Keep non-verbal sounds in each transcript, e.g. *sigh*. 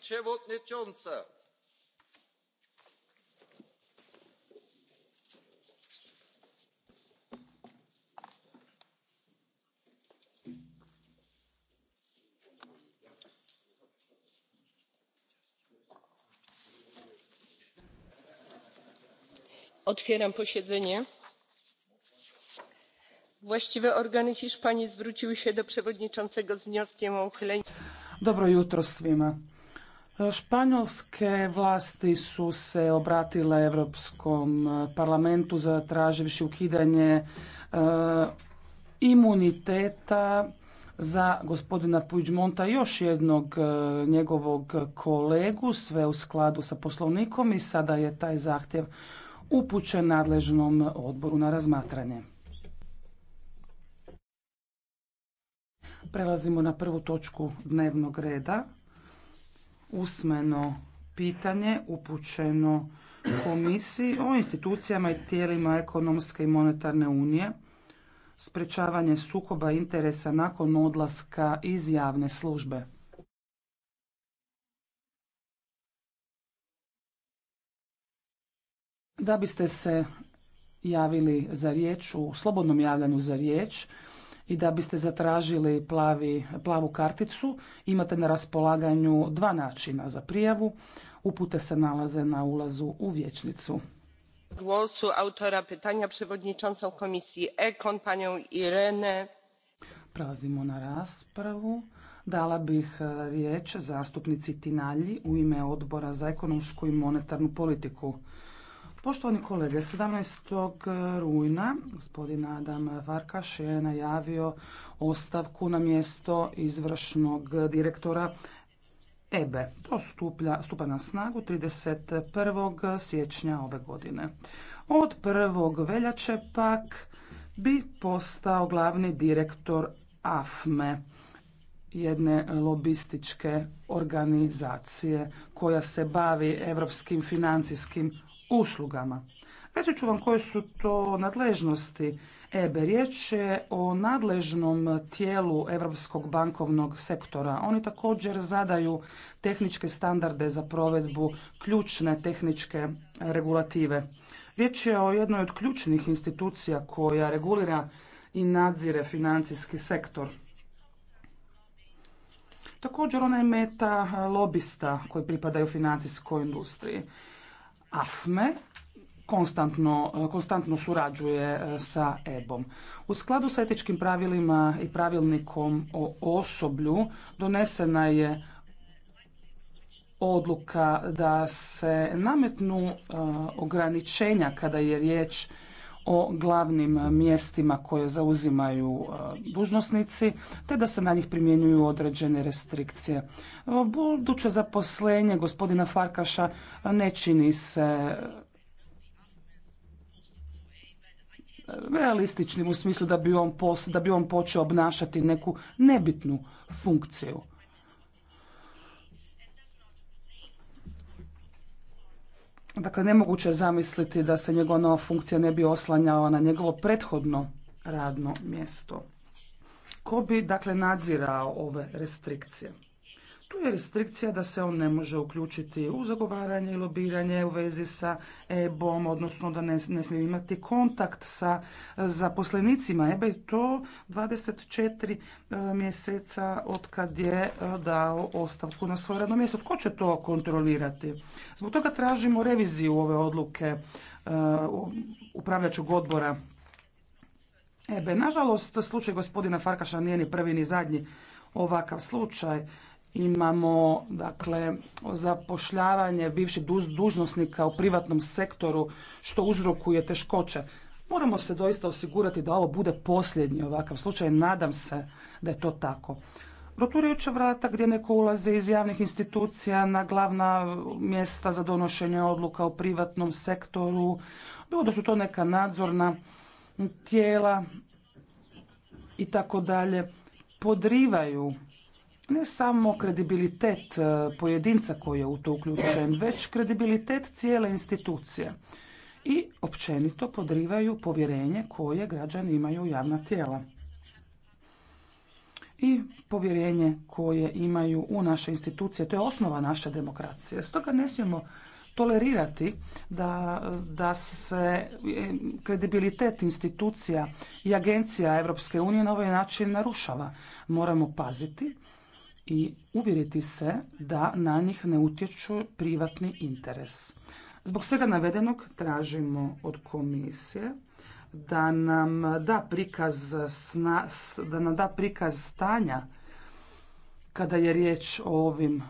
przewodnicząca! otwieram posiedzenie. właściwe organy hiszpanii zwróciły się do przewodniczącego z wnioskiem o uchylenie. dobro jutro svima. Španjolske vlasti su se obratile Europskom e, parlamentu za zatraživši ukidanje e, imuniteta za gospodina Puigmonta još jednog e, njegovog kolegu, sve u skladu sa poslovnikom i sada je taj zahtjev upućen nadležnom odboru na razmatranje. Prelazimo na prvu točku dnevnog reda usmeno pitanje upućeno komisiji o institucijama i tijelima ekonomske i monetarne unije, sprečavanje sukoba interesa nakon odlaska iz javne službe. Da biste se javili za riječ u slobodnom javljanju za riječ, i da biste zatražili plavi, plavu karticu imate na raspolaganju dva načina za prijavu. Upute se nalaze na ulazu u vječnicu. Głosu autora pytania przewodniczącą komisji panią Irene. Prelazimo na raspravu. Dala bih e, riječ zastupnici Tinalji u ime odbora za ekonomsku i monetarnu politiku. Poštovani kolege, 17. rujna gospodin Adam Varkaš je najavio ostavku na mjesto izvršnog direktora EBE. E. To stupa na snagu 31. siječnja ove godine. Od prvog veljače pak bi postao glavni direktor AFME, jedne lobističke organizacije koja se bavi europskim financijskim uslugama. Reći ću vam koje su to nadležnosti EBE. Riječ je o nadležnom tijelu Europskog bankovnog sektora. Oni također zadaju tehničke standarde za provedbu ključne tehničke regulative. Riječ je o jednoj od ključnih institucija koja regulira i nadzire financijski sektor. Također ona je meta lobista koji pripadaju financijskoj industriji. AFME konstantno, konstantno surađuje e, sa EBOM. U skladu sa etičkim pravilima i pravilnikom o osoblju donesena je odluka da se nametnu e, ograničenja kada je riječ o glavnim mjestima koje zauzimaju e, dužnosnici, te da se na njih primjenjuju određene restrikcije. E, buduće zaposlenje gospodina Farkaša ne čini se e, realističnim u smislu da bi on, da bi on počeo obnašati neku nebitnu funkciju. Dakle, nemoguće je zamisliti da se njegova nova funkcija ne bi oslanjala na njegovo prethodno radno mjesto. Ko bi, dakle, nadzirao ove restrikcije? Tu je restrikcija da se on ne može uključiti u zagovaranje i lobiranje u vezi sa EBOM, odnosno da ne, smije imati kontakt sa zaposlenicima EBA i to 24 e, mjeseca od kad je e, dao ostavku na svoje radno mjesto. Tko će to kontrolirati? Zbog toga tražimo reviziju ove odluke e, upravljačog odbora EBE. Nažalost, slučaj gospodina Farkaša nije ni prvi ni zadnji ovakav slučaj. Imamo dakle zapošljavanje bivših dužnosnika u privatnom sektoru što uzrokuje teškoće. Moramo se doista osigurati da ovo bude posljednji ovakav slučaj. Nadam se da je to tako. Roturajuća vrata gdje neko ulazi iz javnih institucija na glavna mjesta za donošenje odluka u privatnom sektoru, bilo da su to neka nadzorna tijela i tako dalje, podrivaju ne samo kredibilitet e, pojedinca koji je u to uključen, već kredibilitet cijele institucije i općenito podrivaju povjerenje koje građani imaju u javna tijela i povjerenje koje imaju u naše institucije. To je osnova naše demokracije. Stoga ne smijemo tolerirati da, da se e, kredibilitet institucija i agencija Europske unije na ovaj način narušava. Moramo paziti i uvjeriti se da na njih ne utječu privatni interes. Zbog svega navedenog tražimo od komisije da nam da prikaz, da nam da prikaz stanja kada je riječ o ovim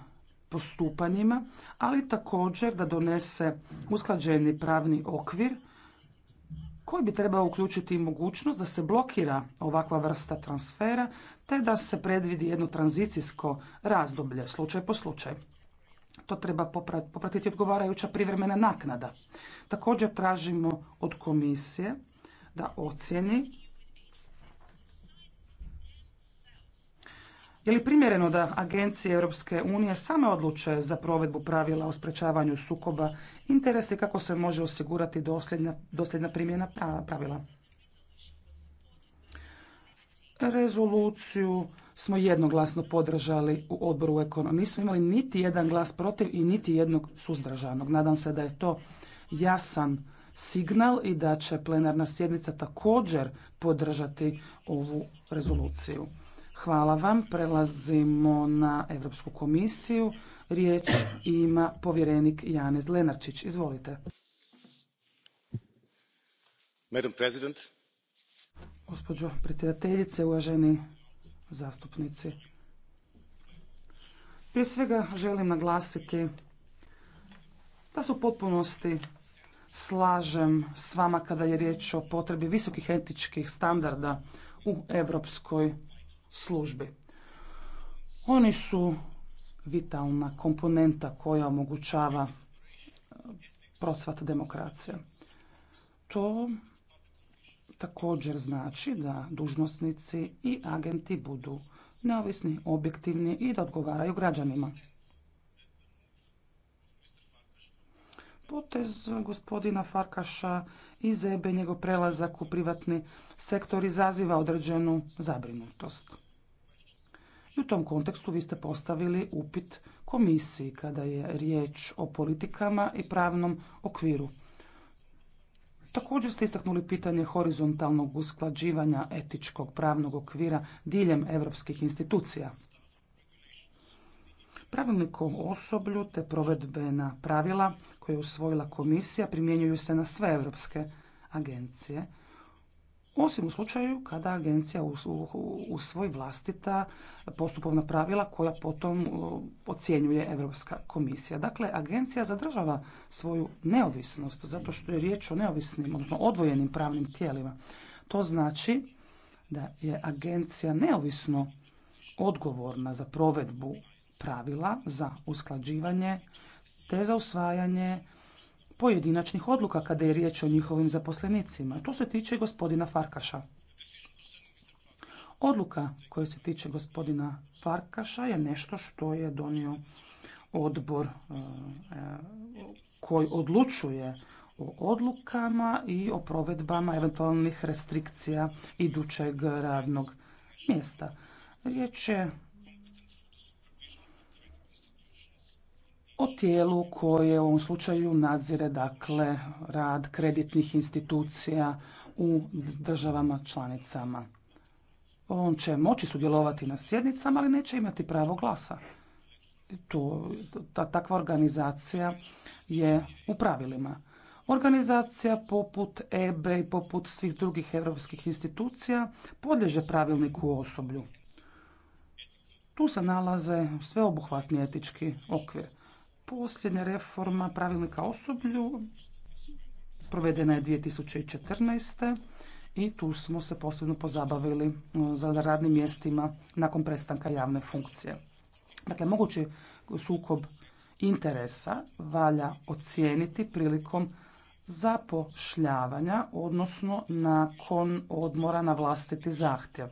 postupanjima, ali također da donese usklađeni pravni okvir koji bi trebao uključiti mogućnost da se blokira ovakva vrsta transfera te da se predvidi jedno tranzicijsko razdoblje slučaj po slučaj. To treba popratiti odgovarajuća privremena naknada. Također tražimo od komisije da ocjeni Je li primjereno da agencije Europske unije same odluče za provedbu pravila o sprečavanju sukoba interesa kako se može osigurati dosljedna, dosljedna primjena pravila? Rezoluciju smo jednoglasno podržali u odboru ekonomiji. Nismo imali niti jedan glas protiv i niti jednog suzdržanog. Nadam se da je to jasan signal i da će plenarna sjednica također podržati ovu rezoluciju. Hvala vam. Prelazimo na Europsku komisiju. Riječ ima povjerenik Janez Lenarčić. Izvolite. Madam President. Gospođo predsjedateljice, uvaženi zastupnici. Prije svega želim naglasiti da se u potpunosti slažem s vama kada je riječ o potrebi visokih etičkih standarda u Europskoj službi. Oni su vitalna komponenta koja omogućava e, procvat demokracije. To također znači da dužnosnici i agenti budu neovisni, objektivni i da odgovaraju građanima. potez gospodina Farkaša i Zebe, njegov prelazak u privatni sektor izaziva određenu zabrinutost. I u tom kontekstu vi ste postavili upit komisiji kada je riječ o politikama i pravnom okviru. Također ste istaknuli pitanje horizontalnog usklađivanja etičkog pravnog okvira diljem europskih institucija. Pravilnikom o osoblju te provedbena pravila koje je usvojila komisija primjenjuju se na sve europske agencije, osim u slučaju kada agencija usvoji vlastita postupovna pravila koja potom ocjenjuje Europska komisija. Dakle, agencija zadržava svoju neovisnost zato što je riječ o neovisnim, odnosno odvojenim pravnim tijelima. To znači da je agencija neovisno odgovorna za provedbu pravila za usklađivanje te za usvajanje pojedinačnih odluka kada je riječ o njihovim zaposlenicima. To se tiče i gospodina Farkaša. Odluka koja se tiče gospodina Farkaša je nešto što je donio odbor e, koji odlučuje o odlukama i o provedbama eventualnih restrikcija idućeg radnog mjesta. Riječ je o tijelu koje u ovom slučaju nadzire dakle rad kreditnih institucija u državama članicama. On će moći sudjelovati na sjednicama, ali neće imati pravo glasa. To, ta, takva organizacija je u pravilima. Organizacija poput EBE i poput svih drugih europskih institucija podlježe pravilniku o osoblju. Tu se nalaze sveobuhvatni etički okvir. Posljednja reforma pravilnika osoblju provedena je 2014. i tu smo se posebno pozabavili e, za radnim mjestima nakon prestanka javne funkcije. Dakle, mogući sukob interesa valja ocijeniti prilikom zapošljavanja, odnosno nakon odmora na vlastiti zahtjev.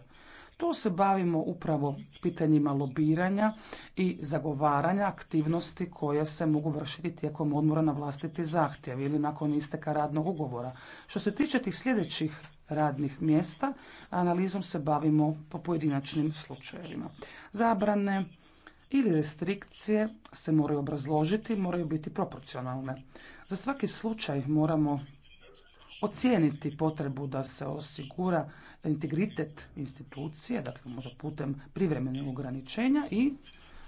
Tu se bavimo upravo pitanjima lobiranja i zagovaranja aktivnosti koje se mogu vršiti tijekom odmora na vlastiti zahtjev ili nakon isteka radnog ugovora. Što se tiče tih sljedećih radnih mjesta, analizom se bavimo po pojedinačnim slučajevima. Zabrane ili restrikcije se moraju obrazložiti, moraju biti proporcionalne. Za svaki slučaj moramo ocijeniti potrebu da se osigura integritet institucije, dakle možda putem privremenih ograničenja i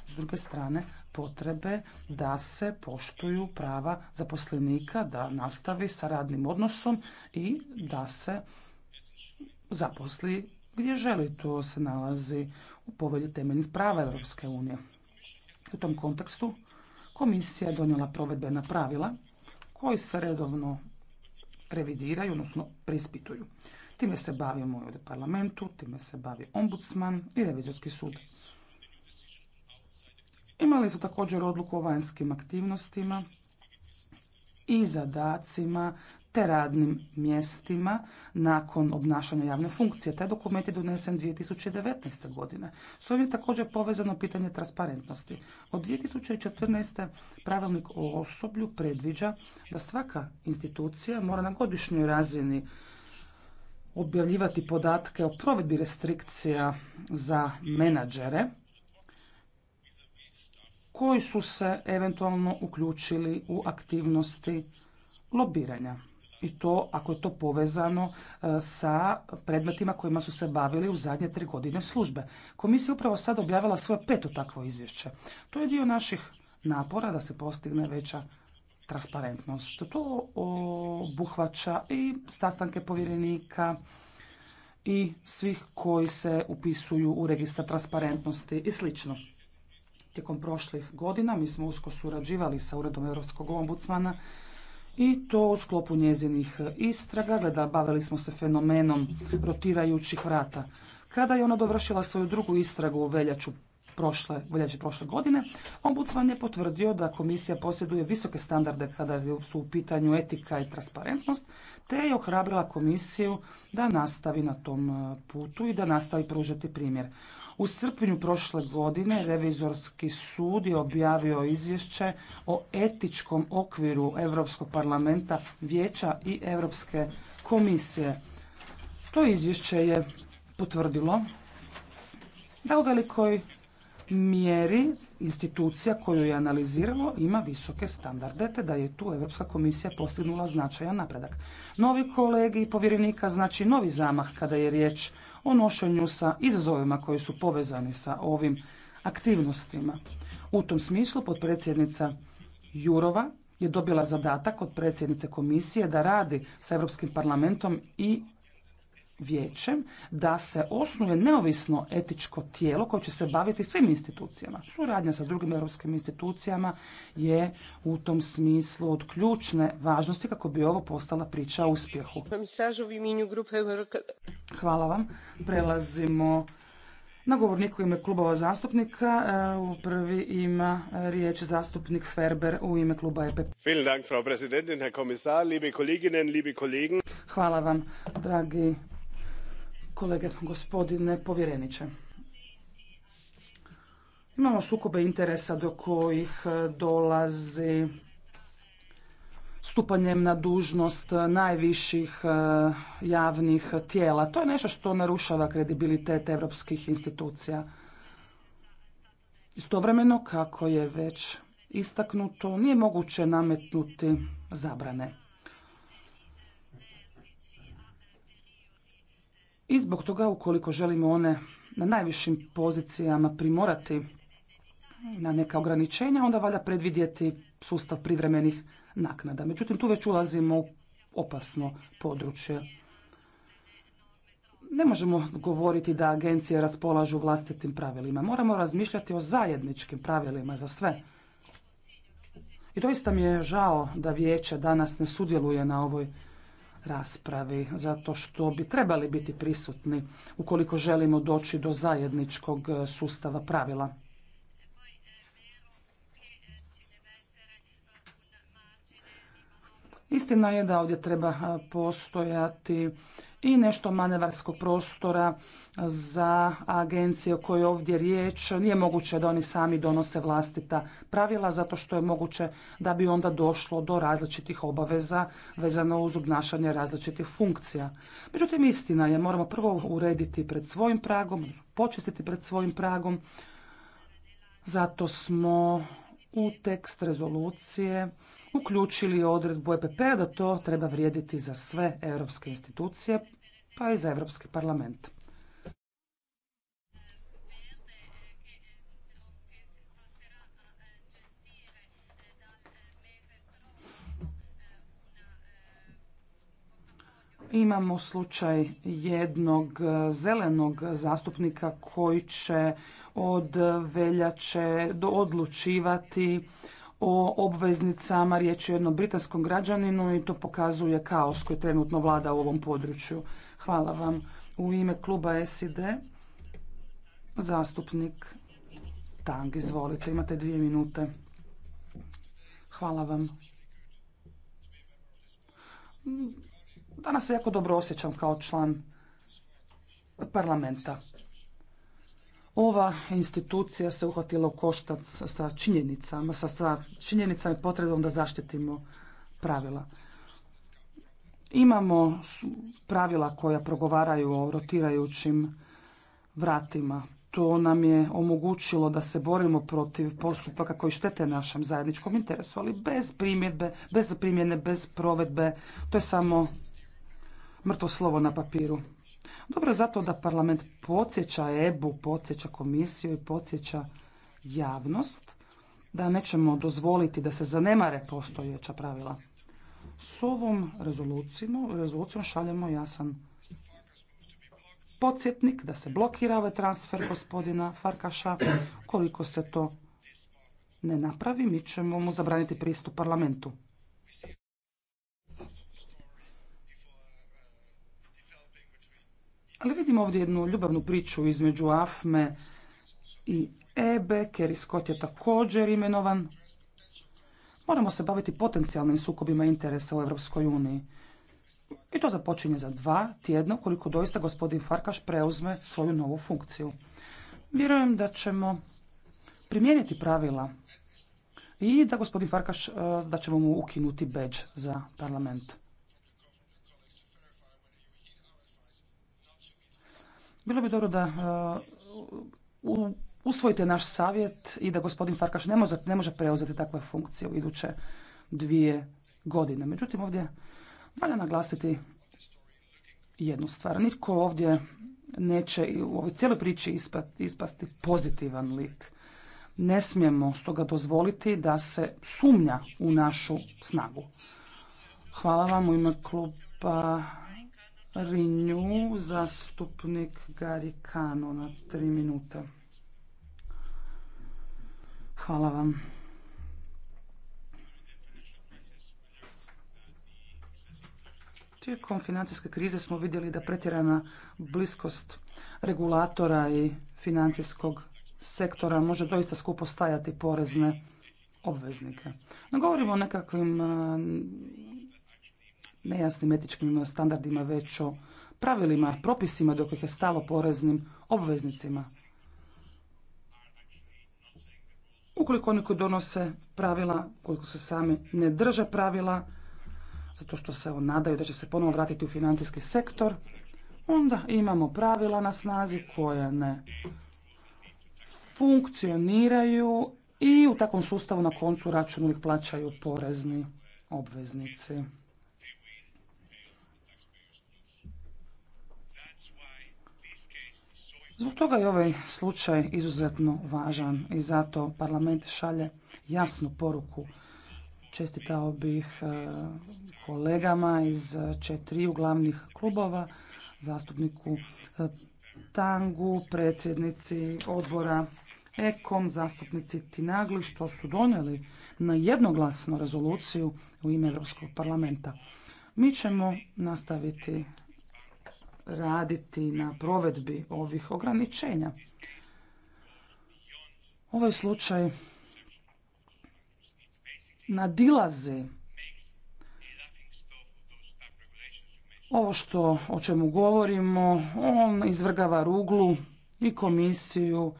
s druge strane potrebe da se poštuju prava zaposlenika da nastavi sa radnim odnosom i da se zaposli gdje želi. To se nalazi u povelji temeljnih prava Europske unije. U tom kontekstu komisija je donijela provedbena pravila koji se redovno revidiraju, odnosno prispituju. Time se bavi moj parlamentu, time se bavi ombudsman i revizorski sud. Imali su također odluku o vanjskim aktivnostima i zadacima te radnim mjestima nakon obnašanja javne funkcije. Taj dokument je donesen 2019. godine. S ovim je također povezano pitanje transparentnosti. Od 2014. pravilnik o osoblju predviđa da svaka institucija mora na godišnjoj razini objavljivati podatke o provedbi restrikcija za menadžere koji su se eventualno uključili u aktivnosti lobiranja i to ako je to povezano e, sa predmetima kojima su se bavili u zadnje tri godine službe. Komisija upravo sad objavila svoje peto takvo izvješće. To je dio naših napora da se postigne veća transparentnost. To obuhvaća i sastanke povjerenika i svih koji se upisuju u registar transparentnosti i slično. Tijekom prošlih godina mi smo usko surađivali sa Uredom Europskog ombudsmana i to u sklopu njezinih e, istraga, gleda, bavili smo se fenomenom rotirajućih vrata. Kada je ona dovršila svoju drugu istragu u veljaču prošle, veljače prošle godine, ombudsman je potvrdio da komisija posjeduje visoke standarde kada su u pitanju etika i transparentnost, te je ohrabrila komisiju da nastavi na tom e, putu i da nastavi pružati primjer. U srpnju prošle godine Revizorski sud je objavio izvješće o etičkom okviru Europskog parlamenta, vijeća i Europske komisije. To izvješće je potvrdilo da u velikoj mjeri institucija koju je analiziralo ima visoke standarde te da je tu Europska komisija postignula značajan napredak. Novi kolegi i povjerenika znači novi zamah kada je riječ o nošenju sa izazovima koji su povezani sa ovim aktivnostima. U tom smislu potpredsjednica Jurova je dobila zadatak od predsjednice komisije da radi sa Europskim parlamentom i vijećem da se osnuje neovisno etičko tijelo koje će se baviti svim institucijama. Suradnja sa drugim europskim institucijama je u tom smislu od ključne važnosti kako bi ovo postala priča o uspjehu. Hvala vam. Prelazimo na govorniku ime klubova zastupnika. E, u prvi ima riječ zastupnik Ferber u ime kluba EPP. Hvala vam, dragi kolege, gospodine povjereniče. Imamo sukobe interesa do kojih e, dolazi stupanjem na dužnost najviših e, javnih tijela. To je nešto što narušava kredibilitet europskih institucija. Istovremeno, kako je već istaknuto, nije moguće nametnuti zabrane. I zbog toga, ukoliko želimo one na najvišim pozicijama primorati na neka ograničenja, onda valja predvidjeti sustav privremenih naknada. Međutim, tu već ulazimo u opasno područje. Ne možemo govoriti da agencije raspolažu vlastitim pravilima. Moramo razmišljati o zajedničkim pravilima za sve. I doista mi je žao da vijeće danas ne sudjeluje na ovoj raspravi, zato što bi trebali biti prisutni ukoliko želimo doći do zajedničkog e, sustava pravila. Istina je da ovdje treba e, postojati i nešto manevarskog prostora za agencije o kojoj je ovdje riječ. Nije moguće da oni sami donose vlastita pravila zato što je moguće da bi onda došlo do različitih obaveza vezano uz obnašanje različitih funkcija. Međutim, istina je, moramo prvo urediti pred svojim pragom, počistiti pred svojim pragom. Zato smo u tekst rezolucije uključili odredbu EPP-a da to treba vrijediti za sve europske institucije, pa i za Europski parlament. Imamo slučaj jednog zelenog zastupnika koji će od veljače odlučivati o obveznicama, riječ je o jednom britanskom građaninu i to pokazuje kaos koji trenutno vlada u ovom području. Hvala vam. U ime kluba SID, zastupnik Tang, izvolite, imate dvije minute. Hvala vam. Danas se jako dobro osjećam kao član parlamenta ova institucija se uhvatila u koštac sa činjenicama, sa, sa činjenicama i potrebom da zaštitimo pravila. Imamo pravila koja progovaraju o rotirajućim vratima. To nam je omogućilo da se borimo protiv postupaka koji štete našem zajedničkom interesu, ali bez primjedbe, bez primjene, bez provedbe. To je samo mrtvo slovo na papiru. Dobro je zato da parlament podsjeća EBU, podsjeća komisiju i podsjeća javnost da nećemo dozvoliti da se zanemare postojeća pravila. S ovom rezolucijom, šaljemo jasan podsjetnik da se blokira ovaj transfer gospodina Farkaša. Koliko se to ne napravi, mi ćemo mu zabraniti pristup parlamentu. Ali vidim ovdje jednu ljubavnu priču između Afme i Ebe. Kerry Scott je također imenovan. Moramo se baviti potencijalnim sukobima interesa u Europskoj uniji. I to započinje za dva tjedna koliko doista gospodin Farkaš preuzme svoju novu funkciju. Vjerujem da ćemo primijeniti pravila i da gospodin Farkaš, e, da ćemo mu ukinuti beđ za parlament. Bilo bi dobro da e, usvojite naš savjet i da gospodin Farkaš ne može, preuzeti takve funkcije u iduće dvije godine. Međutim, ovdje valja naglasiti jednu stvar. Nitko ovdje neće u ovoj cijeloj priči ispasti pozitivan lik. Ne smijemo stoga dozvoliti da se sumnja u našu snagu. Hvala vam u ime kluba Rinju, zastupnik Gari na tri minuta. Hvala vam. Tijekom financijske krize smo vidjeli da pretjerana bliskost regulatora i financijskog sektora može doista skupo stajati porezne obveznike. No govorimo o nekakvim nejasnim etičkim standardima, već o pravilima, propisima dok kojih je stalo poreznim obveznicima. Ukoliko oni koji donose pravila, koliko se sami ne drže pravila, zato što se nadaju da će se ponovo vratiti u financijski sektor, onda imamo pravila na snazi koja ne funkcioniraju i u takvom sustavu na koncu račun plaćaju porezni obveznici. Zbog toga je ovaj slučaj izuzetno važan i zato parlament šalje jasnu poruku. Čestitao bih e, kolegama iz četiriju glavnih klubova, zastupniku e, Tangu, predsjednici odbora Ekom, zastupnici Tinagli, što su donijeli na jednoglasnu rezoluciju u ime Europskog parlamenta. Mi ćemo nastaviti raditi na provedbi ovih ograničenja. Ovaj slučaj nadilaze ovo što o čemu govorimo, on izvrgava ruglu i komisiju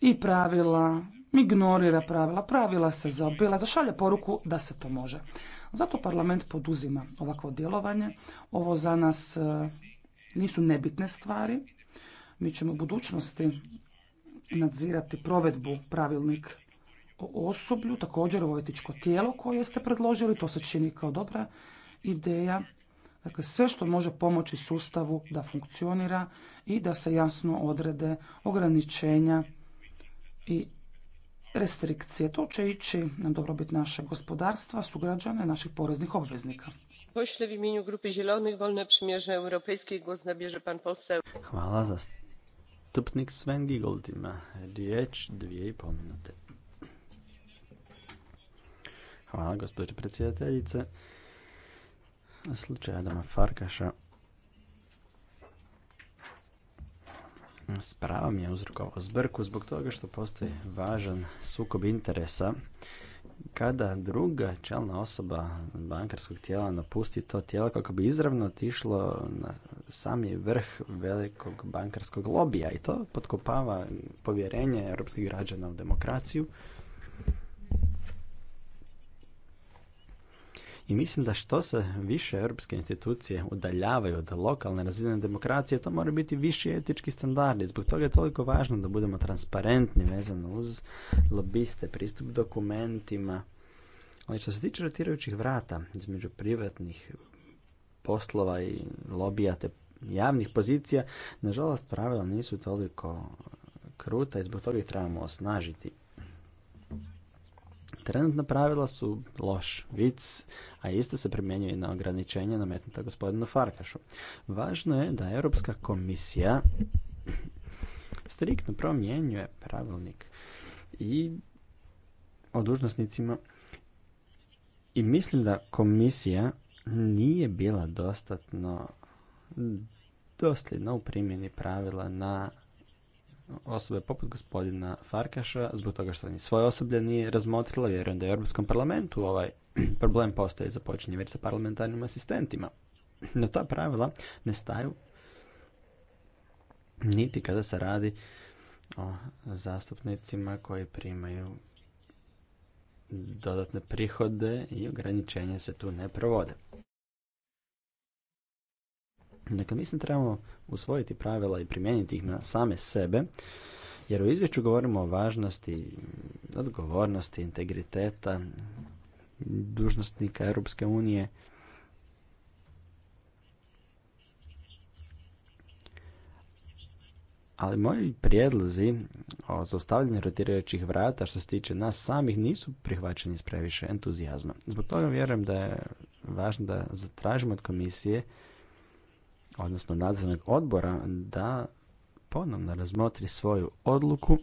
i pravila, ignorira pravila, pravila se zaobila, šalje poruku da se to može. Zato parlament poduzima ovakvo djelovanje. Ovo za nas e, nisu nebitne stvari. Mi ćemo u budućnosti nadzirati provedbu pravilnik o osoblju, također ovo etičko tijelo koje ste predložili, to se čini kao dobra ideja. Dakle, sve što može pomoći sustavu da funkcionira i da se jasno odrede ograničenja i restrikcije. To će ići na dobrobit našeg gospodarstva, sugrađane naših poreznih obveznika. minju Grupy Zielonych Wolne Przymierze Europejskie głos pan Hvala za stupnik Sven Giegold ima riječ dvije i pol minute. Hvala gospođo predsjedateljice. Slučaj Adama Farkaša s je uzrokovao zbrku zbog toga što postoji važan sukob interesa kada druga čelna osoba bankarskog tijela napusti to tijelo kako bi izravno otišlo na sami vrh velikog bankarskog lobija i to potkopava povjerenje europskih građana u demokraciju I mislim da što se više europske institucije udaljavaju od lokalne razine demokracije, to mora biti viši etički standardi. Zbog toga je toliko važno da budemo transparentni vezano uz lobiste, pristup dokumentima. Ali što se tiče rotirajućih vrata između privatnih poslova i lobija te javnih pozicija, nažalost pravila nisu toliko kruta i zbog toga ih trebamo osnažiti. Trenutna pravila su loš vic, a isto se primjenjuje i na ograničenje nametnuta gospodinu Farkašu. Važno je da Europska komisija striktno promjenjuje pravilnik i o dužnosnicima i mislim da komisija nije bila dostatno dosljedna u primjeni pravila na osobe poput gospodina Farkaša zbog toga što ni svoje osoblje nije razmotrila. Vjerujem da je u Europskom parlamentu ovaj *clears throat* problem postoji za počinje već sa parlamentarnim asistentima. No ta pravila ne staju niti kada se radi o zastupnicima koji primaju dodatne prihode i ograničenja se tu ne provode. Dakle, mislim trebamo usvojiti pravila i primijeniti ih na same sebe, jer u izvješću govorimo o važnosti, odgovornosti, integriteta, dužnostnika Europske unije. Ali moji prijedlozi o zaustavljanju rotirajućih vrata što se tiče nas samih nisu prihvaćeni s previše entuzijazma. Zbog toga vjerujem da je važno da zatražimo od komisije odnosno nadzornog odbora da ponovno razmotri svoju odluku.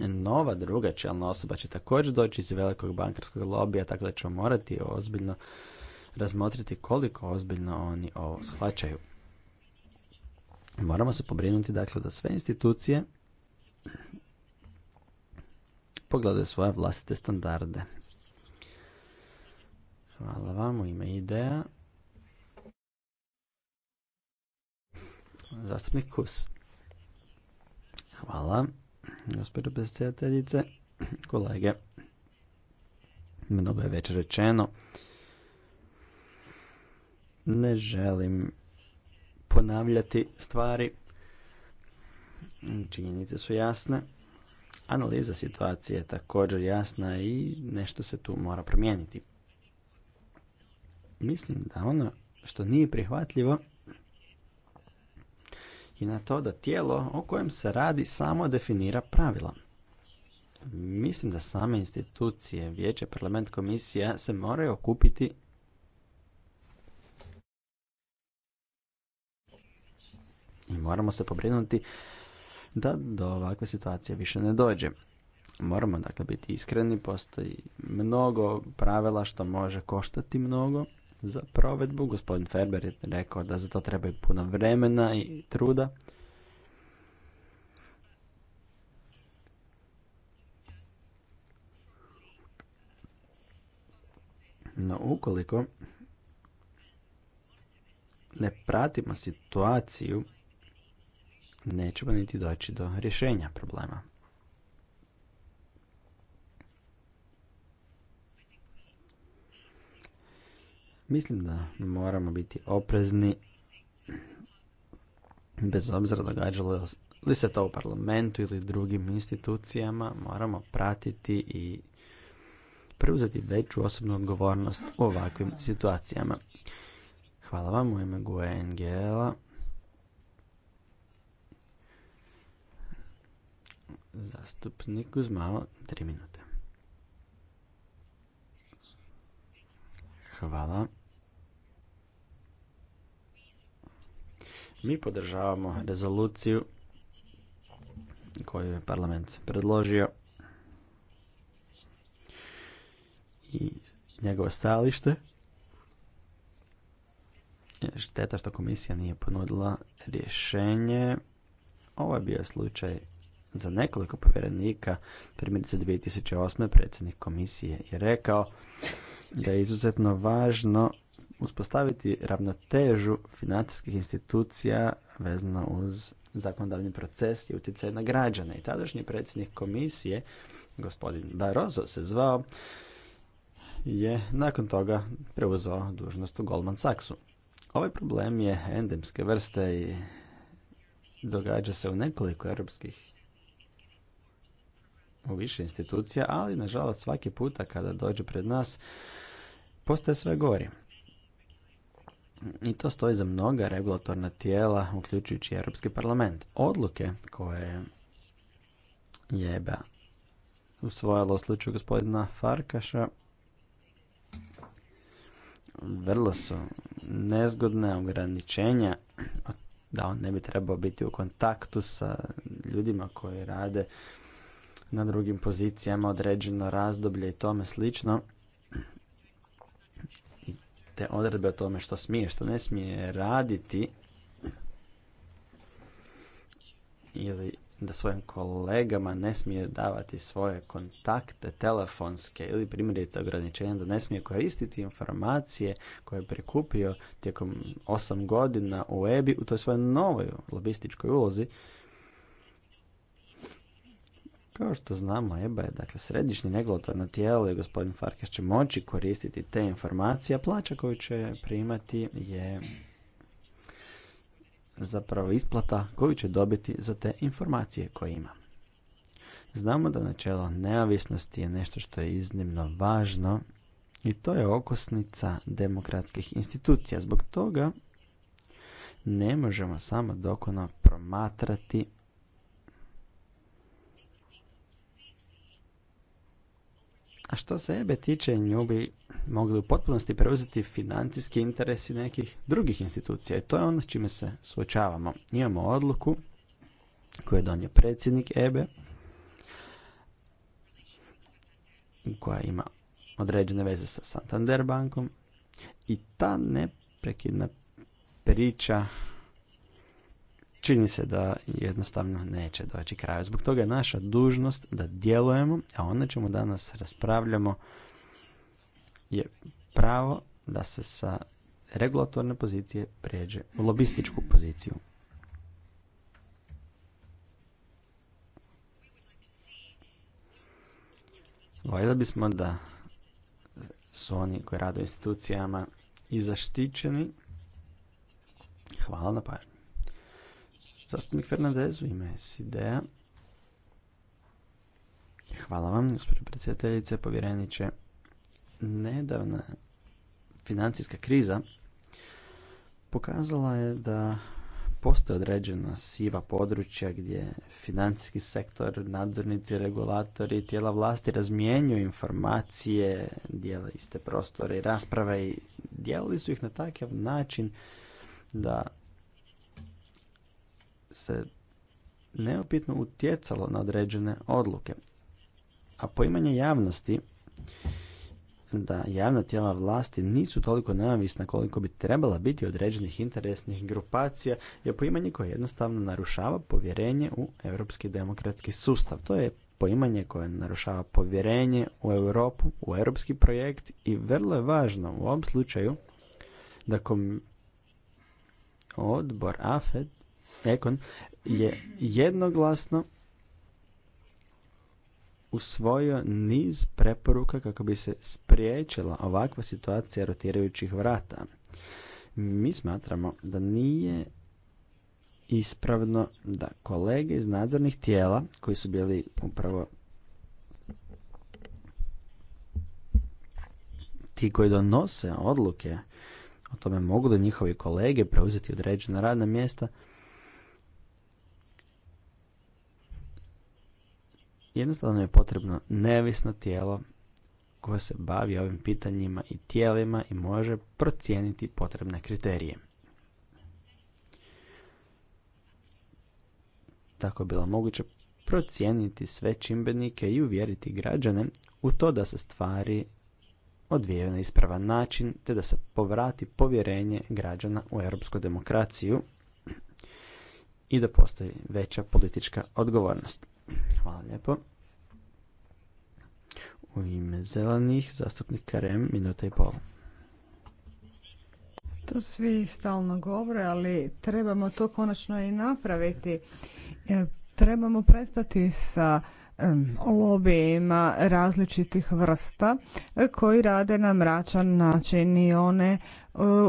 Nova druga čelna osoba će također doći iz velikog bankarskog lobija, tako da ćemo morati ozbiljno razmotriti koliko ozbiljno oni ovo shvaćaju. Moramo se pobrinuti dakle da sve institucije pogledaju svoje vlastite standarde. Hvala vam u ime ideja. Zastupnik Kus. Hvala, gospođo predsjedateljice, kolege. Mnogo je već rečeno. Ne želim ponavljati stvari. Činjenice su jasne. Analiza situacije je također jasna i nešto se tu mora promijeniti. Mislim da ono što nije prihvatljivo i na to da tijelo o kojem se radi samo definira pravila. Mislim da same institucije, vijeće, parlament, komisija se moraju okupiti i moramo se pobrinuti da do ovakve situacije više ne dođe. Moramo dakle biti iskreni, postoji mnogo pravila što može koštati mnogo za provedbu. Gospodin Ferber je rekao da za to treba puno vremena i truda. No ukoliko ne pratimo situaciju, nećemo niti doći do rješenja problema. Mislim da moramo biti oprezni bez obzira događalo li se to u parlamentu ili drugim institucijama, moramo pratiti i preuzeti veću osobnu odgovornost u ovakvim situacijama. Hvala vam u ime Gue Zastupniku Zastupnik malo tri minute. Hvala. Mi podržavamo rezoluciju koju je parlament predložio i njegovo stajalište. Šteta što komisija nije ponudila rješenje. Ovo je bio slučaj za nekoliko povjerenika. Primjerice 2008. predsjednik komisije je rekao da je izuzetno važno uspostaviti ravnotežu financijskih institucija vezano uz zakonodavni proces i utjecaj na građane. I tadašnji predsjednik komisije, gospodin Barroso se zvao, je nakon toga preuzeo dužnost u Goldman Sachsu. Ovaj problem je endemske vrste i događa se u nekoliko europskih u više institucija, ali nažalost svaki puta kada dođe pred nas postaje sve gori. I to stoji za mnoga regulatorna tijela, uključujući Europski parlament. Odluke koje jeba usvojalo u slučaju gospodina Farkaša vrlo su nezgodne ograničenja da on ne bi trebao biti u kontaktu sa ljudima koji rade na drugim pozicijama određeno razdoblje i tome slično te odredbe o tome što smije, što ne smije raditi ili da svojim kolegama ne smije davati svoje kontakte telefonske ili primjerice ograničenja da ne smije koristiti informacije koje je prikupio tijekom osam godina u EBI u toj svojoj novoj lobističkoj ulozi kao što znamo, EBA je dakle središnje regulatorno tijelo i gospodin Farkas će moći koristiti te informacije, a plaća koju će primati je zapravo isplata koju će dobiti za te informacije koje ima. Znamo da načelo neovisnosti je nešto što je iznimno važno i to je okosnica demokratskih institucija. Zbog toga ne možemo samo dokono promatrati A što se EBE tiče, nju bi mogli u potpunosti preuzeti financijski interesi nekih drugih institucija. I to je ono s čime se suočavamo. Imamo odluku koju je donio predsjednik EBE, koja ima određene veze sa Santander bankom i ta neprekidna priča čini se da jednostavno neće doći kraju. Zbog toga je naša dužnost da djelujemo, a ono čemu danas raspravljamo je pravo da se sa regulatorne pozicije prijeđe u lobističku poziciju. Voljeli bismo da su oni koji rade u institucijama i zaštićeni. Hvala na pažnju. Zastupnik Fernandez u ime SID-a. Hvala vam, gospođo predsjedateljice, povjereniče. Nedavna financijska kriza pokazala je da postoje određena siva područja gdje financijski sektor, nadzornici, regulatori, tijela vlasti razmijenju informacije, dijele iste prostore i rasprave i dijelili su ih na takav način da se neupitno utjecalo na određene odluke. A poimanje javnosti da javna tijela vlasti nisu toliko neovisna koliko bi trebala biti određenih interesnih grupacija je poimanje koje jednostavno narušava povjerenje u europski demokratski sustav. To je poimanje koje narušava povjerenje u Europu, u europski projekt i vrlo je važno u ovom slučaju da kom odbor AFED Ekon je jednoglasno usvojio niz preporuka kako bi se spriječila ovakva situacija rotirajućih vrata. Mi smatramo da nije ispravno da kolege iz nadzornih tijela koji su bili upravo ti koji donose odluke o tome mogu da njihovi kolege preuzeti određena radna mjesta – Jednostavno je potrebno neovisno tijelo koje se bavi ovim pitanjima i tijelima i može procijeniti potrebne kriterije. Tako je bilo moguće procijeniti sve čimbenike i uvjeriti građane u to da se stvari odvijaju na ispravan način te da se povrati povjerenje građana u europsku demokraciju i da postoji veća politička odgovornost. Hvala lijepo. U ime zelenih, zastupnik Karem, minuta i pol. To svi stalno govore, ali trebamo to konačno i napraviti. E, trebamo prestati sa lobijima različitih vrsta e, koji rade na mračan način i one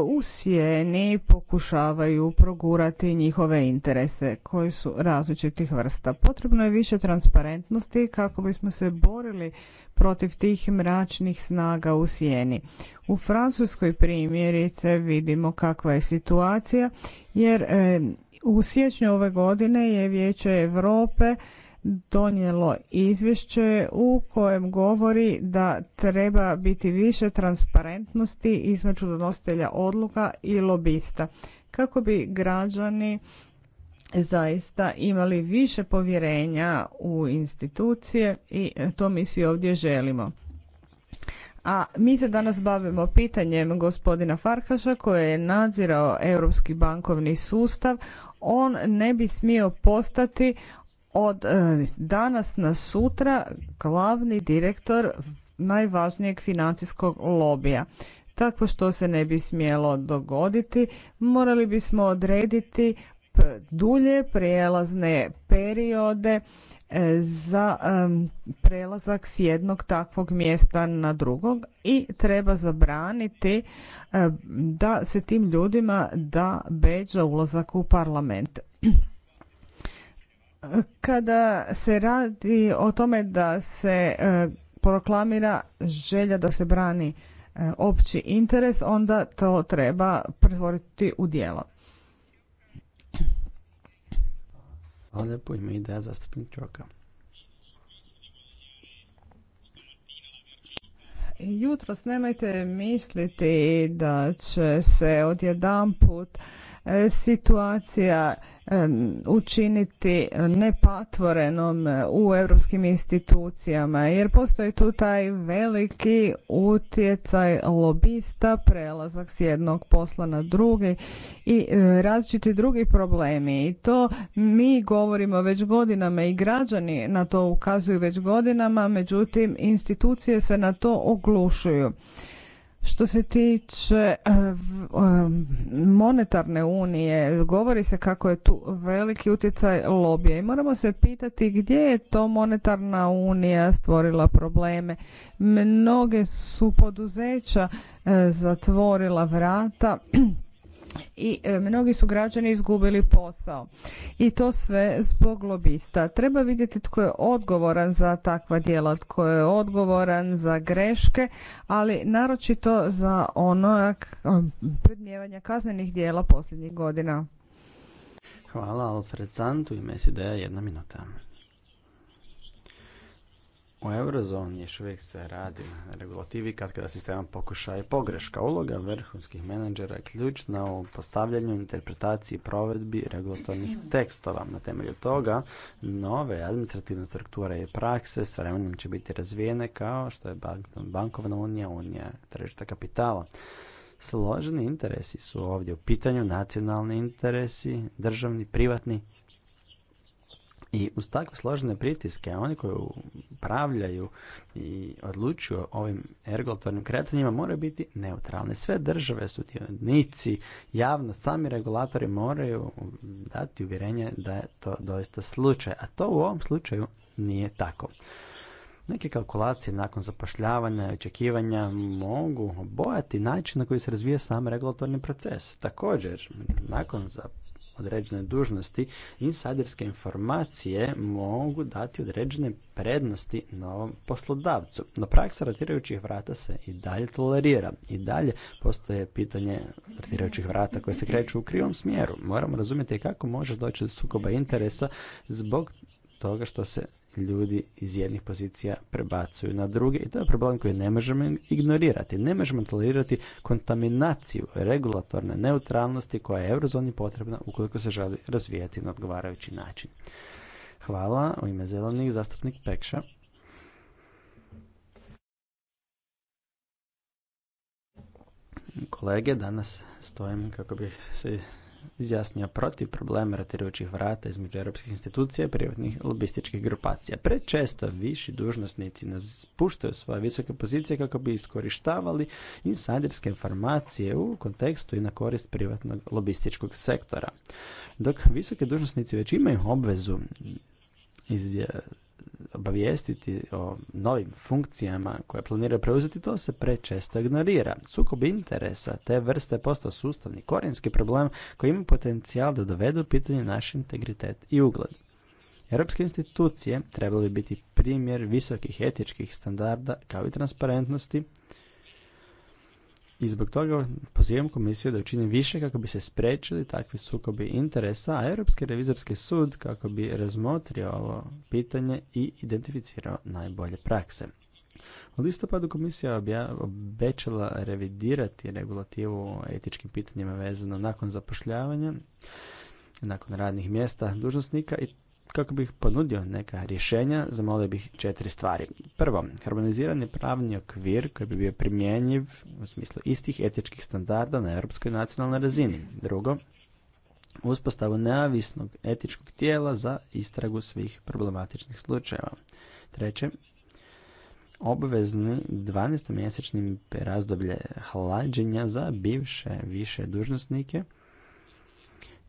u sjeni pokušavaju progurati njihove interese koji su različitih vrsta. Potrebno je više transparentnosti kako bismo se borili protiv tih mračnih snaga u sjeni. U Francuskoj primjerice vidimo kakva je situacija jer eh, u siječnju ove godine je Vijeće Europe donijelo izvješće u kojem govori da treba biti više transparentnosti između donositelja odluka i lobista kako bi građani zaista imali više povjerenja u institucije i to mi svi ovdje želimo. A mi se danas bavimo pitanjem gospodina Farkaša koji je nadzirao europski bankovni sustav. On ne bi smio postati od e, danas na sutra glavni direktor najvažnijeg financijskog lobija. Tako što se ne bi smjelo dogoditi, morali bismo odrediti dulje prijelazne periode e, za e, prelazak s jednog takvog mjesta na drugog i treba zabraniti da se tim ljudima da beđa ulazak u parlament. Kada se radi o tome da se e, proklamira želja da se brani e, opći interes, onda to treba pretvoriti u djelo. Hvala lijepo, ima ideja zastupnik Čoka. Jutros nemojte misliti da će se odjedan put E, situacija e, učiniti nepatvorenom e, u europskim institucijama jer postoji tu taj veliki utjecaj lobista, prelazak s jednog posla na drugi i različiti drugi problemi i to mi govorimo već godinama i građani na to ukazuju već godinama, međutim institucije se na to oglušuju. Što se tiče eh, monetarne unije, govori se kako je tu veliki utjecaj lobija i moramo se pitati gdje je to monetarna unija stvorila probleme. Mnoge su poduzeća eh, zatvorila vrata i e, mnogi su građani izgubili posao i to sve zbog lobista. Treba vidjeti tko je odgovoran za takva djela, tko je odgovoran za greške, ali naročito za ono predmijevanja kaznenih djela posljednjih godina. Hvala Alfred Santu i Mesideja jedna minuta. U eurozoni još uvijek se radi na regulativi kad kada sistema pokušaje pogreška. Uloga vrhunskih menadžera je ključna u postavljanju, interpretaciji, provedbi regulatornih tekstova. Na temelju toga nove administrativne strukture i prakse s vremenom će biti razvijene kao što je bankovna unija, unija tržišta kapitala. Složeni interesi su ovdje u pitanju nacionalni interesi, državni, privatni i uz takve složene pritiske, oni koji upravljaju i odlučuju o ovim regulatornim kretanjima moraju biti neutralni. Sve države, sudionici, javno, sami regulatori moraju dati uvjerenje da je to doista slučaj. A to u ovom slučaju nije tako. Neke kalkulacije nakon zapošljavanja i očekivanja mogu obojati način na koji se razvija sam regulatorni proces. Također, nakon zapošljavanja određene dužnosti, insajderske informacije mogu dati određene prednosti novom poslodavcu. No praksa rotirajućih vrata se i dalje tolerira. I dalje postoje pitanje rotirajućih vrata koje se kreću u krivom smjeru. Moramo razumjeti kako može doći do sukoba interesa zbog toga što se ljudi iz jednih pozicija prebacuju na druge i to je problem koji ne možemo ignorirati. Ne možemo tolerirati kontaminaciju regulatorne neutralnosti koja je eurozoni potrebna ukoliko se želi razvijati na odgovarajući način. Hvala. U ime zelenih zastupnik Pekša. Kolege, danas stojim kako bi se izjasnio protiv problema rotirajućih vrata između europskih institucija i privatnih lobističkih grupacija. Prečesto viši dužnosnici nas spuštaju svoje visoke pozicije kako bi iskorištavali insajderske informacije u kontekstu i na korist privatnog lobističkog sektora. Dok visoki dužnosnici već imaju obvezu iz obavijestiti o novim funkcijama koje planira preuzeti, to se prečesto ignorira. Sukob interesa te vrste je postao sustavni korijenski problem koji ima potencijal da dovede u pitanje naš integritet i ugled. Europske institucije trebali bi biti primjer visokih etičkih standarda kao i transparentnosti, i zbog toga pozivam komisiju da učini više kako bi se sprečili takvi sukobi interesa, a Europski revizorski sud kako bi razmotrio ovo pitanje i identificirao najbolje prakse. U listopadu komisija obećala revidirati regulativu o etičkim pitanjima vezano nakon zapošljavanja, nakon radnih mjesta dužnosnika i kako bih ponudio neka rješenja, zamolio bih četiri stvari. Prvo, harmonizirani pravni okvir koji bi bio primjenjiv u smislu istih etičkih standarda na europskoj nacionalnoj razini. Drugo, uspostavu neavisnog etičkog tijela za istragu svih problematičnih slučajeva. Treće, obvezni 12-mjesečni razdoblje hlađenja za bivše više dužnosnike –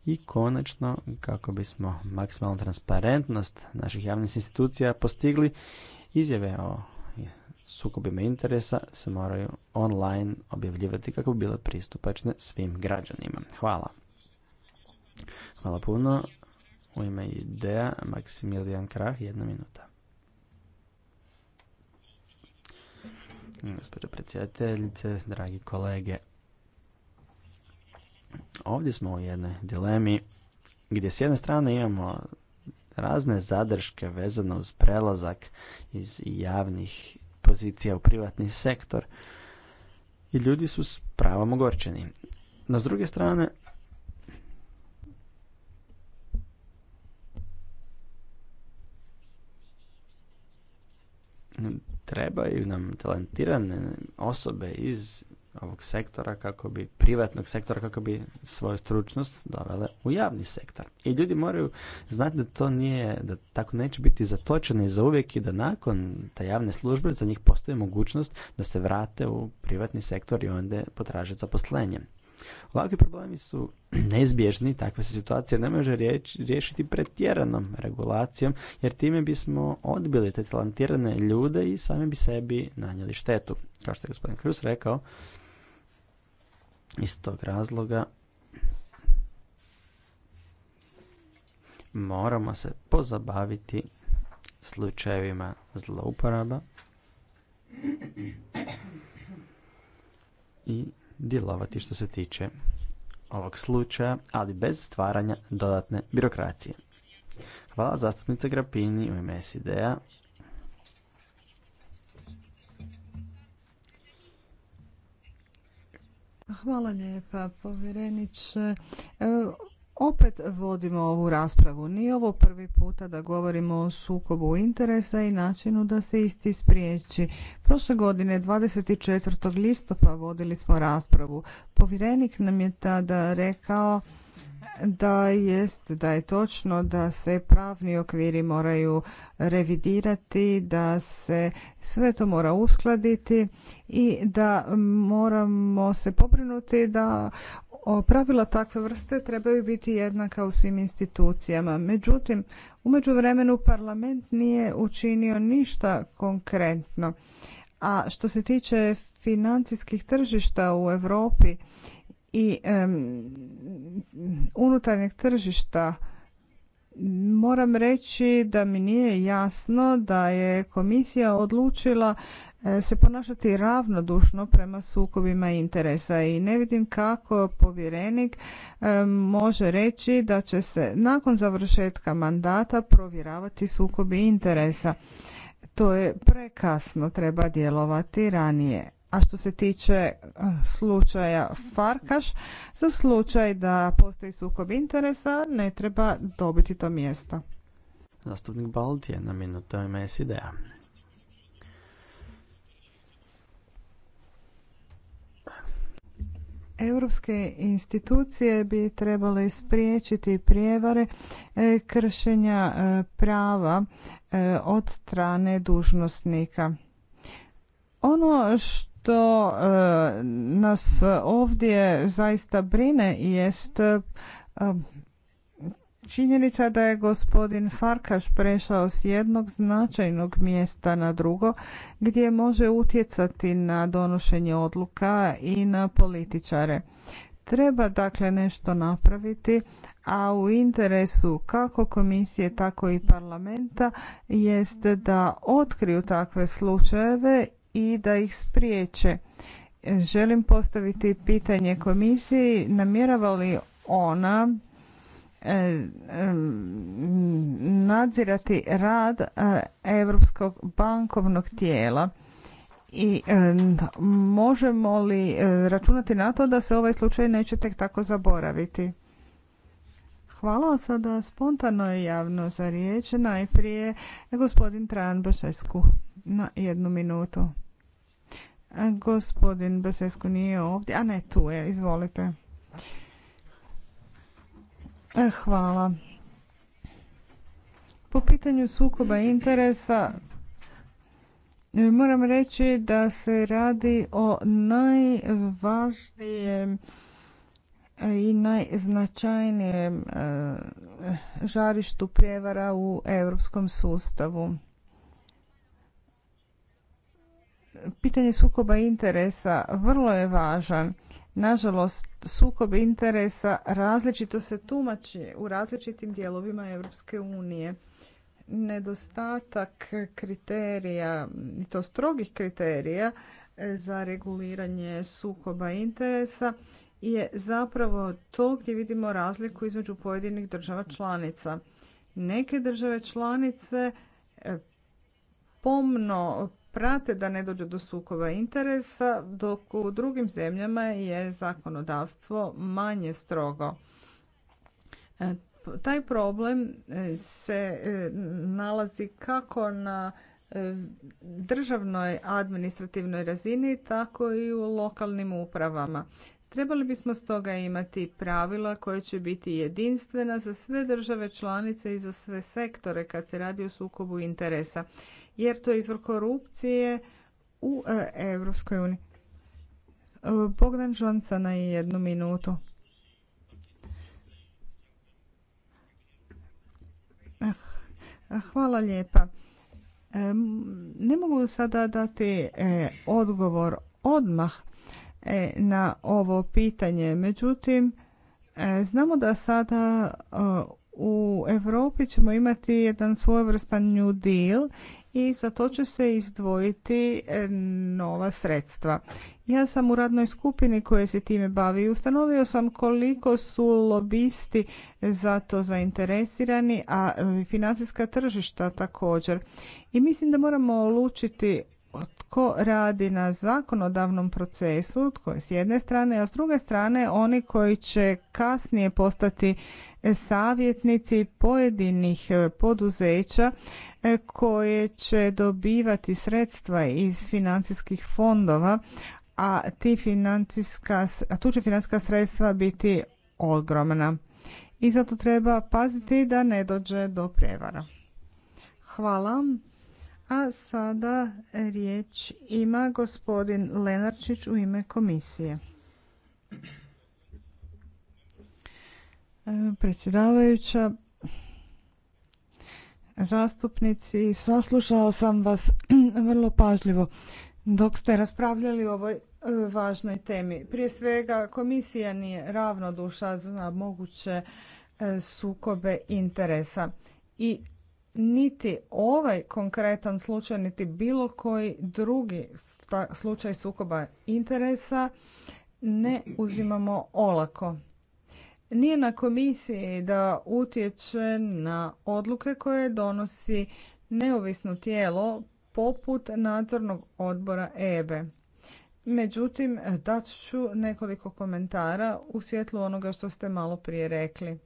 i konačno, kako bismo maksimalnu transparentnost naših javnih institucija postigli, izjave o sukobima interesa se moraju online objavljivati kako bi bile pristupačne svim građanima. Hvala. Hvala puno. U ime ideja Maksimilijan Krah, jedna minuta. Gospođo predsjedateljice, dragi kolege, Ovdje smo u jednoj dilemi gdje s jedne strane imamo razne zadrške vezano uz prelazak iz javnih pozicija u privatni sektor i ljudi su s pravom ogorčeni. No s druge strane, trebaju nam talentirane osobe iz ovog sektora kako bi, privatnog sektora kako bi svoju stručnost dovele u javni sektor. I ljudi moraju znati da to nije, da tako neće biti zatočeno i za uvijek i da nakon te javne službe za njih postoji mogućnost da se vrate u privatni sektor i onda potraže zaposlenje. Ovakvi problemi su *clears throat* neizbježni, takva se situacija ne može riješiti pretjeranom regulacijom, jer time bismo odbili te talentirane ljude i sami bi sebi nanijeli štetu. Kao što je gospodin Krus rekao, iz tog razloga moramo se pozabaviti slučajevima zlouporaba i djelovati što se tiče ovog slučaja, ali bez stvaranja dodatne birokracije. Hvala zastupnice Grapini u ime SID-a. Hvala lijepa, povjereniče. E, opet vodimo ovu raspravu. Nije ovo prvi puta da govorimo o sukobu interesa i načinu da se isti spriječi. Prošle godine, 24. listopada, vodili smo raspravu. Povjerenik nam je tada rekao da jest da je točno da se pravni okviri moraju revidirati, da se sve to mora uskladiti i da moramo se pobrinuti da pravila takve vrste trebaju biti jednaka u svim institucijama. Međutim, u međuvremenu parlament nije učinio ništa konkretno. A što se tiče financijskih tržišta u Europi i unutarnjeg tržišta moram reći da mi nije jasno da je komisija odlučila e, se ponašati ravnodušno prema sukobima interesa i ne vidim kako povjerenik e, može reći da će se nakon završetka mandata provjeravati sukobi interesa. To je prekasno, treba djelovati ranije a što se tiče eh, slučaja Farkaš, za slučaj da postoji sukob interesa ne treba dobiti to mjesto. Zastupnik Bald je na ime Europske institucije bi trebale spriječiti prijevare eh, kršenja eh, prava od strane dužnosnika. Ono što što eh, nas ovdje zaista brine jest eh, činjenica da je gospodin Farkaš prešao s jednog značajnog mjesta na drugo gdje može utjecati na donošenje odluka i na političare. Treba dakle nešto napraviti, a u interesu kako komisije tako i parlamenta jest da otkriju takve slučajeve i da ih spriječe. E, želim postaviti pitanje komisiji namjerava li ona e, nadzirati rad e, Europskog bankovnog tijela i možemo li računati na to da se ovaj slučaj neće tek tako zaboraviti? Hvala sada spontano i javno za riječ. Najprije gospodin Tran Bosesku, na jednu minutu. Gospodin Bosesku nije ovdje, a ne tu je, izvolite. E, hvala. Po pitanju sukoba interesa moram reći da se radi o najvažnijem i najznačajnijem e, žarištu prijevara u europskom sustavu. Pitanje sukoba interesa vrlo je važan. Nažalost, sukob interesa različito se tumači u različitim dijelovima Europske unije. Nedostatak kriterija, i to strogih kriterija, e, za reguliranje sukoba interesa je zapravo to gdje vidimo razliku između pojedinih država članica. Neke države članice e, pomno prate da ne dođe do sukova interesa, dok u drugim zemljama je zakonodavstvo manje strogo. E, taj problem e, se nalazi kako na državnoj administrativnoj razini, tako i u lokalnim upravama. Trebali bismo stoga imati pravila koje će biti jedinstvena za sve države članice i za sve sektore kad se radi o sukobu interesa, jer to je izvor korupcije u Europskoj uniji. E, Bogdan na jednu minutu. Eh, hvala lijepa. Ne mogu sada dati e, odgovor odmah, E, na ovo pitanje. Međutim, e, znamo da sada e, u Europi ćemo imati jedan svojevrstan New Deal i za to će se izdvojiti nova sredstva. Ja sam u radnoj skupini koja se time bavi i ustanovio sam koliko su lobisti za to zainteresirani, a financijska tržišta također. I mislim da moramo lučiti tko radi na zakonodavnom procesu, tko je s jedne strane, a s druge strane oni koji će kasnije postati savjetnici pojedinih poduzeća e, koje će dobivati sredstva iz financijskih fondova, a, ti financijska, a tu će financijska sredstva biti ogromna. I zato treba paziti da ne dođe do prevara. Hvala. A sada riječ ima gospodin Lenarčić u ime komisije. E, predsjedavajuća, zastupnici, saslušao sam vas *clears throat* vrlo pažljivo dok ste raspravljali o ovoj e, važnoj temi. Prije svega, komisija nije ravnoduša za moguće e, sukobe interesa i niti ovaj konkretan slučaj niti bilo koji drugi slučaj sukoba interesa ne uzimamo olako. Nije na komisiji da utječe na odluke koje donosi neovisno tijelo poput nadzornog odbora EBE. E. Međutim, dat ću nekoliko komentara u svjetlu onoga što ste malo prije rekli.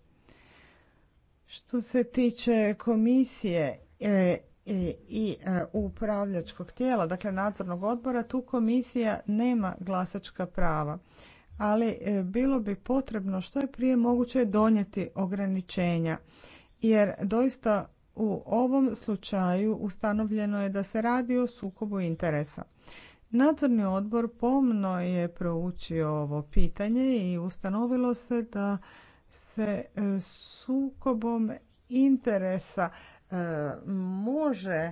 Što se tiče komisije e, e, i e, upravljačkog tijela, dakle nadzornog odbora, tu komisija nema glasačka prava. Ali bilo bi potrebno što je prije moguće donijeti ograničenja. Jer doista u ovom slučaju ustanovljeno je da se radi o sukobu interesa. Nadzorni odbor pomno je proučio ovo pitanje i ustanovilo se da se e, sukobom interesa e, može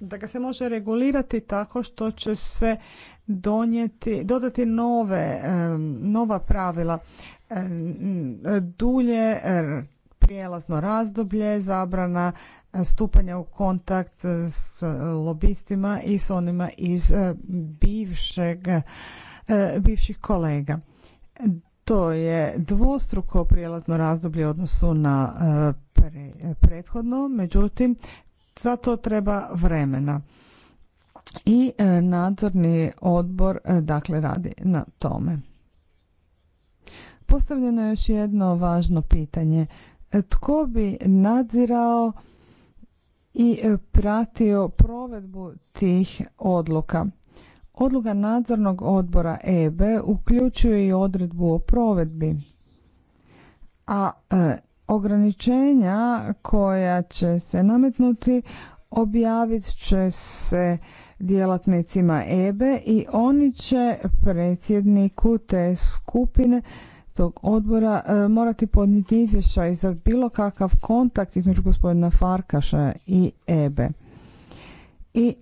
da ga se može regulirati tako što će se donijeti, dodati nove, e, nova pravila, dulje prijelazno razdoblje, zabrana stupanja u kontakt s lobistima i s onima iz bivšeg, bivših kolega. To je dvostruko prijelazno razdoblje u odnosu na e, prethodno, međutim, za to treba vremena. I e, nadzorni odbor e, dakle radi na tome. Postavljeno je još jedno važno pitanje. Tko bi nadzirao i pratio provedbu tih odluka? Odluga nadzornog odbora EBE uključuje i odredbu o provedbi, a e, ograničenja koja će se nametnuti objavit će se djelatnicima EB. i oni će predsjedniku te skupine tog odbora e, morati podnijeti izvještaj za bilo kakav kontakt između gospodina Farkaša i EBE. I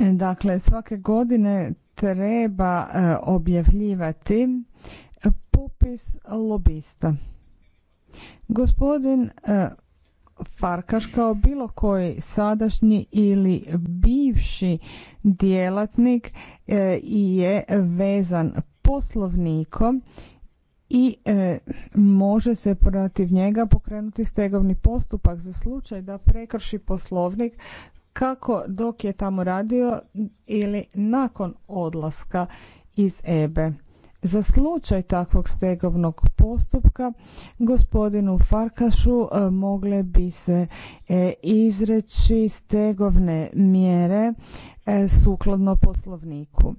Dakle, svake godine treba e, objavljivati popis lobista. Gospodin e, Farkaš kao bilo koji sadašnji ili bivši djelatnik e, je vezan poslovnikom i može se protiv njega pokrenuti stegovni postupak za slučaj da prekrši poslovnik kako dok je tamo radio ili nakon odlaska iz EBE. Za slučaj takvog stegovnog postupka gospodinu Farkašu e, mogle bi se e, izreći stegovne mjere e, sukladno poslovniku.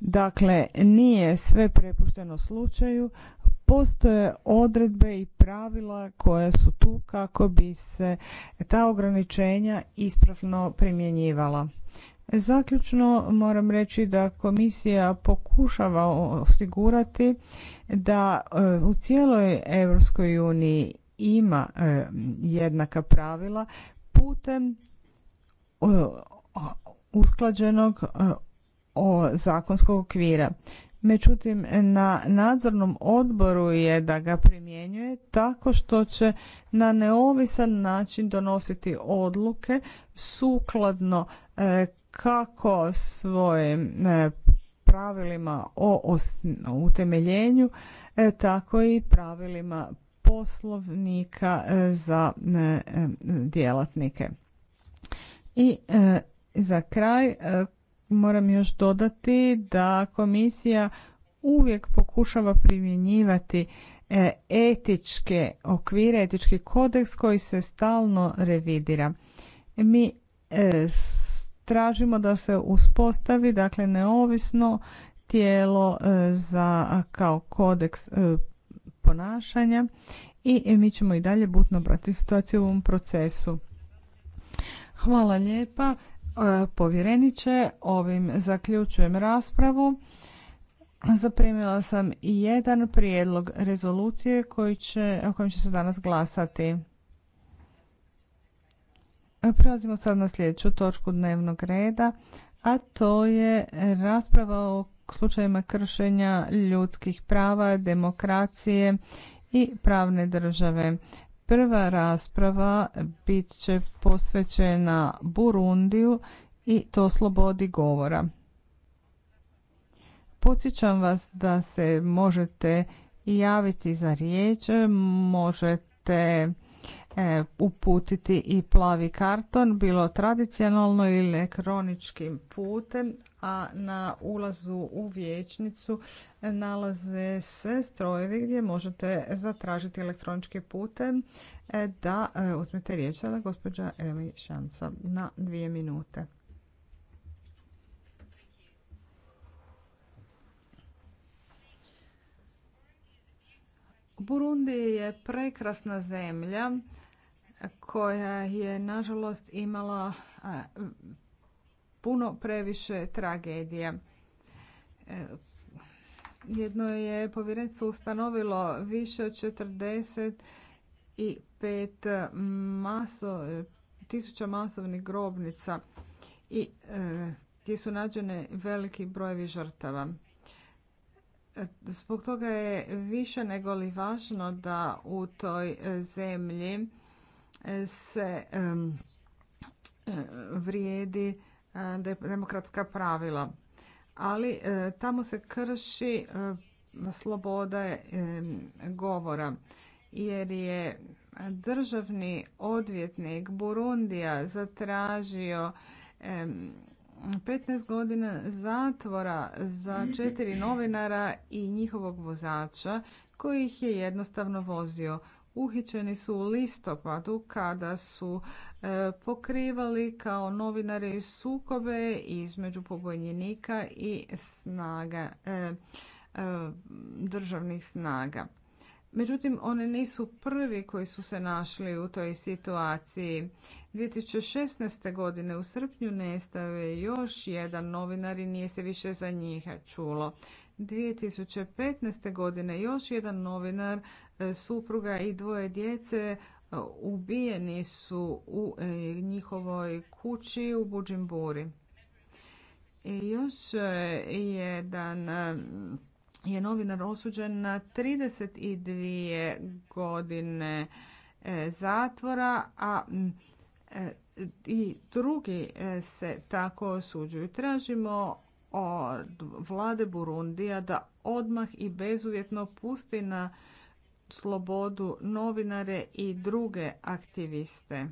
Dakle, nije sve prepušteno slučaju, postoje odredbe i pravila koja su tu kako bi se ta ograničenja ispravno primjenjivala. Zaključno moram reći da komisija pokušava osigurati da e, u cijeloj Europskoj uniji ima e, jednaka pravila putem e, usklađenog zakonskog okvira. Međutim, na nadzornom odboru je da ga primjenjuje tako što će na neovisan način donositi odluke sukladno e, kako svojim e, pravilima o utemeljenju, e, tako i pravilima poslovnika za djelatnike. I za kraj moram još dodati da komisija uvijek pokušava primjenjivati e, etičke okvire, etički kodeks koji se stalno revidira. Mi e, tražimo da se uspostavi dakle neovisno tijelo e, za kao kodeks ponašanja i mi ćemo i dalje butno brati situaciju u ovom procesu. Hvala lijepa povjereniče. Ovim zaključujem raspravu. Zaprimila sam i jedan prijedlog rezolucije koji će, o kojem će se danas glasati. Prelazimo sad na sljedeću točku dnevnog reda, a to je rasprava o slučajima kršenja ljudskih prava, demokracije i pravne države. Prva rasprava bit će posvećena Burundiju i to slobodi govora. Podsjećam vas da se možete javiti za riječ, možete E, uputiti i plavi karton, bilo tradicionalno ili elektroničkim putem, a na ulazu u vijećnicu nalaze se strojevi gdje možete zatražiti elektronički putem e, da e, uzmete riječ sada gospođa Eli Šanca na dvije minute. Burundi je prekrasna zemlja koja je nažalost imala puno previše tragedija. E, jedno je povjerenstvo ustanovilo više od 45 maso, tisuća masovnih grobnica i e, gdje su nađene veliki brojevi žrtava. E, zbog toga je više nego li važno da u toj zemlji se e, vrijedi e, demokratska pravila. Ali e, tamo se krši sloboda govora jer je državni odvjetnik Burundija zatražio 15 godina zatvora za četiri novinara i njihovog vozača koji ih je jednostavno vozio uhićeni su u listopadu kada su e, pokrivali kao novinari sukobe između pobunjenika i snaga e, e, državnih snaga. Međutim, oni nisu prvi koji su se našli u toj situaciji. 2016. godine u srpnju nestao je još jedan novinar i nije se više za njih čulo. 2015. godine još jedan novinar, e, supruga i dvoje djece e, ubijeni su u e, njihovoj kući u Buđimburi. I još jedan je novinar osuđen na 32 godine zatvora, a i drugi se tako osuđuju. Tražimo od vlade Burundija da odmah i bezuvjetno pusti na slobodu novinare i druge aktiviste.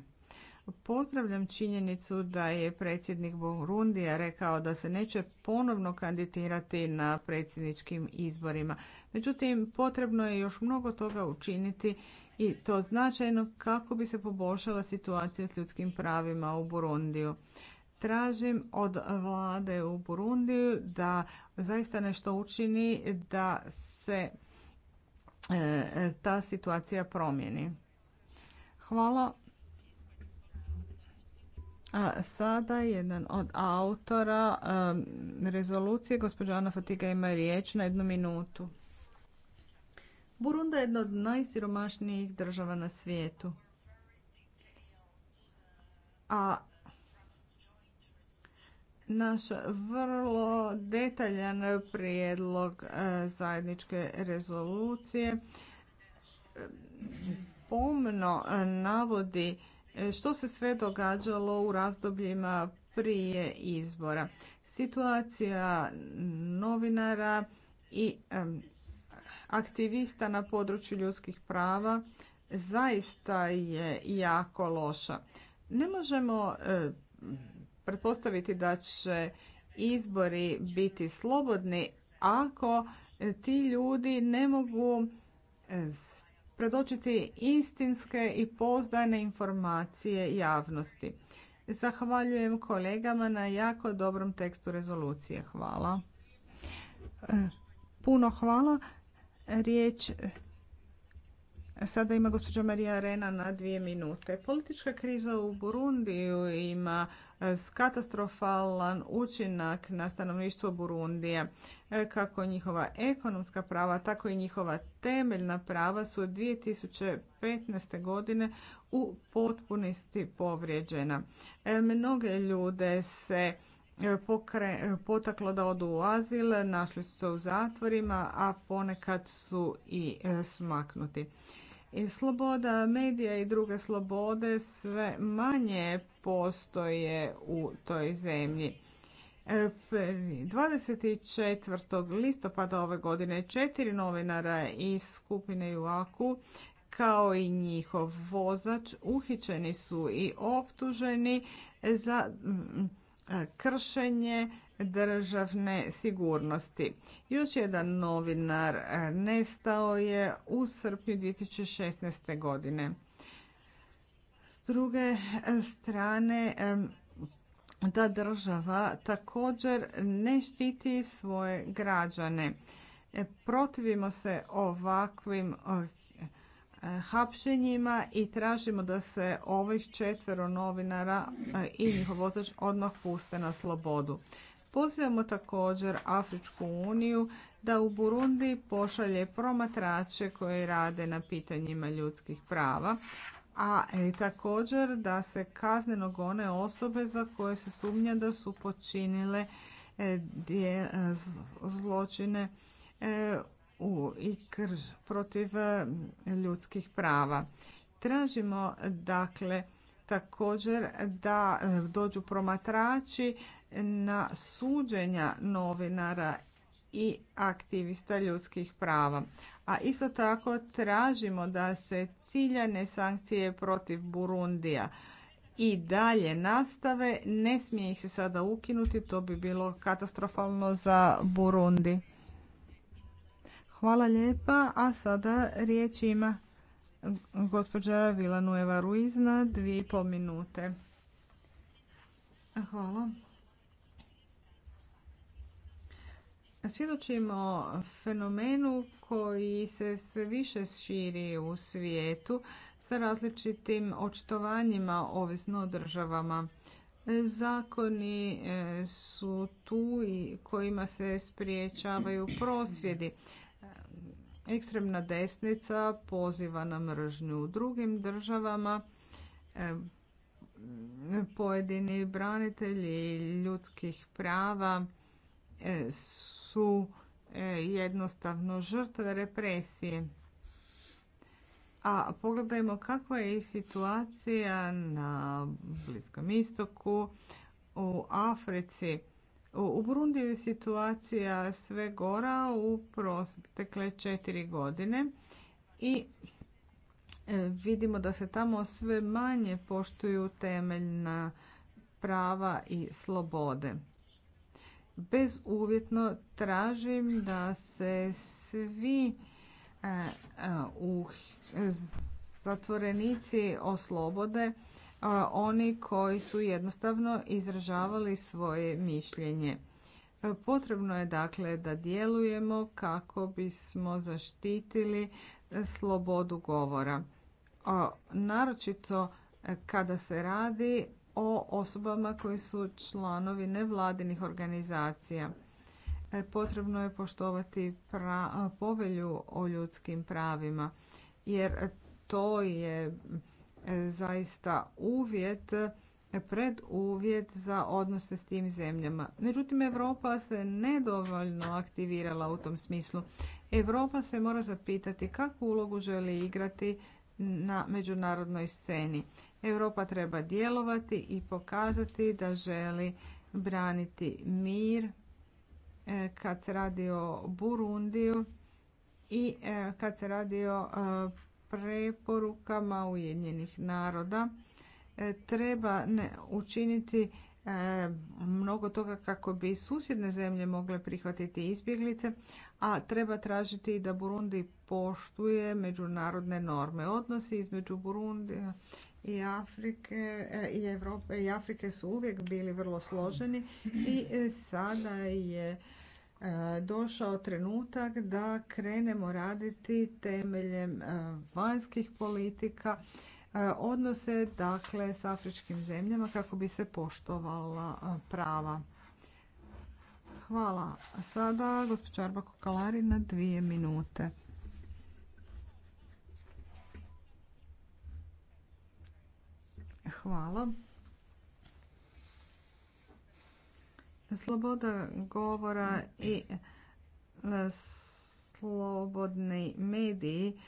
Pozdravljam činjenicu da je predsjednik Burundija rekao da se neće ponovno kandidirati na predsjedničkim izborima. Međutim, potrebno je još mnogo toga učiniti i to značajno kako bi se poboljšala situacija s ljudskim pravima u Burundiju. Tražim od vlade u Burundiju da zaista nešto učini da se e, ta situacija promijeni. Hvala. A sada jedan od autora e, rezolucije, gospođa Ana Fatiga ima riječ na jednu minutu. Burunda je jedna od najsiromašnijih država na svijetu. A naš vrlo detaljan prijedlog e, zajedničke rezolucije e, pomno e, navodi što se sve događalo u razdobljima prije izbora. Situacija novinara i aktivista na području ljudskih prava zaista je jako loša. Ne možemo pretpostaviti da će izbori biti slobodni ako ti ljudi ne mogu e, predočiti istinske i pouzdane informacije javnosti. Zahvaljujem kolegama na jako dobrom tekstu rezolucije. Hvala. E, puno hvala. Riječ e, sada ima gospođa Marija Arena na dvije minute. Politička kriza u Burundiju ima skatastrofalan katastrofalan učinak na stanovništvo Burundije. E, kako njihova ekonomska prava, tako i njihova temeljna prava su od 2015. godine u potpunosti povrijeđena. E, mnoge ljude se e, potaklo da odu u azil, našli su se u zatvorima, a ponekad su i smaknuti. I Sloboda medija i druge slobode sve manje postoje u toj zemlji. 24. E, listopada ove godine četiri novinara iz skupine Juaku kao i njihov vozač uhićeni su i optuženi za kršenje državne sigurnosti. Još jedan novinar e, nestao je u srpnju 2016. godine. S druge e, strane, da e, država također ne štiti svoje građane. Protivimo se ovakvim E, hapšenjima i tražimo da se ovih četvero novinara e, i njihov vozač odmah puste na slobodu. Pozivamo također Afričku uniju da u Burundi pošalje promatrače koji rade na pitanjima ljudskih prava, a e, također da se kazneno gone osobe za koje se sumnja da su počinile zločine u i protiv e, ljudskih prava. Tražimo dakle također da e, dođu promatrači na suđenja novinara i aktivista ljudskih prava. A isto tako tražimo da se ciljane sankcije protiv Burundija i dalje nastave. Ne smije ih se sada ukinuti, to bi bilo katastrofalno za Burundi. Hvala lijepa, a sada riječ ima gospođa Vilanueva Ruizna, dvije i pol minute. Hvala. Svjedočimo fenomenu koji se sve više širi u svijetu sa različitim očitovanjima ovisno o državama. Zakoni e, su tu i kojima se spriječavaju prosvjedi ekstremna desnica poziva na mržnju u drugim državama e, pojedini branitelji ljudskih prava e, su e, jednostavno žrtve represije a pogledajmo kakva je situacija na bliskom istoku u africi u Burundiju je situacija sve gora u protekle četiri godine i e, vidimo da se tamo sve manje poštuju temeljna prava i slobode. Bezuvjetno tražim da se svi e, e, zatvorenici oslobode oni koji su jednostavno izražavali svoje mišljenje. Potrebno je dakle da djelujemo kako bismo zaštitili slobodu govora. naročito kada se radi o osobama koji su članovi nevladinih organizacija. E, potrebno je poštovati povelju o ljudskim pravima jer to je zaista uvjet preduvjet za odnose s tim zemljama. Međutim, Europa se nedovoljno aktivirala u tom smislu. Europa se mora zapitati kakvu ulogu želi igrati na međunarodnoj sceni. Europa treba djelovati i pokazati da želi braniti mir e, kad se radi o Burundiju i e, kad se radi o e, preporukama Ujedinjenih naroda e, treba učiniti e, mnogo toga kako bi susjedne zemlje mogle prihvatiti izbjeglice, a treba tražiti da Burundi poštuje međunarodne norme. Odnosi između Burundi i Afrike e, i Europe i Afrike su uvijek bili vrlo složeni i sada je E, došao trenutak da krenemo raditi temeljem e, vanjskih politika e, odnose dakle s afričkim zemljama kako bi se poštovala prava. Hvala. Sada gospođa Arba Kokalari na dvije minute. Hvala. Sloboda govora i slobodni mediji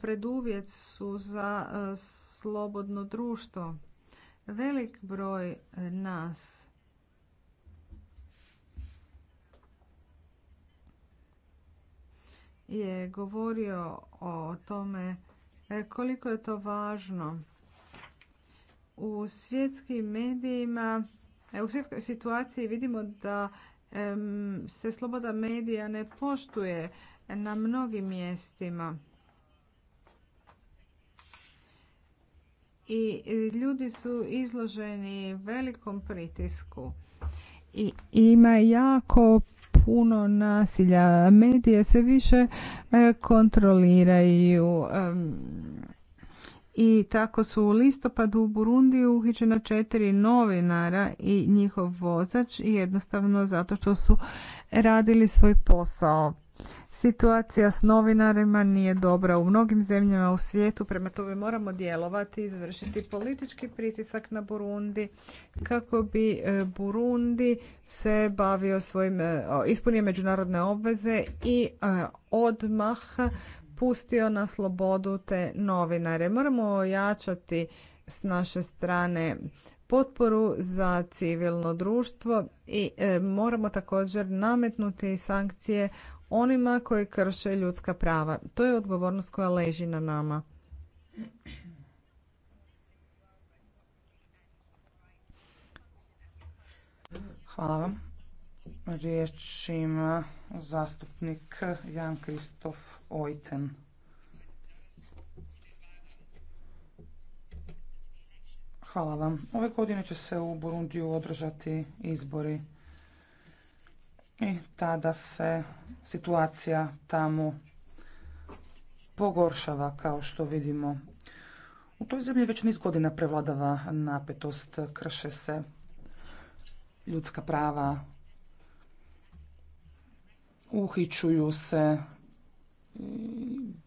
preduvjet su za e, slobodno društvo. Velik broj nas je govorio o tome e, koliko je to važno. U svjetskim medijima u svjetskoj situaciji vidimo da se sloboda medija ne poštuje na mnogim mjestima. I ljudi su izloženi velikom pritisku. I ima jako puno nasilja. Medije sve više eh, kontroliraju i tako su u listopadu u Burundiju uhićena četiri novinara i njihov vozač jednostavno zato što su radili svoj posao. Situacija s novinarima nije dobra u mnogim zemljama u svijetu, prema tome moramo djelovati, izvršiti politički pritisak na Burundi kako bi e, Burundi se bavio svojim, e, ispunio međunarodne obveze i e, odmah pustio na slobodu te novinare. Moramo ojačati s naše strane potporu za civilno društvo i e, moramo također nametnuti sankcije onima koji krše ljudska prava. To je odgovornost koja leži na nama. Hvala vam. Riječ ima zastupnik Jan Kristof Ojten. Hvala vam. Ove godine će se u Burundiju održati izbori i tada se situacija tamo pogoršava kao što vidimo. U toj zemlji već niz godina prevladava napetost, krše se ljudska prava, uhićuju se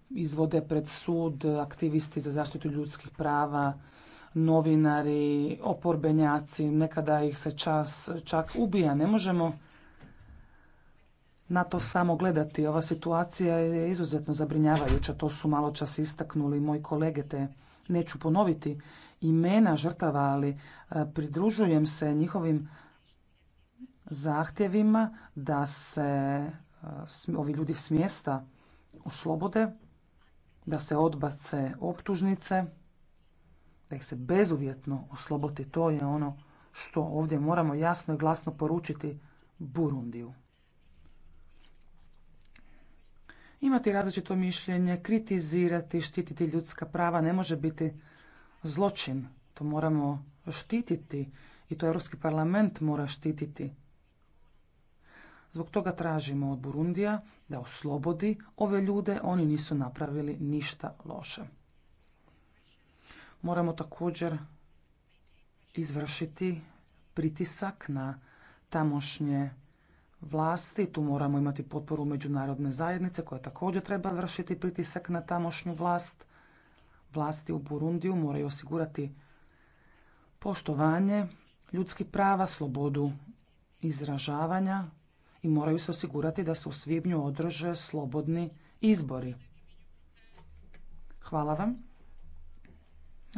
izvode pred sud, aktivisti za zaštitu ljudskih prava, novinari, oporbenjaci, nekada ih se čas čak ubija. Ne možemo na to samo gledati. Ova situacija je izuzetno zabrinjavajuća, to su malo čas istaknuli moji kolege, te neću ponoviti imena žrtava, ali e, pridružujem se njihovim zahtjevima da se e, ovi ljudi smjesta oslobode, da se odbace optužnice, da ih se bezuvjetno oslobodi. To je ono što ovdje moramo jasno i glasno poručiti Burundiju. Imati različito mišljenje, kritizirati, štititi ljudska prava ne može biti zločin. To moramo štititi i to Europski parlament mora štititi. Zbog toga tražimo od Burundija da oslobodi ove ljude, oni nisu napravili ništa loše. Moramo također izvršiti pritisak na tamošnje vlasti, tu moramo imati potporu međunarodne zajednice koja također treba vršiti pritisak na tamošnju vlast. Vlasti u Burundiju moraju osigurati poštovanje ljudskih prava, slobodu izražavanja, i moraju se osigurati da se u svibnju održe slobodni izbori. Hvala vam.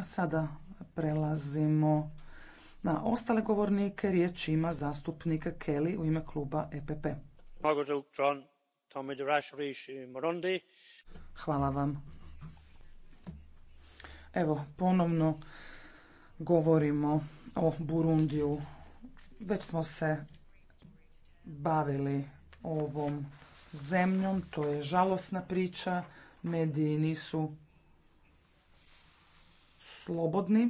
Sada prelazimo na ostale govornike. Riječ ima zastupnika Kelly u ime kluba EPP. Hvala vam. Evo, ponovno govorimo o Burundiju. Već smo se bavili ovom zemljom. To je žalosna priča. Mediji nisu slobodni.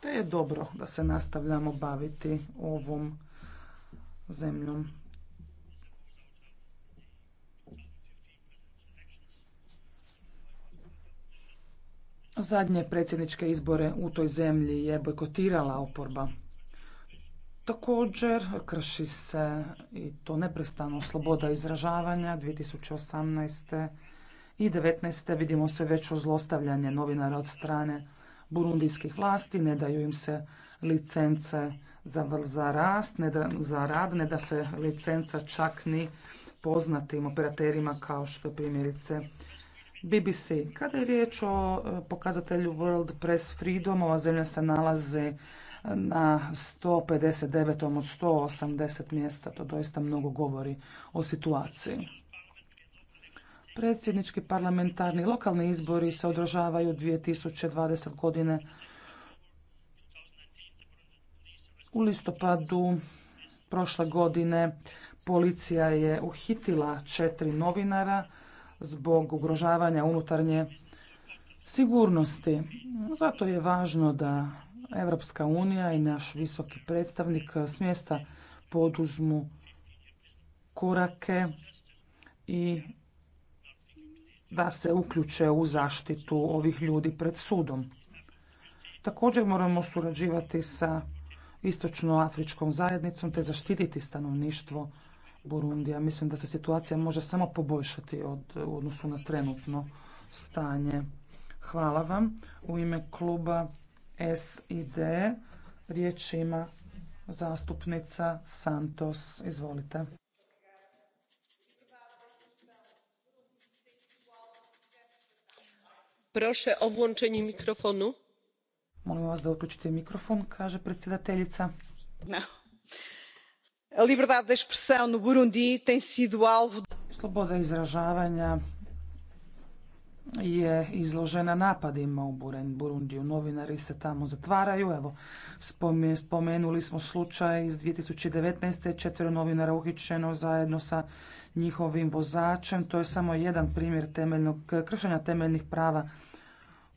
Te je dobro da se nastavljamo baviti ovom zemljom. Zadnje predsjedničke izbore u toj zemlji je bojkotirala oporba. Također krši se i to neprestano sloboda izražavanja 2018. i 19. vidimo sve veće zlostavljanje novinara od strane burundijskih vlasti, ne daju im se licence za, za, rast, ne da, za rad, ne da se licenca čak ni poznatim operaterima kao što je primjerice BBC. Kada je riječ o e, pokazatelju World Press Freedom, ova zemlja se nalazi na 159. od 180 mjesta. To doista mnogo govori o situaciji. Predsjednički parlamentarni lokalni izbori se održavaju 2020 godine u listopadu prošle godine policija je uhitila četiri novinara zbog ugrožavanja unutarnje sigurnosti. Zato je važno da Evropska unija i naš visoki predstavnik smjesta poduzmu korake i da se uključe u zaštitu ovih ljudi pred sudom. Također moramo surađivati sa istočnoafričkom zajednicom te zaštititi stanovništvo Burundija. Mislim da se situacija može samo poboljšati od, u odnosu na trenutno stanje. Hvala vam. U ime kluba SID. Riječ ima zastupnica Santos. Izvolite. Proše o mikrofonu. Molim vas da uključite mikrofon, kaže predsjedateljica. No. A liberdade de expressão no Burundi tem sido alvo... Sloboda izražavanja je izložena napadima u Burundiju. Novinari se tamo zatvaraju. Evo, spomenuli smo slučaj iz 2019. Četvero novinara uhičeno zajedno sa njihovim vozačem. To je samo jedan primjer temeljnog, kršenja temeljnih prava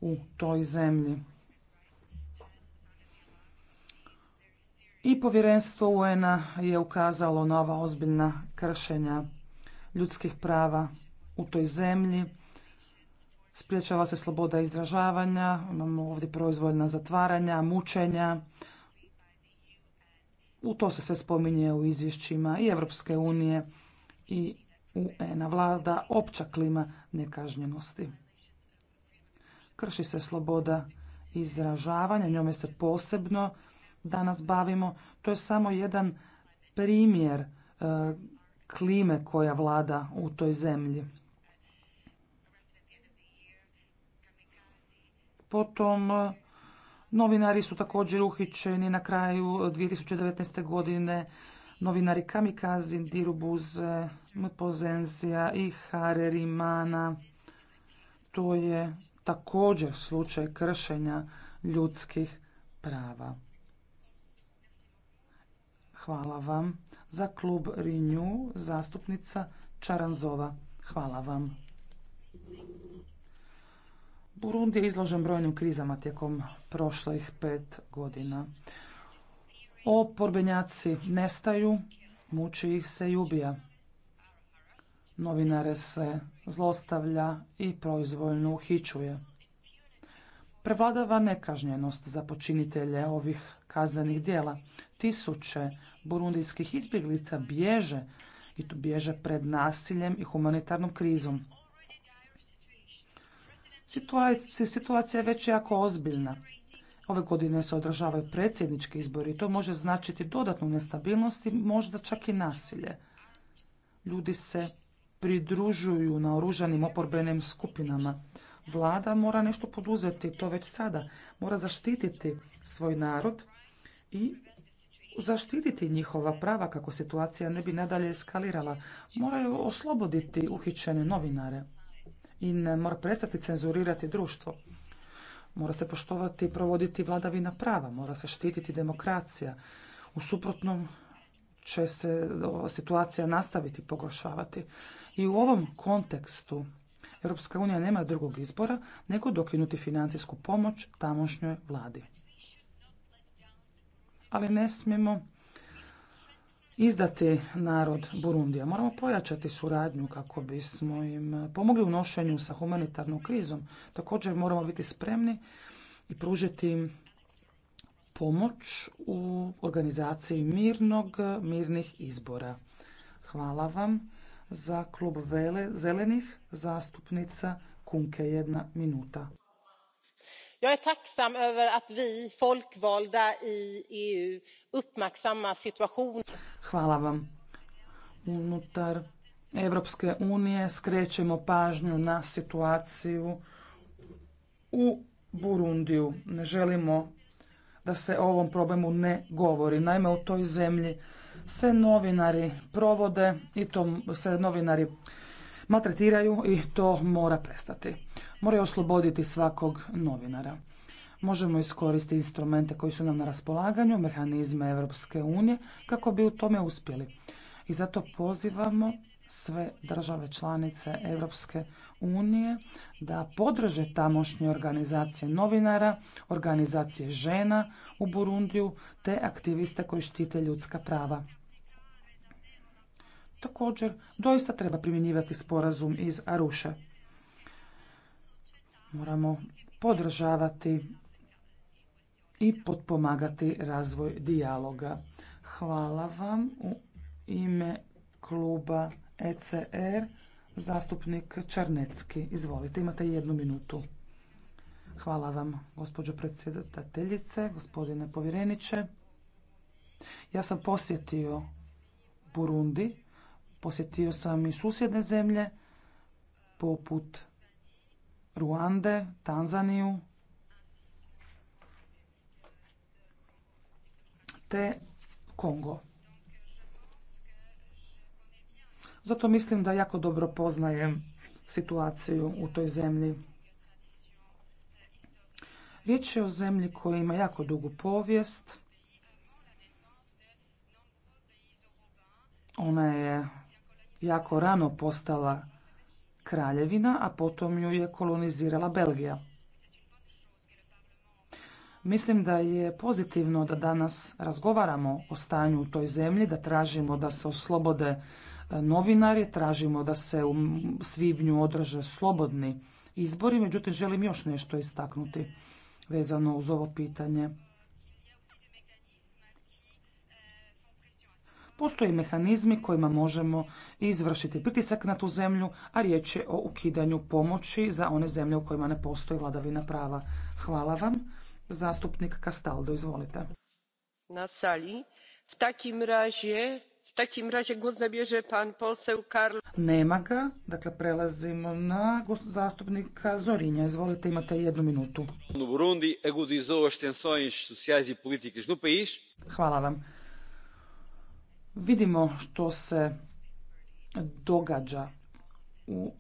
u toj zemlji. I povjerenstvo UN-a je ukazalo na ova ozbiljna kršenja ljudskih prava u toj zemlji sprječava se sloboda izražavanja, imamo ovdje proizvoljna zatvaranja, mučenja. U to se sve spominje u izvješćima i Europske unije i UN-a vlada opća klima nekažnjenosti. Krši se sloboda izražavanja, njome se posebno danas bavimo. To je samo jedan primjer e, klime koja vlada u toj zemlji. potom e, novinari su također uhićeni na kraju 2019. E, godine. Novinari Kamikazi, Dirubuze, Mpozenzija i Harerimana. To je također slučaj kršenja ljudskih prava. Hvala vam. Za klub Renew zastupnica Čaranzova. Hvala vam. Burundi je izložen brojnim krizama tijekom prošlih pet godina. Oporbenjaci nestaju, muči ih se i ubija. Novinare se zlostavlja i proizvoljno uhićuje. Prevladava nekažnjenost za počinitelje ovih kaznenih djela. Tisuće burundijskih izbjeglica bježe i tu bježe pred nasiljem i humanitarnom krizom. Situacija je već jako ozbiljna. Ove godine se održavaju predsjednički izbori i to može značiti dodatnu nestabilnost i možda čak i nasilje. Ljudi se pridružuju na oporbenim skupinama. Vlada mora nešto poduzeti, to već sada. Mora zaštititi svoj narod i zaštititi njihova prava kako situacija ne bi nadalje eskalirala. Moraju osloboditi uhićene novinare i ne mora prestati cenzurirati društvo. Mora se poštovati i provoditi vladavina prava, mora se štititi demokracija. U suprotnom će se situacija nastaviti pogoršavati. I u ovom kontekstu Europska unija nema drugog izbora nego dokinuti financijsku pomoć tamošnjoj vladi. Ali ne smijemo izdati narod Burundija. Moramo pojačati suradnju kako bismo im pomogli u nošenju sa humanitarnom krizom. Također moramo biti spremni i pružiti im pomoć u organizaciji mirnog, mirnih izbora. Hvala vam za klub Vele, zelenih zastupnica Kunke jedna minuta jag är tacksam över att vi folkvalda i eu uppmärksammar situationen. hvala vam. unutar Evropske unije skrećemo pažnju na situaciju u burundiju. ne želimo da se o ovom problemu ne govori. naime u toj zemlji se novinari provode i to se novinari maltretiraju i to mora prestati. Moraju osloboditi svakog novinara. Možemo iskoristiti instrumente koji su nam na raspolaganju, mehanizme Europske unije, kako bi u tome uspjeli. I zato pozivamo sve države članice Europske unije da podrže tamošnje organizacije novinara, organizacije žena u Burundiju te aktiviste koji štite ljudska prava. Također, doista treba primjenjivati sporazum iz Aruše. Moramo podržavati i potpomagati razvoj dijaloga. Hvala vam u ime kluba ECR, zastupnik Čarnecki. Izvolite, imate jednu minutu. Hvala vam, gospođo predsjedateljice, gospodine povjereniče. Ja sam posjetio Burundi Posjetio sam i susjedne zemlje, poput Ruande, Tanzaniju, te Kongo. Zato mislim da jako dobro poznajem situaciju u toj zemlji. Riječ je o zemlji koja ima jako dugu povijest. Ona je jako rano postala kraljevina, a potom ju je kolonizirala Belgija. Mislim da je pozitivno da danas razgovaramo o stanju u toj zemlji, da tražimo da se oslobode e, novinari, tražimo da se u svibnju održe slobodni izbori, međutim želim još nešto istaknuti vezano uz ovo pitanje. postoje mehanizmi kojima možemo izvršiti pritisak na tu zemlju, a riječ je o ukidanju pomoći za one zemlje u kojima ne postoji vladavina prava. Hvala vam. Zastupnik Kastaldo, izvolite. Na sali. V takim razie v takim razie pan Karl. Nema ga, dakle prelazimo na zastupnika Zorinja. Izvolite, imate jednu minutu. Burundi pa Hvala vam. Vidimo što se događa u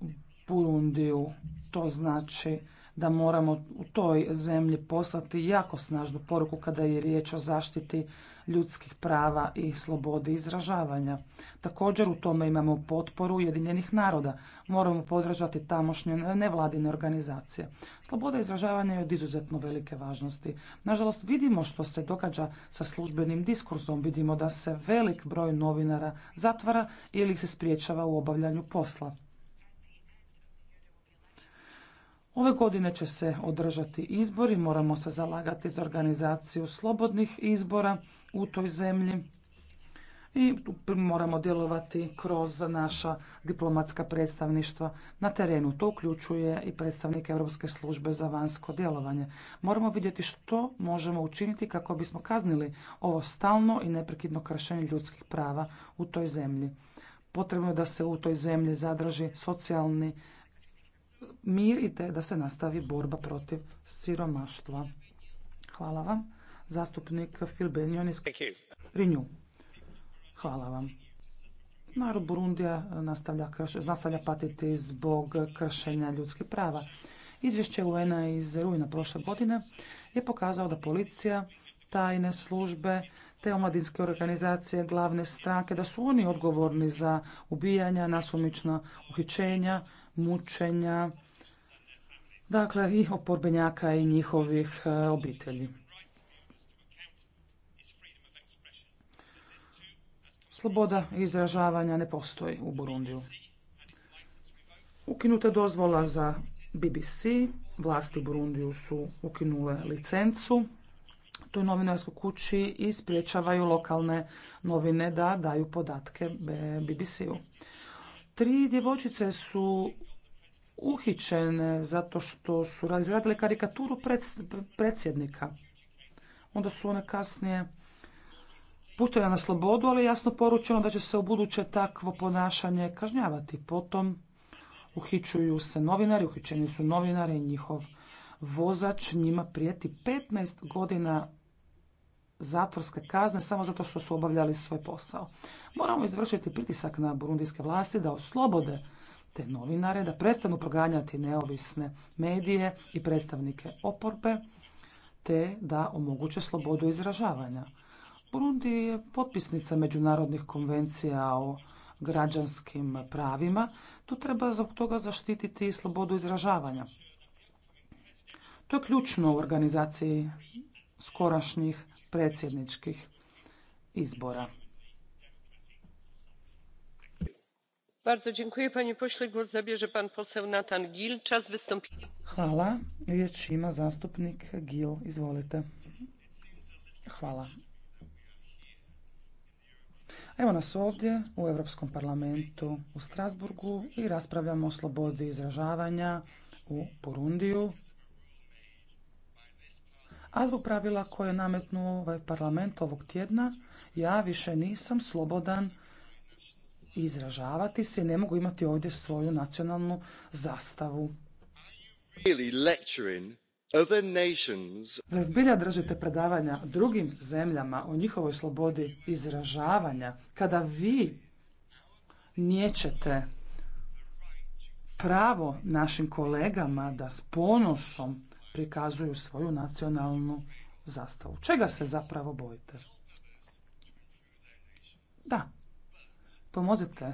Burundiju. To znači da moramo u toj zemlji poslati jako snažnu poruku kada je riječ o zaštiti ljudskih prava i slobodi izražavanja. Također u tome imamo potporu Ujedinjenih naroda. Moramo podržati tamošnje nevladine organizacije. Sloboda izražavanja je od izuzetno velike važnosti. Nažalost, vidimo što se događa sa službenim diskursom. Vidimo da se velik broj novinara zatvara ili se spriječava u obavljanju posla. Ove godine će se održati izbori, moramo se zalagati za organizaciju slobodnih izbora u toj zemlji i moramo djelovati kroz naša diplomatska predstavništva na terenu. To uključuje i predstavnike Europske službe za vanjsko djelovanje. Moramo vidjeti što možemo učiniti kako bismo kaznili ovo stalno i neprekidno kršenje ljudskih prava u toj zemlji. Potrebno je da se u toj zemlji zadrži socijalni mir i da se nastavi borba protiv siromaštva. Hvala vam. Zastupnik Phil Hvala vam. Narod Burundija nastavlja, nastavlja patiti zbog kršenja ljudskih prava. Izvješće UN-a iz rujna prošle godine je pokazao da policija, tajne službe te omladinske organizacije, glavne stranke, da su oni odgovorni za ubijanja, nasumična uhićenja, mučenja, dakle i oporbenjaka i njihovih e, obitelji. Sloboda izražavanja ne postoji u Burundiju. Ukinuta dozvola za BBC, vlasti u Burundiju su ukinule licencu je novinarskoj kući i spriječavaju lokalne novine da daju podatke BBC-u. Tri djevojčice su uhićene zato što su razradile karikaturu predsjednika. Onda su one kasnije puštene na slobodu, ali jasno poručeno da će se u buduće takvo ponašanje kažnjavati. Potom uhićuju se novinari, uhićeni su novinari i njihov vozač njima prijeti 15 godina zatvorske kazne samo zato što su obavljali svoj posao. Moramo izvršiti pritisak na burundijske vlasti da oslobode te novinare, da prestanu proganjati neovisne medije i predstavnike oporbe, te da omoguće slobodu izražavanja. Burundi je potpisnica međunarodnih konvencija o građanskim pravima. Tu treba zbog toga zaštititi i slobodu izražavanja. To je ključno u organizaciji skorašnjih predsjedničkih izbora. Bardzo dziękuję panie pan poseł Gil. Czas wystąpienia. Hvala. Riječ ima zastupnik Gil. Izvolite. Hvala. Evo nas ovdje u Europskom parlamentu u Strasburgu i raspravljamo o slobodi izražavanja u Burundiju a zbog pravila koje je nametnuo ovaj parlament ovog tjedna, ja više nisam slobodan izražavati se i ne mogu imati ovdje svoju nacionalnu zastavu. Za zbilja držite predavanja drugim zemljama o njihovoj slobodi izražavanja kada vi nijećete pravo našim kolegama da s ponosom prikazuju svoju nacionalnu zastavu. Čega se zapravo bojite? Da, pomozite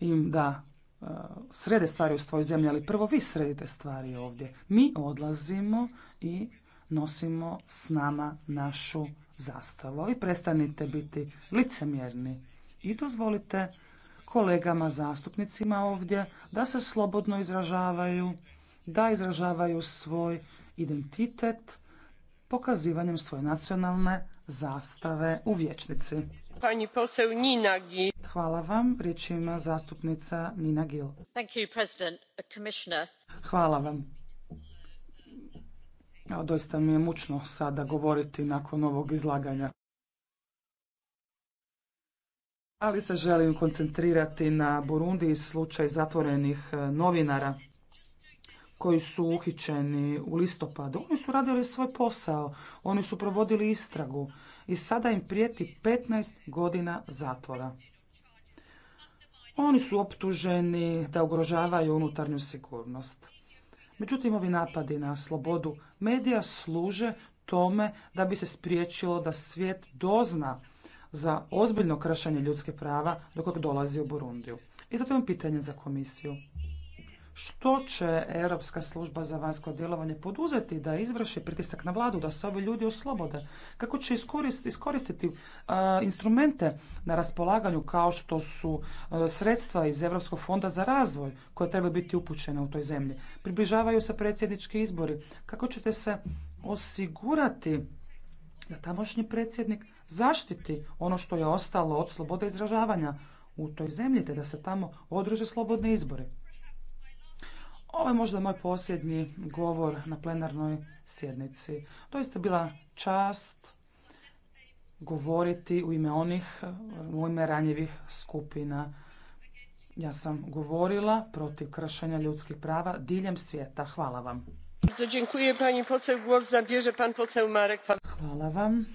im da e, srede stvari u svojoj zemlji, ali prvo vi sredite stvari ovdje. Mi odlazimo i nosimo s nama našu zastavu. I prestanite biti licemjerni i dozvolite kolegama zastupnicima ovdje da se slobodno izražavaju da izražavaju svoj identitet pokazivanjem svoje nacionalne zastave u vječnici. Hvala vam. Riječ ima zastupnica Nina Gil. Hvala vam. Evo, doista mi je mučno sada govoriti nakon ovog izlaganja. Ali se želim koncentrirati na Burundi i slučaj zatvorenih e, novinara koji su uhićeni u listopadu, oni su radili svoj posao, oni su provodili istragu i sada im prijeti 15 godina zatvora. Oni su optuženi da ugrožavaju unutarnju sigurnost. Međutim, ovi napadi na slobodu medija služe tome da bi se spriječilo da svijet dozna za ozbiljno kršenje ljudskih prava do dolazi u Burundiju. I zato imam pitanje za komisiju. Što će Europska služba za vanjsko djelovanje poduzeti da izvrši pritisak na vladu, da se ovi ljudi oslobode? Kako će iskoristiti, iskoristiti uh, instrumente na raspolaganju kao što su uh, sredstva iz Europskog fonda za razvoj koja treba biti upućena u toj zemlji? Približavaju se predsjednički izbori. Kako ćete se osigurati da tamošnji predsjednik zaštiti ono što je ostalo od slobode izražavanja u toj zemlji te da se tamo održe slobodne izbore? Ovo je možda moj posljednji govor na plenarnoj sjednici. Doista bila čast govoriti u ime onih, u ime ranjivih skupina. Ja sam govorila protiv kršenja ljudskih prava diljem svijeta. Hvala vam. Hvala vam.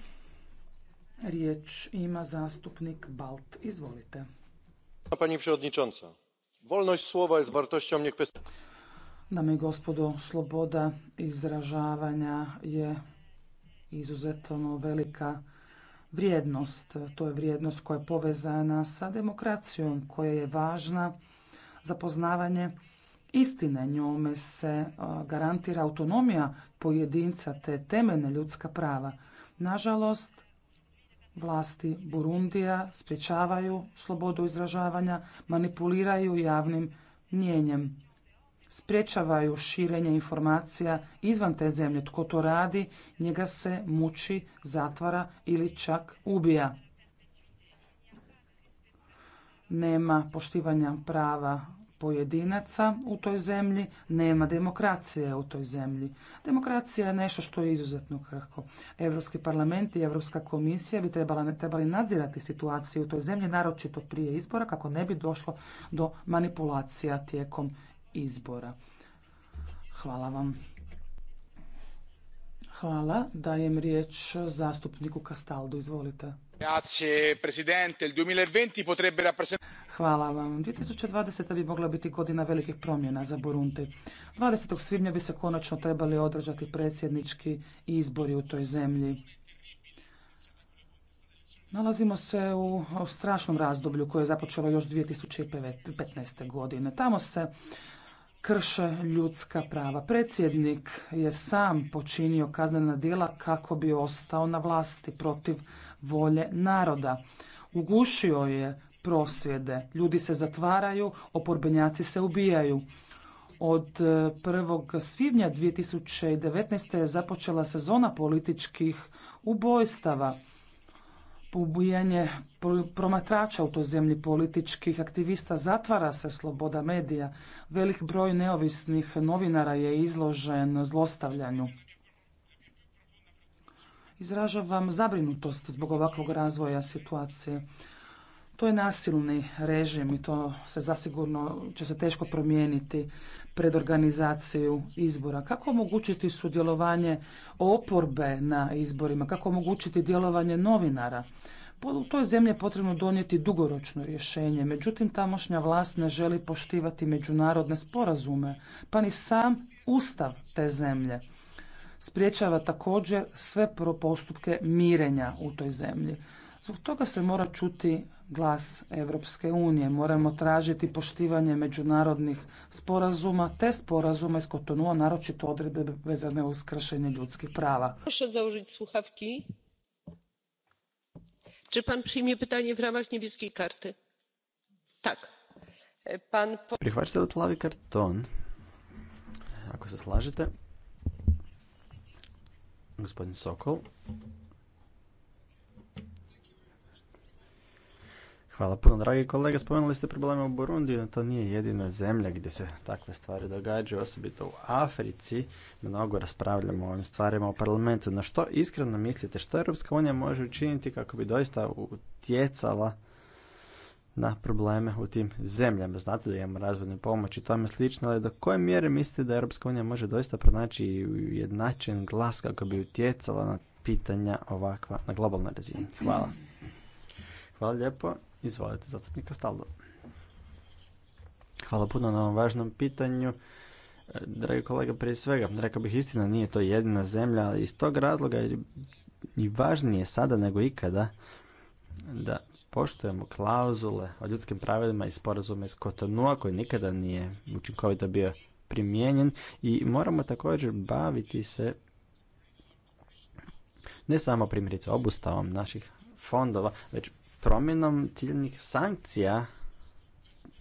Riječ ima zastupnik Balt. Izvolite. Pani przewodnicząca, wolność słowa jest wartością niekwestionowaną. Dame i gospodo, sloboda izražavanja je izuzetno velika vrijednost. To je vrijednost koja je povezana sa demokracijom, koja je važna za poznavanje istine. Njome se garantira autonomija pojedinca te temeljne ljudska prava. Nažalost, vlasti Burundija spriječavaju slobodu izražavanja, manipuliraju javnim mnjenjem sprječavaju širenje informacija izvan te zemlje. Tko to radi, njega se muči, zatvara ili čak ubija. Nema poštivanja prava pojedinaca u toj zemlji, nema demokracije u toj zemlji. Demokracija je nešto što je izuzetno krhko. Europski parlament i Europska komisija bi trebala, trebali nadzirati situaciju u toj zemlji, naročito prije izbora, kako ne bi došlo do manipulacija tijekom izbora. Hvala vam. Hvala. Dajem riječ zastupniku Kastaldu. Izvolite. Hvala vam. 2020. bi mogla biti godina velikih promjena za Burundi. 20. svibnja bi se konačno trebali održati predsjednički izbori u toj zemlji. Nalazimo se u strašnom razdoblju koje je započelo još 2015. godine. Tamo se krše ljudska prava. Predsjednik je sam počinio kaznena djela kako bi ostao na vlasti protiv volje naroda. Ugušio je prosvjede, ljudi se zatvaraju, oporbenjaci se ubijaju. Od 1. E, svibnja 2019. je započela sezona političkih ubojstava ubijanje promatrača u toj zemlji političkih aktivista, zatvara se sloboda medija, velik broj neovisnih novinara je izložen zlostavljanju. Izražavam zabrinutost zbog ovakvog razvoja situacije. To je nasilni režim i to se zasigurno će se teško promijeniti pred organizaciju izbora? Kako omogućiti sudjelovanje oporbe na izborima? Kako omogućiti djelovanje novinara? U toj zemlji je potrebno donijeti dugoročno rješenje, međutim tamošnja vlast ne želi poštivati međunarodne sporazume, pa ni sam ustav te zemlje. Spriječava također sve postupke mirenja u toj zemlji. Zbog toga se mora čuti glas Evropske unije. Moramo tražiti poštivanje međunarodnih sporazuma, te sporazuma iz Kotonua, naročito odredbe vezane uz kršenje ljudskih prava. Proszę zaužiti sluhavki. Če pan przyjmie pytanie v ramach niebieskiej karty? Tak. Pan... Prihvaćate li plavi karton? Ako se slažete. Gospodin Sokol. Hvala puno, dragi kolega. Spomenuli ste probleme u Burundiju, to nije jedina zemlja gdje se takve stvari događaju, osobito u Africi. Mnogo raspravljamo o ovim stvarima u parlamentu. Na što iskreno mislite, što Europska unija može učiniti kako bi doista utjecala na probleme u tim zemljama? Znate da imamo razvojnu pomoć i tome slično, ali do koje mjere mislite da Europska unija može doista pronaći jednačen glas kako bi utjecala na pitanja ovakva na globalnoj razini? Hvala. Hvala lijepo. Izvolite, zastupnika Staldo. Hvala puno na ovom važnom pitanju. E, dragi kolega, prije svega, rekao bih istina, nije to jedina zemlja, ali iz tog razloga je i važnije sada nego ikada da poštujemo klauzule o ljudskim pravilima i sporazume iz Kotonua koji nikada nije učinkovito bio primijenjen i moramo također baviti se ne samo primjerice obustavom naših fondova, već promjenom ciljnih sankcija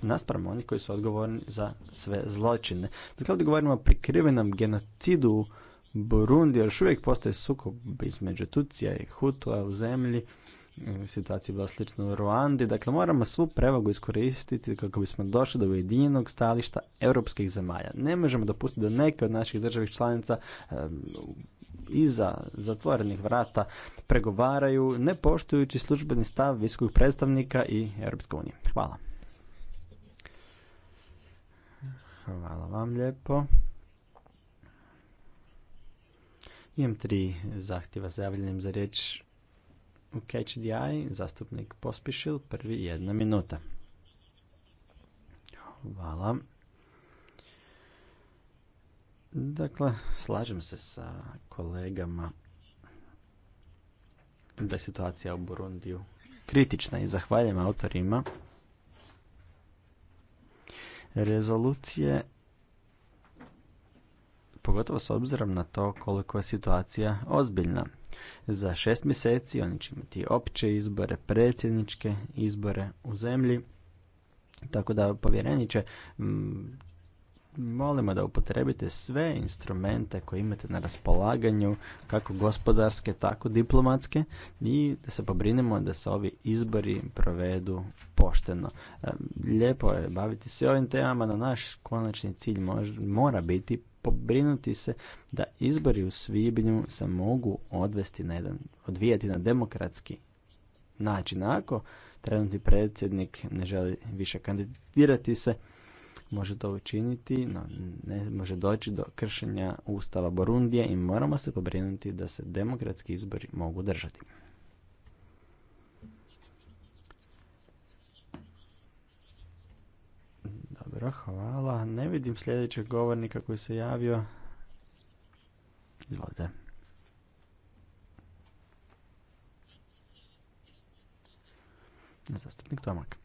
naspram onih koji su odgovorni za sve zločine. Dakle, ovdje govorimo o prikrivenom genocidu u Burundi, još uvijek postoji sukob između Tucija i Hutua u zemlji. Situacija je bila slična u Ruandi. Dakle, moramo svu prevagu iskoristiti kako bismo došli do jedinog stališta europskih zemalja. Ne možemo dopustiti da neke od naših državih članica iza zatvorenih vrata pregovaraju ne poštujući službeni stav visokog predstavnika i Europske unije. Hvala. Hvala vam lijepo. Imam tri zahtjeva za javljenjem za riječ u Catch Zastupnik Pospišil, prvi jedna minuta. Hvala. Dakle, slažem se sa kolegama da je situacija u Burundiju kritična i zahvaljujem autorima rezolucije pogotovo s obzirom na to koliko je situacija ozbiljna. Za šest mjeseci oni će imati opće izbore, predsjedničke izbore u zemlji, tako da povjereniče molimo da upotrebite sve instrumente koje imate na raspolaganju, kako gospodarske, tako diplomatske, i da se pobrinemo da se ovi izbori provedu pošteno. E, lijepo je baviti se ovim temama, no naš konačni cilj mora biti pobrinuti se da izbori u svibnju se mogu odvesti na jedan, odvijati na demokratski način. Ako trenutni predsjednik ne želi više kandidirati se, može to učiniti, no ne može doći do kršenja Ustava Borundije i moramo se pobrinuti da se demokratski izbori mogu držati. Dobro, hvala. Ne vidim sljedećeg govornika koji se javio. Izvolite. Zastupnik Tomak.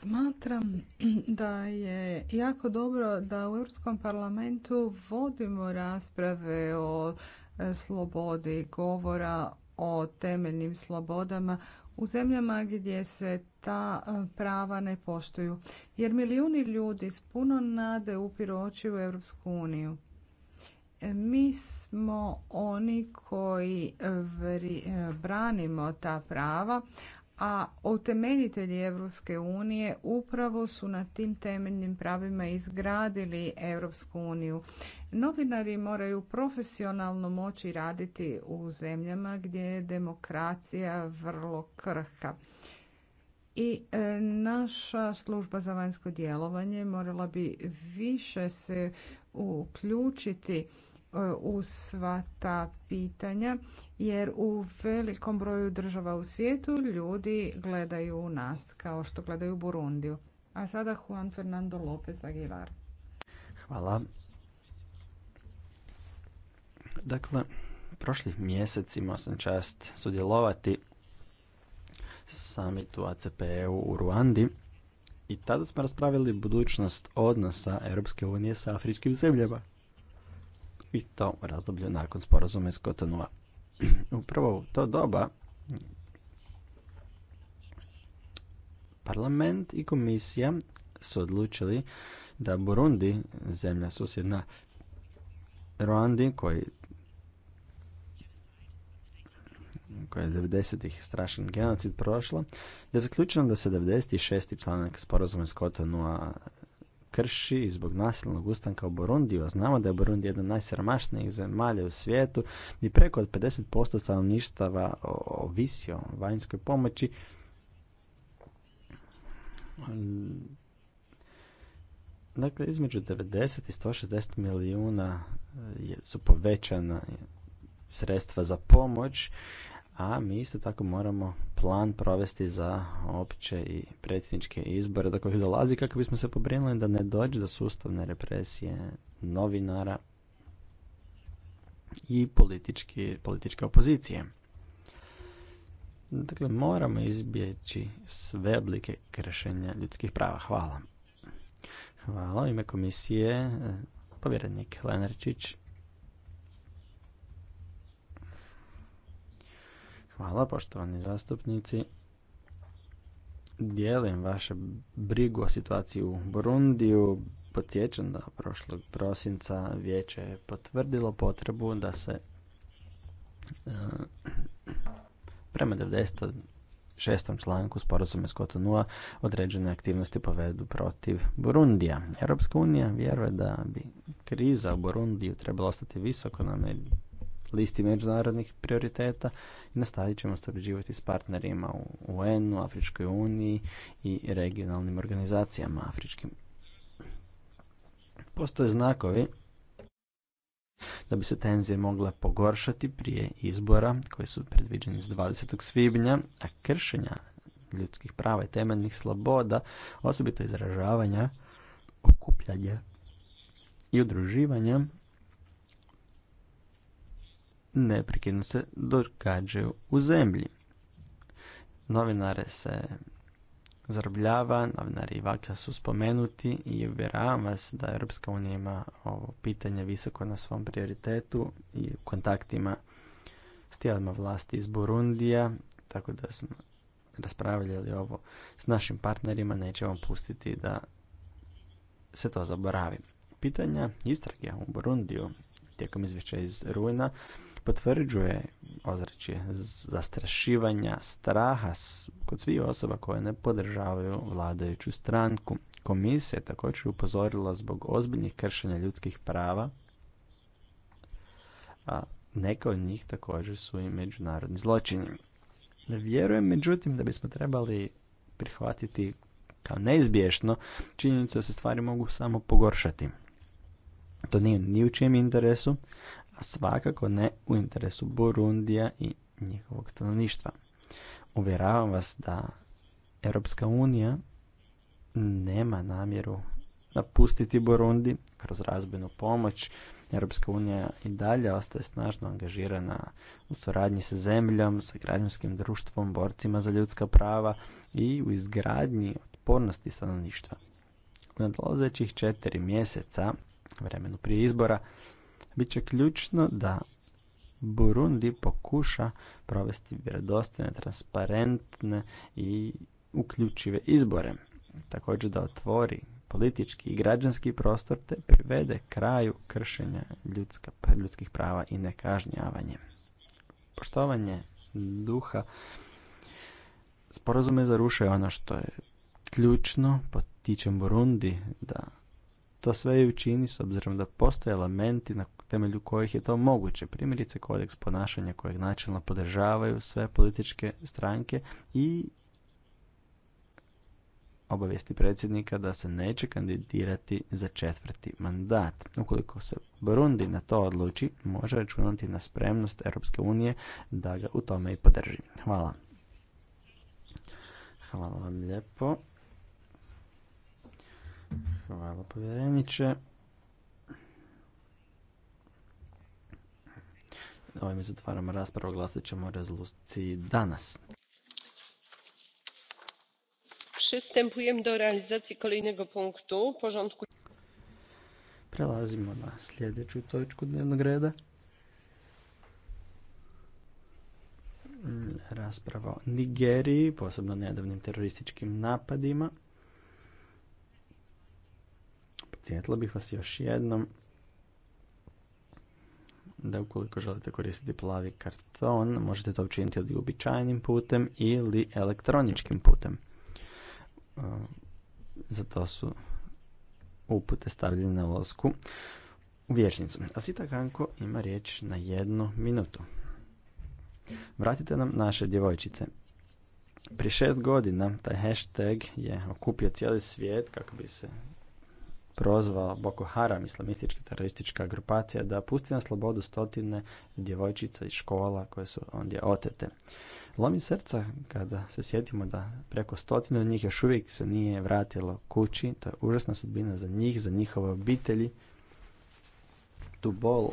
Smatram da je jako dobro da u Europskom parlamentu vodimo rasprave o e, slobodi govora, o temeljnim slobodama u zemljama gdje se ta e, prava ne poštuju. Jer milijuni ljudi s puno nade upiru oči u Europsku uniju. E, mi smo oni koji branimo ta prava, a utemeljitelji Europske unije upravo su na tim temeljnim pravima izgradili Europsku uniju. Novinari moraju profesionalno moći raditi u zemljama gdje je demokracija vrlo krhka. I e, naša služba za vanjsko djelovanje morala bi više se uključiti E, u sva ta pitanja jer u velikom broju država u svijetu ljudi gledaju u nas kao što gledaju Burundiju. A sada Juan Fernando López Aguilar. Hvala. Dakle, prošlih mjesec imao sam čast sudjelovati samitu ACPEU u Ruandi i tada smo raspravili budućnost odnosa Europske unije sa afričkim zemljama i to u razdoblju nakon sporazuma iz Kotonua. *clears throat* Upravo u to doba parlament i komisija su odlučili da Burundi, zemlja susjedna Ruandi, koji koja je 90-ih strašan genocid prošla, da je zaključeno da se 96. članak sporazuma iz Kotonua krši i zbog nasilnog ustanka u Burundiju. Znamo da je Burundi jedna od najsiromašnijih zemalja u svijetu i preko od 50% stanovništva ovisi o vanjskoj pomoći. Dakle, između 90 i 160 milijuna e, su povećana sredstva za pomoć a mi isto tako moramo plan provesti za opće i predsjedničke izbore do kojih dolazi kako bismo se pobrinuli da ne dođe do sustavne represije novinara i političke opozicije. Dakle, moramo izbjeći sve oblike kršenja ljudskih prava. Hvala. Hvala. U ime komisije e, povjerenik Lenarčić. Hvala poštovani zastupnici. Dijelim vaše brigu o situaciji u Burundiju. Podsjećam da prošlog prosinca vijeće je potvrdilo potrebu da se e, prema 96. članku sporazuma s Kotonua određene aktivnosti povedu protiv Burundija. Europska unija vjeruje da bi kriza u Burundiju trebala ostati visoko na listi međunarodnih prioriteta i nastavit ćemo surađivati s partnerima u UN-u, Afričkoj uniji i regionalnim organizacijama afričkim. Postoje znakovi da bi se tenzije mogle pogoršati prije izbora koji su predviđeni s 20. svibnja, a kršenja ljudskih prava i temeljnih sloboda, osobito izražavanja, okupljanja i udruživanja neprekidno se događaju u zemlji. Novinare se zarobljava, novinari i vakta su spomenuti i uvjeravam vas da Europska unija ima ovo pitanje visoko na svom prioritetu i kontaktima s tijelima vlasti iz Burundija, tako da smo raspravljali ovo s našim partnerima, nećemo pustiti da se to zaboravi. Pitanja istrage u Burundiju tijekom izvješća iz Rujna potvrđuje ozračje zastrašivanja, straha kod svih osoba koje ne podržavaju vladajuću stranku. Komisija je također upozorila zbog ozbiljnih kršenja ljudskih prava, a neka od njih također su i međunarodni zločini. Vjerujem, međutim, da bismo trebali prihvatiti kao neizbješno činjenicu da se stvari mogu samo pogoršati. To nije ni u čijem interesu, a svakako ne u interesu Burundija i njihovog stanovništva. Uvjeravam vas da Europska unija nema namjeru napustiti Burundi kroz razbenu pomoć. Europska unija i dalje ostaje snažno angažirana u suradnji sa zemljom, sa građanskim društvom, borcima za ljudska prava i u izgradnji otpornosti stanovništva. U nadolazećih četiri mjeseca, vremenu prije izbora, bit će ključno da Burundi pokuša provesti vjerodostojne, transparentne i uključive izbore. Također da otvori politički i građanski prostor te privede kraju kršenja ljudska, ljudskih prava i nekažnjavanje. Poštovanje duha sporazume zarušuje ono što je ključno, potičem Burundi da to sve i učini s obzirom da postoje elementi na temelju kojih je to moguće. Primjerice kodeks ponašanja kojeg načelno podržavaju sve političke stranke i obavijesti predsjednika da se neće kandidirati za četvrti mandat. Ukoliko se Burundi na to odluči, može računati na spremnost Europske unije da ga u tome i podrži. Hvala. Hvala vam lijepo. Hvala povjereniče. se zatvaramo raspravo, glasit ćemo o rezoluciji danas. Przystępujem do realizacji kolejnego punktu porządku. Prelazimo na sljedeću točku dnevnog reda. Mm, rasprava o Nigeriji, posebno nedavnim terorističkim napadima. Podsjetila bih vas još jednom da ukoliko želite koristiti plavi karton, možete to učiniti ili uobičajenim putem ili elektroničkim putem. E, za to su upute stavljene na losku u vječnicu. A Sita Kanko ima riječ na jednu minutu. Vratite nam naše djevojčice. Prije šest godina taj hashtag je okupio cijeli svijet kako bi se prozvao Boko Haram, islamistička teroristička grupacija, da pusti na slobodu stotine djevojčica iz škola koje su ondje otete. Lomi srca kada se sjetimo da preko od njih još uvijek se nije vratilo kući. To je užasna sudbina za njih, za njihove obitelji. Tu bol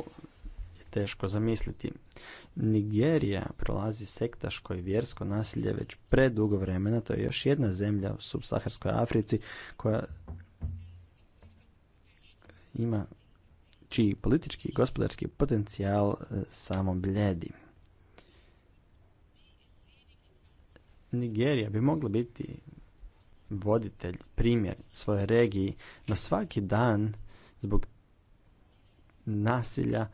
je teško zamisliti. Nigerija prolazi sektaško i vjersko nasilje već predugo vremena. To je još jedna zemlja u subsaharskoj Africi koja ima čiji politički i gospodarski potencijal e, samo blijedi. Nigerija bi mogla biti voditelj, primjer svoje regiji, no svaki dan zbog nasilja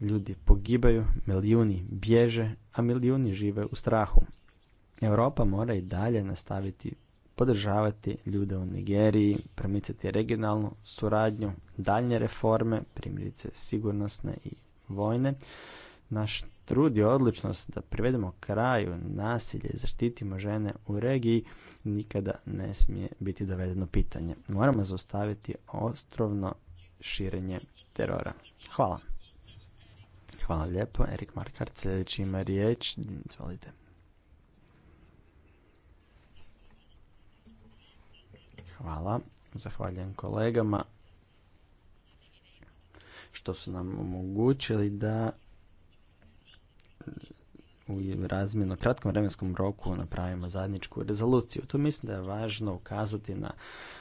ljudi pogibaju, milijuni bježe, a milijuni žive u strahu. Europa mora i dalje nastaviti podržavati ljude u Nigeriji, promicati regionalnu suradnju, daljnje reforme, primjerice sigurnosne i vojne. Naš trud i odlučnost da privedemo kraju nasilje i zaštitimo žene u regiji nikada ne smije biti dovedeno pitanje. Moramo zaustaviti ostrovno širenje terora. Hvala. Hvala lijepo. Erik Markart sljedeći ima riječ. Izvolite. Hvala. Zahvaljujem kolegama što su nam omogućili da u razmjeno kratkom vremenskom roku napravimo zajedničku rezoluciju. To mislim da je važno ukazati na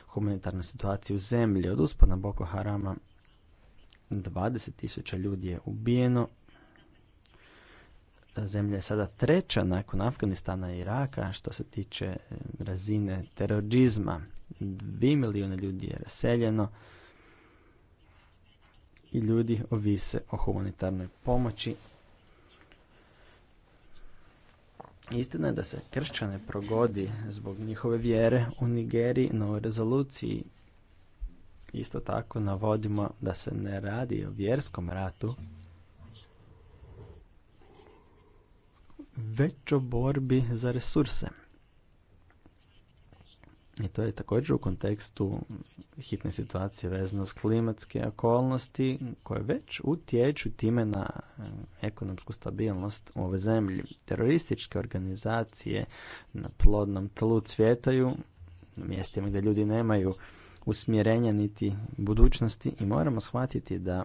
humanitarnu situaciju u zemlji. Od uspona Boko Harama 20.000 ljudi je ubijeno, zemlja je sada treća nakon Afganistana i Iraka što se tiče e, razine terorizma. 2 milijuna ljudi je raseljeno i ljudi ovise o humanitarnoj pomoći. Istina je da se kršćane progodi zbog njihove vjere u Nigeriji, na u rezoluciji isto tako navodimo da se ne radi o vjerskom ratu, već o borbi za resurse. I to je također u kontekstu hitne situacije vezano s klimatske okolnosti koje već utječu time na eh, ekonomsku stabilnost u ove zemlji. Terorističke organizacije na plodnom tlu cvjetaju na mjestima gdje ljudi nemaju usmjerenja niti budućnosti i moramo shvatiti da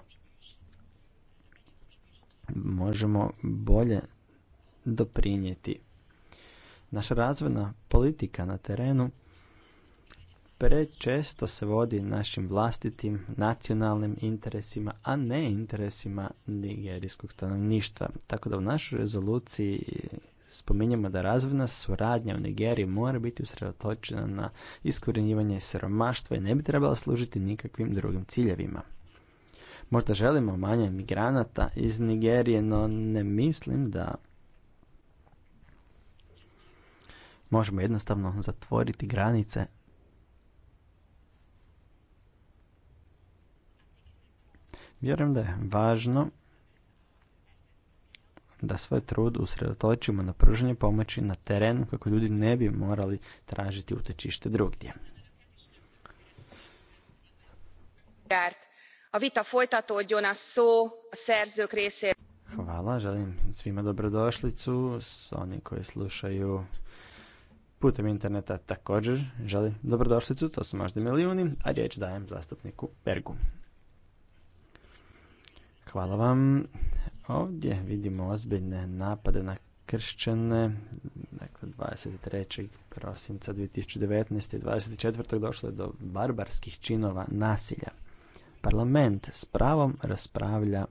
možemo bolje doprinijeti. Naša razvojna politika na terenu prečesto se vodi našim vlastitim nacionalnim interesima, a ne interesima nigerijskog stanovništva. Tako da u našoj rezoluciji spominjemo da razvojna suradnja u Nigeriji mora biti usredotočena na iskorjenjivanje siromaštva i ne bi trebala služiti nikakvim drugim ciljevima. Možda želimo manje migranata iz Nigerije, no ne mislim da Možemo jednostavno zatvoriti granice. Vjerujem da je važno da svoj trud usredotočimo na pružanje pomoći na terenu kako ljudi ne bi morali tražiti utočište drugdje. a Hvala, želim svima dobrodošlicu, s oni koji slušaju putem interneta također želi dobrodošlicu, to su možda milijuni, a riječ dajem zastupniku Bergu. Hvala vam. Ovdje vidimo ozbiljne napade na kršćene. dakle 23. prosinca 2019. i 24. došlo je do barbarskih činova nasilja. Parlament s pravom raspravlja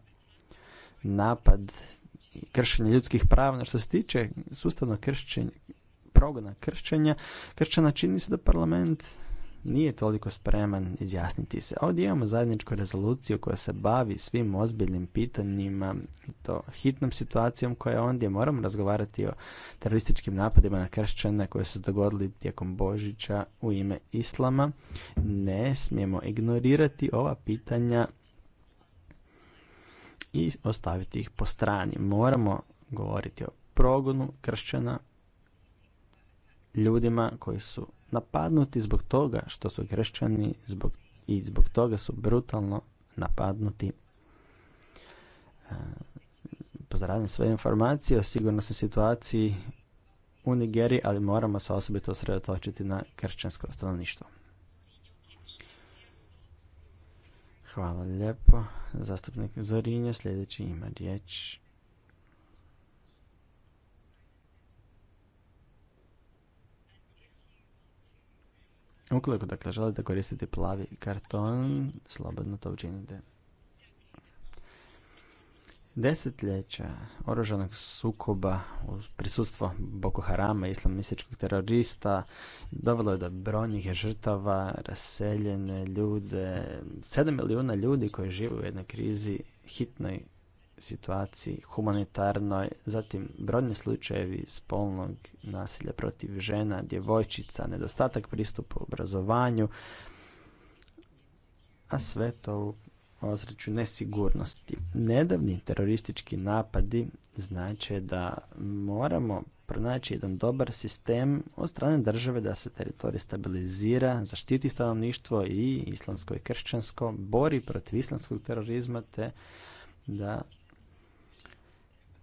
napad kršenje ljudskih prava, na što se tiče sustavno kršenja progona kršćenja, kršćana čini se da parlament nije toliko spreman izjasniti se. Ovdje imamo zajedničku rezoluciju koja se bavi svim ozbiljnim pitanjima i to hitnom situacijom koja je ondje. Moramo razgovarati o terorističkim napadima na kršćane koje su dogodili tijekom Božića u ime Islama. Ne smijemo ignorirati ova pitanja i ostaviti ih po strani. Moramo govoriti o progonu kršćana ljudima koji su napadnuti zbog toga što su kršćani zbog, i zbog toga su brutalno napadnuti. E, pozdravljam sve informacije o sigurnosnoj situaciji u Nigeriji, ali moramo se osobito sredotočiti na kršćansko stanovništvo. Hvala lijepo. Zastupnik Zorinja, sljedeći ima riječ. Ukoliko dakle želite koristiti plavi karton, slobodno to učinite. Desetljeća oružanog sukoba uz prisustvo Boko Harama, islamističkog terorista, dovelo je do brojnih žrtava, raseljene ljude. 7 milijuna ljudi koji žive u jednoj krizi hitnoj situaciji humanitarnoj, zatim brojni slučajevi spolnog nasilja protiv žena, djevojčica, nedostatak pristupa u obrazovanju, a sve to u ozračju nesigurnosti. Nedavni teroristički napadi znače da moramo pronaći jedan dobar sistem od strane države da se teritorij stabilizira, zaštiti stanovništvo i islamsko i kršćansko, bori protiv islamskog terorizma te da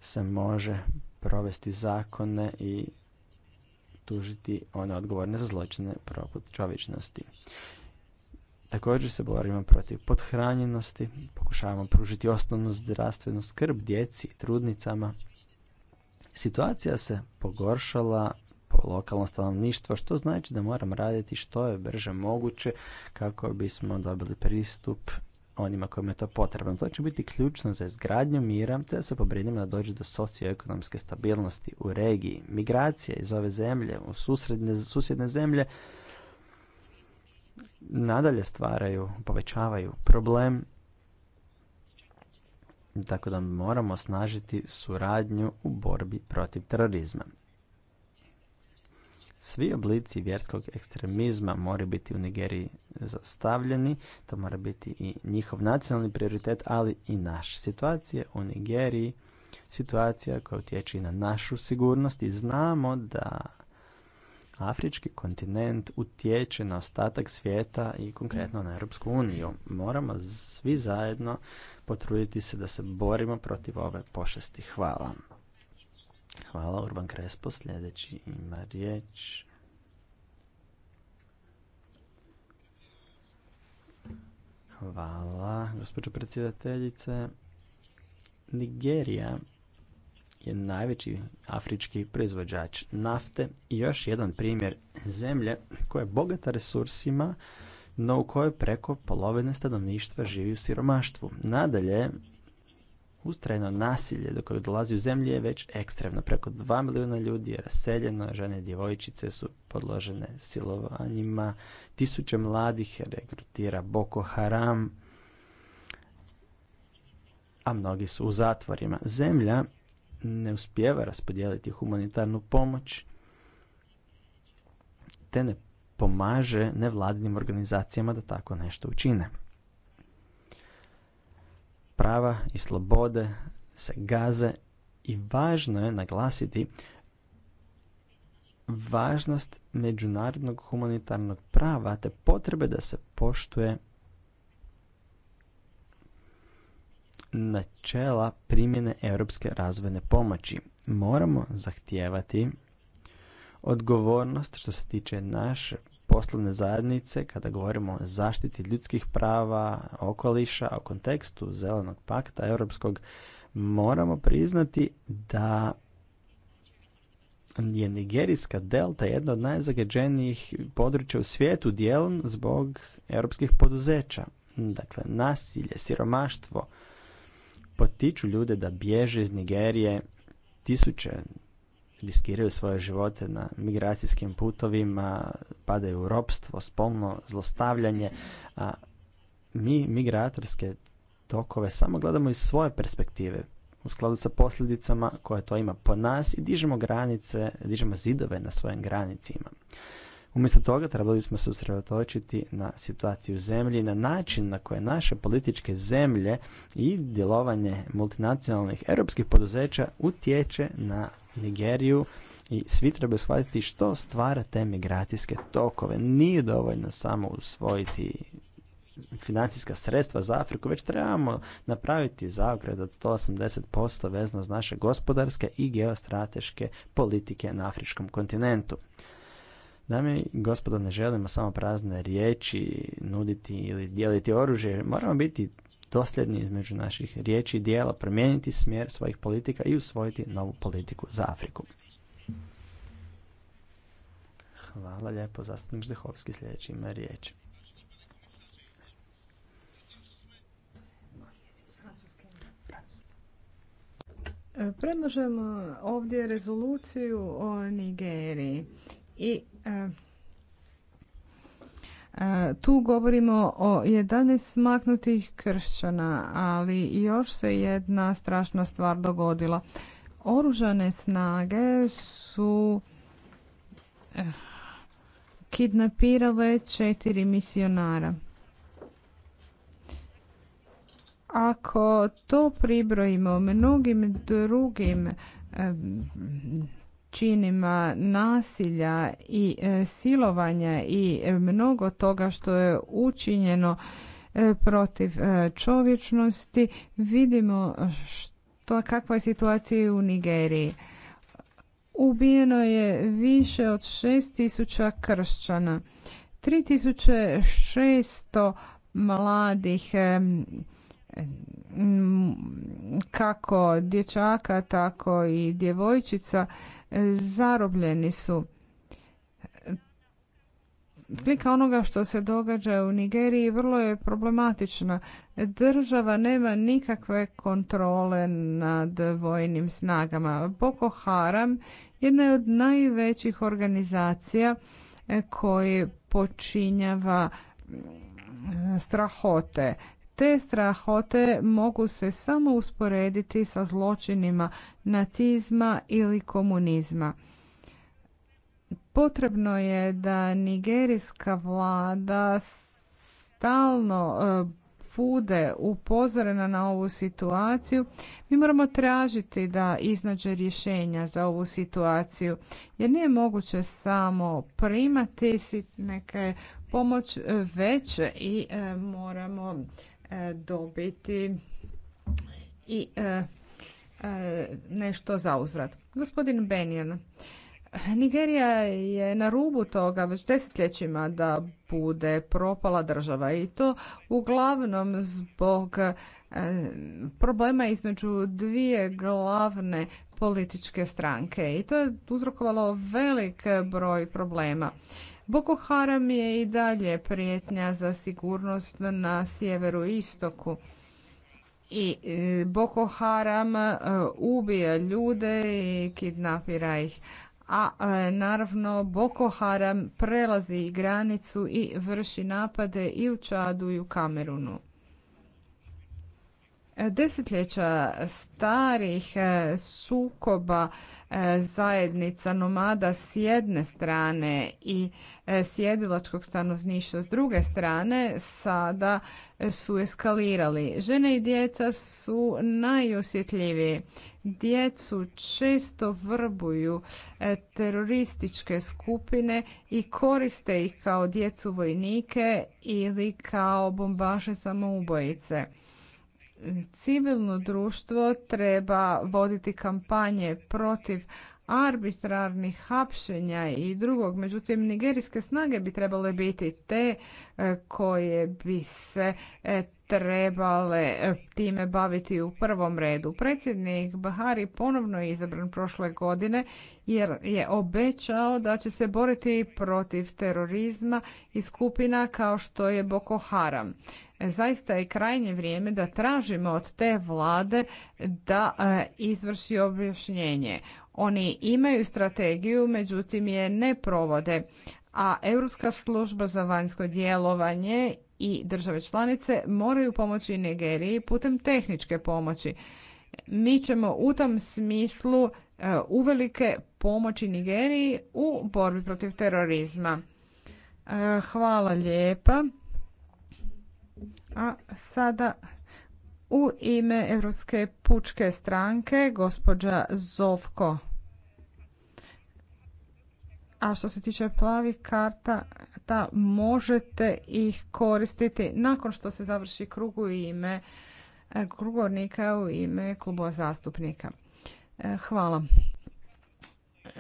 se može provesti zakone i tužiti one odgovorne za zločine poput čovječnosti. Također se borimo protiv podhranjenosti, pokušavamo pružiti osnovnu zdravstvenu skrb djeci i trudnicama. Situacija se pogoršala po lokalnom stanovništvu, što znači da moram raditi što je brže moguće kako bismo dobili pristup onima kojima je to potrebno. To će biti ključno za izgradnju mira te da se pobrinimo da dođe do socioekonomske stabilnosti u regiji. Migracija iz ove zemlje u susredne, susjedne zemlje nadalje stvaraju, povećavaju problem tako da moramo snažiti suradnju u borbi protiv terorizma. Svi oblici vjerskog ekstremizma moraju biti u Nigeriji zaustavljeni, to mora biti i njihov nacionalni prioritet, ali i naš. Situacija u Nigeriji, situacija koja utječe i na našu sigurnost i znamo da afrički kontinent utječe na ostatak svijeta i konkretno na Europsku uniju. Moramo svi zajedno potruditi se da se borimo protiv ove pošesti. Hvala. Hvala, Urban Krespo. Sljedeći ima riječ. Hvala, gospođo predsjedateljice. Nigerija je najveći afrički proizvođač nafte i još jedan primjer zemlje koja je bogata resursima, no u kojoj preko polovine stanovništva živi u siromaštvu. Nadalje, Ustrajno nasilje do kojeg dolazi u zemlji je već ekstremno. Preko dva milijuna ljudi je raseljeno, žene i djevojčice su podložene silovanjima, tisuće mladih rekrutira Boko Haram, a mnogi su u zatvorima. Zemlja ne uspijeva raspodijeliti humanitarnu pomoć, te ne pomaže nevladinim organizacijama da tako nešto učine prava i slobode se gaze i važno je naglasiti važnost međunarodnog humanitarnog prava te potrebe da se poštuje načela primjene europske razvojne pomoći. Moramo zahtijevati odgovornost što se tiče naše poslovne zajednice kada govorimo o zaštiti ljudskih prava, okoliša, o kontekstu zelenog pakta europskog, moramo priznati da je Nigerijska delta jedna od najzagađenijih područja u svijetu dijelom zbog europskih poduzeća. Dakle, nasilje, siromaštvo potiču ljude da bježe iz Nigerije, tisuće riskiraju svoje živote na migracijskim putovima, padaju u ropstvo, spolno zlostavljanje, a mi migratorske tokove samo gledamo iz svoje perspektive, u skladu sa posljedicama koje to ima po nas i dižemo granice, dižemo zidove na svojim granicima. Umjesto toga trebali smo se usredotočiti na situaciju u zemlji na način na koje naše političke zemlje i djelovanje multinacionalnih europskih poduzeća utječe na Nigeriju i svi trebaju shvatiti što stvara te migracijske tokove. Nije dovoljno samo usvojiti financijska sredstva za Afriku, već trebamo napraviti zaokret od 180% vezno uz naše gospodarske i geostrateške politike na afričkom kontinentu. Dame i gospodo, ne želimo samo prazne riječi nuditi ili dijeliti oružje. Moramo biti dosljedni između naših riječi i dijela, promijeniti smjer svojih politika i usvojiti novu politiku za Afriku. Hvala lijepo, zastupnik Ždehovski sljedeći ima riječ. Predlažemo ovdje rezoluciju o Nigeriji i e, E, tu govorimo o 11 smaknutih kršćana, ali još se jedna strašna stvar dogodila. Oružane snage su eh, kidnapirale četiri misionara. Ako to pribrojimo mnogim drugim činima nasilja i e, silovanja i e, mnogo toga što je učinjeno e, protiv čovječnosti vidimo što, kakva je situacija u Nigeriji. Ubijeno je više od 6000 kršćana, 3600 mladih kako dječaka, tako i djevojčica zarobljeni su. Slika onoga što se događa u Nigeriji vrlo je problematična. Država nema nikakve kontrole nad vojnim snagama. Boko Haram jedna je od najvećih organizacija eh, koje počinjava eh, strahote. Te strahote mogu se samo usporediti sa zločinima nacizma ili komunizma. Potrebno je da nigerijska vlada stalno e, bude upozorena na ovu situaciju, mi moramo tražiti da iznađe rješenja za ovu situaciju, jer nije moguće samo primati neke pomoć, e, već i e, moramo E, dobiti i e, e, nešto za uzvrat. Gospodin Benjen, Nigerija je na rubu toga već desetljećima da bude propala država i to uglavnom zbog problema između dvije glavne političke stranke i to je uzrokovalo velik broj problema. Boko Haram je i dalje prijetnja za sigurnost na sjeveru i istoku. I e, Boko Haram e, ubija ljude i kidnapira ih. A e, naravno Boko Haram prelazi granicu i vrši napade i u Čadu i u Kamerunu desetljeća starih e, sukoba e, zajednica nomada s jedne strane i e, sjedilačkog stanovništva s druge strane sada su eskalirali. Žene i djeca su najosjetljiviji. Djecu često vrbuju terorističke skupine i koriste ih kao djecu vojnike ili kao bombaše samoubojice civilno društvo treba voditi kampanje protiv arbitrarnih hapšenja i drugog. Međutim, nigerijske snage bi trebale biti te e, koje bi se e, trebale e, time baviti u prvom redu. Predsjednik Bahari ponovno je izabran prošle godine jer je obećao da će se boriti protiv terorizma i skupina kao što je Boko Haram. E, zaista je krajnje vrijeme da tražimo od te vlade da e, izvrši objašnjenje. Oni imaju strategiju, međutim je ne provode. A Europska služba za vanjsko djelovanje i države članice moraju pomoći Nigeriji putem tehničke pomoći. Mi ćemo u tom smislu e, uvelike pomoći Nigeriji u borbi protiv terorizma. Hvala lijepa. A sada u ime Europske pučke stranke gospođa Zovko. A što se tiče plavih karta, da možete ih koristiti nakon što se završi krug u ime e, krugornika u ime klubova zastupnika. E, hvala.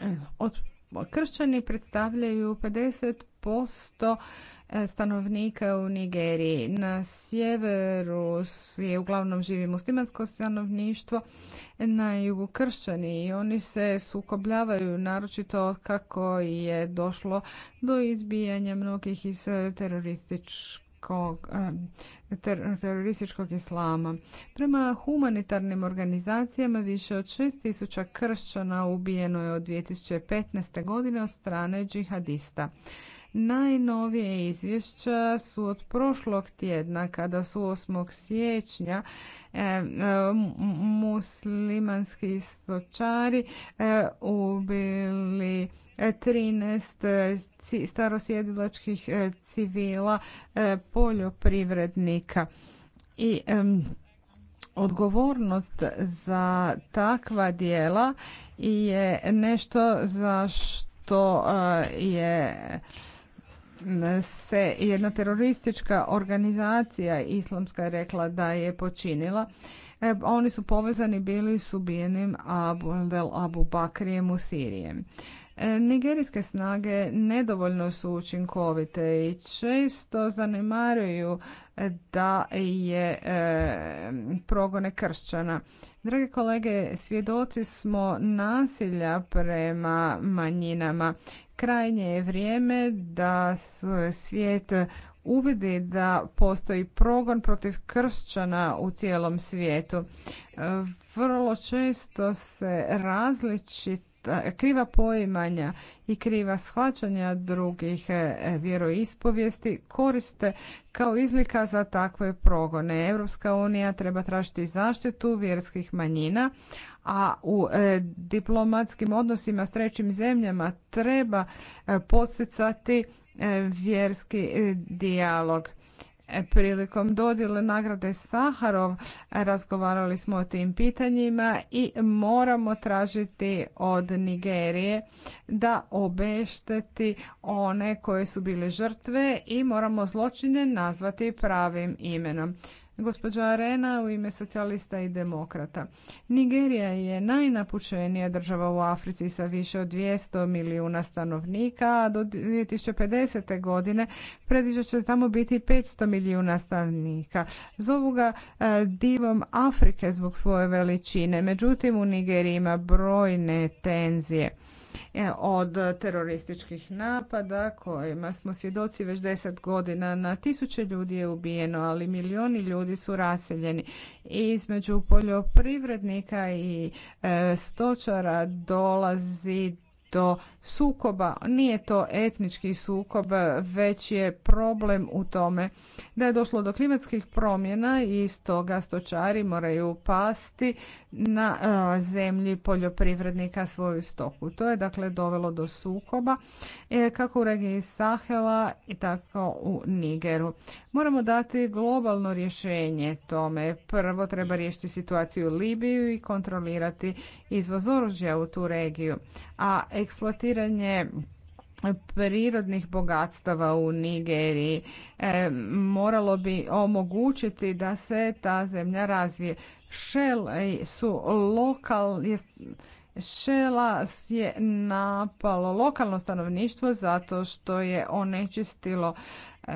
E, od kršćani predstavljaju 50% E, stanovnika u Nigeriji. Na sjeveru je uglavnom živi muslimansko stanovništvo, na jugu kršćani i oni se sukobljavaju naročito kako je došlo do izbijanja mnogih iz e, terorističkog e, terorističkog islama. Prema humanitarnim organizacijama više od 6000 kršćana ubijeno je od 2015. godine od strane džihadista. Najnovije izvješća su od prošlog tjedna kada su 8. siječnja e, muslimanski stočari e, ubili 13 starosjedilačkih e, civila poljoprivrednika. I odgovornost za takva dijela je nešto za što je se jedna teroristička organizacija islamska je rekla da je počinila. E, oni su povezani bili s ubijenim Abu, Abu Bakrijem u Sirijem. nigerijske snage nedovoljno su učinkovite i često zanemaruju da je e, progone kršćana. Drage kolege, svjedoci smo nasilja prema manjinama Krajnje je vrijeme da svijet uvidi da postoji progon protiv kršćana u cijelom svijetu. E, vrlo često se različita kriva poimanja i kriva shvaćanja drugih e, vjeroispovijesti koriste kao izlika za takve progone. Europska unija treba tražiti zaštitu vjerskih manjina, a u e, diplomatskim odnosima s trećim zemljama treba e, posjecati e, vjerski dijalog. Prilikom dodjele nagrade Saharov razgovarali smo o tim pitanjima i moramo tražiti od Nigerije da obešteti one koje su bile žrtve i moramo zločine nazvati pravim imenom gospođa Arena u ime socijalista i demokrata. Nigerija je najnapučenija država u Africi sa više od 200 milijuna stanovnika, a do 2050. godine predviđa će tamo biti 500 milijuna stanovnika. Zovu ga e, divom Afrike zbog svoje veličine. Međutim, u Nigeriji ima brojne tenzije. E, od terorističkih napada kojima smo svjedoci već deset godina. Na tisuće ljudi je ubijeno, ali milioni ljudi su raseljeni. Između poljoprivrednika i e, stočara dolazi do sukoba. Nije to etnički sukob, već je problem u tome da je došlo do klimatskih promjena i stoga stočari moraju pasti na e, zemlji poljoprivrednika svoju stoku. To je dakle dovelo do sukoba e, kako u regiji Sahela i tako u Nigeru. Moramo dati globalno rješenje tome. Prvo treba riješiti situaciju u Libiju i kontrolirati izvoz oružja u tu regiju. A eksploatiranje prirodnih bogatstava u Nigeriji e, moralo bi omogućiti da se ta zemlja razvije. Shell e, su lokal, je, je napalo lokalno stanovništvo zato što je onečistilo e,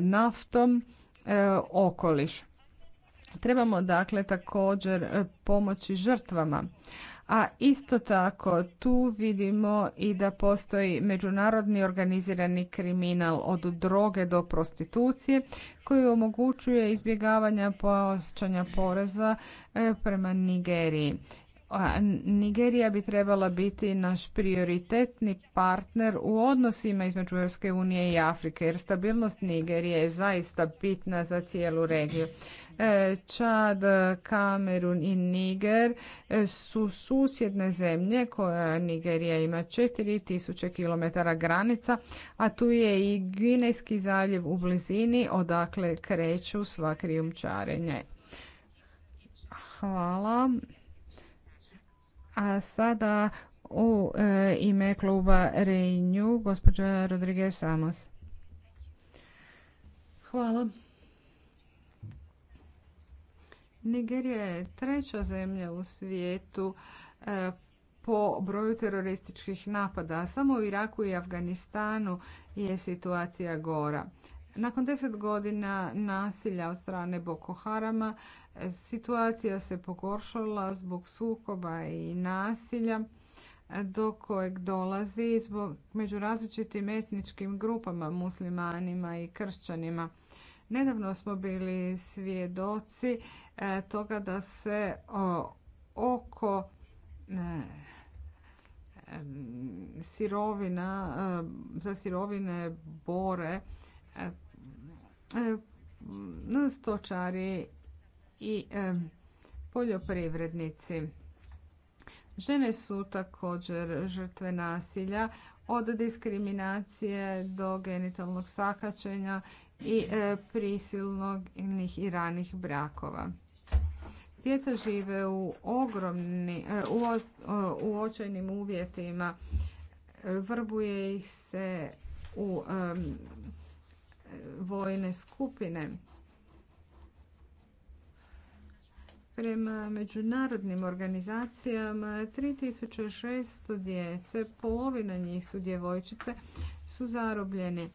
naftom e, okoliš. Trebamo dakle također pomoći žrtvama. A isto tako tu vidimo i da postoji međunarodni organizirani kriminal od droge do prostitucije koji omogućuje izbjegavanja plaćanja poreza e, prema Nigeriji. Nigerija bi trebala biti naš prioritetni partner u odnosima između Europske unije i Afrike, jer stabilnost Nigerije je zaista bitna za cijelu regiju. E, Čad, Kamerun i Niger e, su susjedne zemlje koja Nigerija ima 4000 km granica, a tu je i Ginejski zaljev u blizini, odakle kreću sva krijumčarenja. Hvala. A sada u e, ime kluba Renew, gospođa Rodriguez Samos. Hvala. Nigerija je treća zemlja u svijetu e, po broju terorističkih napada. Samo u Iraku i Afganistanu je situacija gora. Nakon deset godina nasilja od strane Boko Harama, Situacija se pogoršala zbog sukoba i nasilja do kojeg dolazi među različitim etničkim grupama, muslimanima i kršćanima. Nedavno smo bili svjedoci e, toga da se oko e, sirovina, e, za sirovine bore stočari i poljoprivrednici. Žene su također žrtve nasilja od diskriminacije do genitalnog sakačenja i e, prisilnog i ranih brakova. Djeca žive u, ogromni, e, u, očajnim uvjetima. Vrbuje ih se u vojne skupine. Prema međunarodnim organizacijama 3600 djece, polovina njih su djevojčice, su zarobljene.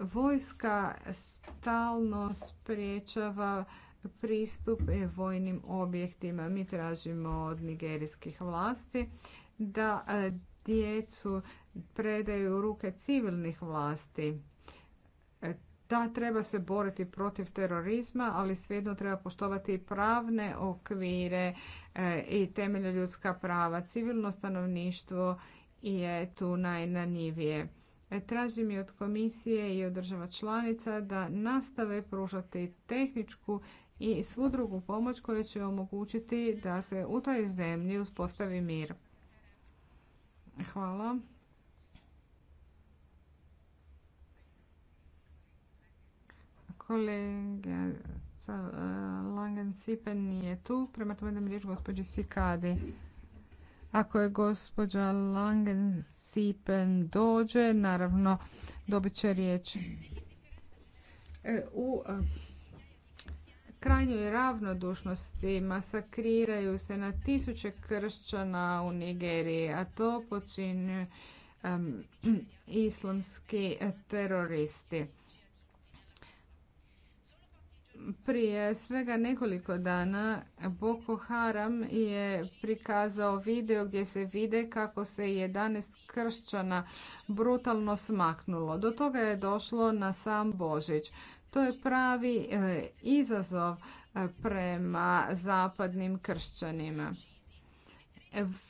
Vojska stalno spriječava pristup vojnim objektima. Mi tražimo od nigerijskih vlasti da djecu predaju ruke civilnih vlasti. Da, treba se boriti protiv terorizma, ali svejedno treba poštovati pravne okvire e, i temelje ljudska prava. Civilno stanovništvo je tu najnanjivije. E, tražim i od komisije i od država članica da nastave pružati tehničku i svu drugu pomoć koja će omogućiti da se u toj zemlji uspostavi mir. Hvala. Kolega e, Langen Sipen nije tu, prema tome da mi riječ gospođi Sikadi. Ako je gospođa Langen Sipen dođe, naravno dobit će riječ. E, u e, krajnjoj ravnodušnosti masakriraju se na tisuće kršćana u Nigeriji, a to počinju *clears throat* islamski teroristi prije svega nekoliko dana Boko Haram je prikazao video gdje se vide kako se 11 kršćana brutalno smaknulo. Do toga je došlo na sam Božić. To je pravi e, izazov e, prema zapadnim kršćanima.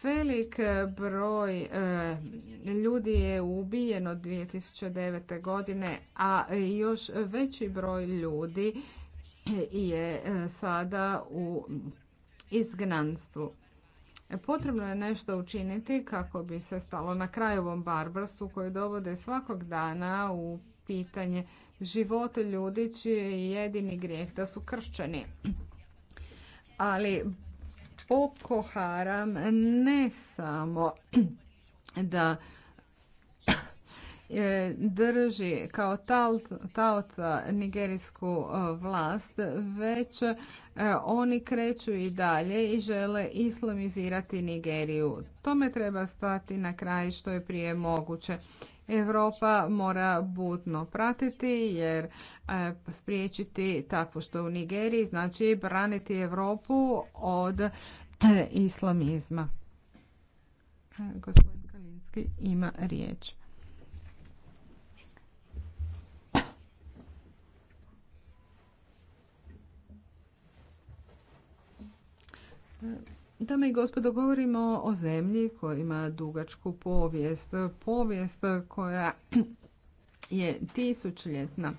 Velik broj e, ljudi je ubijeno 2009. godine, a još veći broj ljudi je e, sada u izgnanstvu. Potrebno je nešto učiniti kako bi se stalo na kraju ovom barbarstvu koje dovode svakog dana u pitanje života ljudi čiji je jedini grijeh da su kršćani. Ali Boko Haram ne samo da E, drži kao taoca nigerijsku e, vlast, već e, oni kreću i dalje i žele islamizirati Nigeriju. Tome treba stati na kraj što je prije moguće. Europa mora budno pratiti jer spriječiti takvo što u Nigeriji znači braniti Europu od islamizma. Gospodin Kalinski ima riječ. Dame i gospodo, govorimo o zemlji koja ima dugačku povijest, povijest koja *clears throat* je tisućljetna.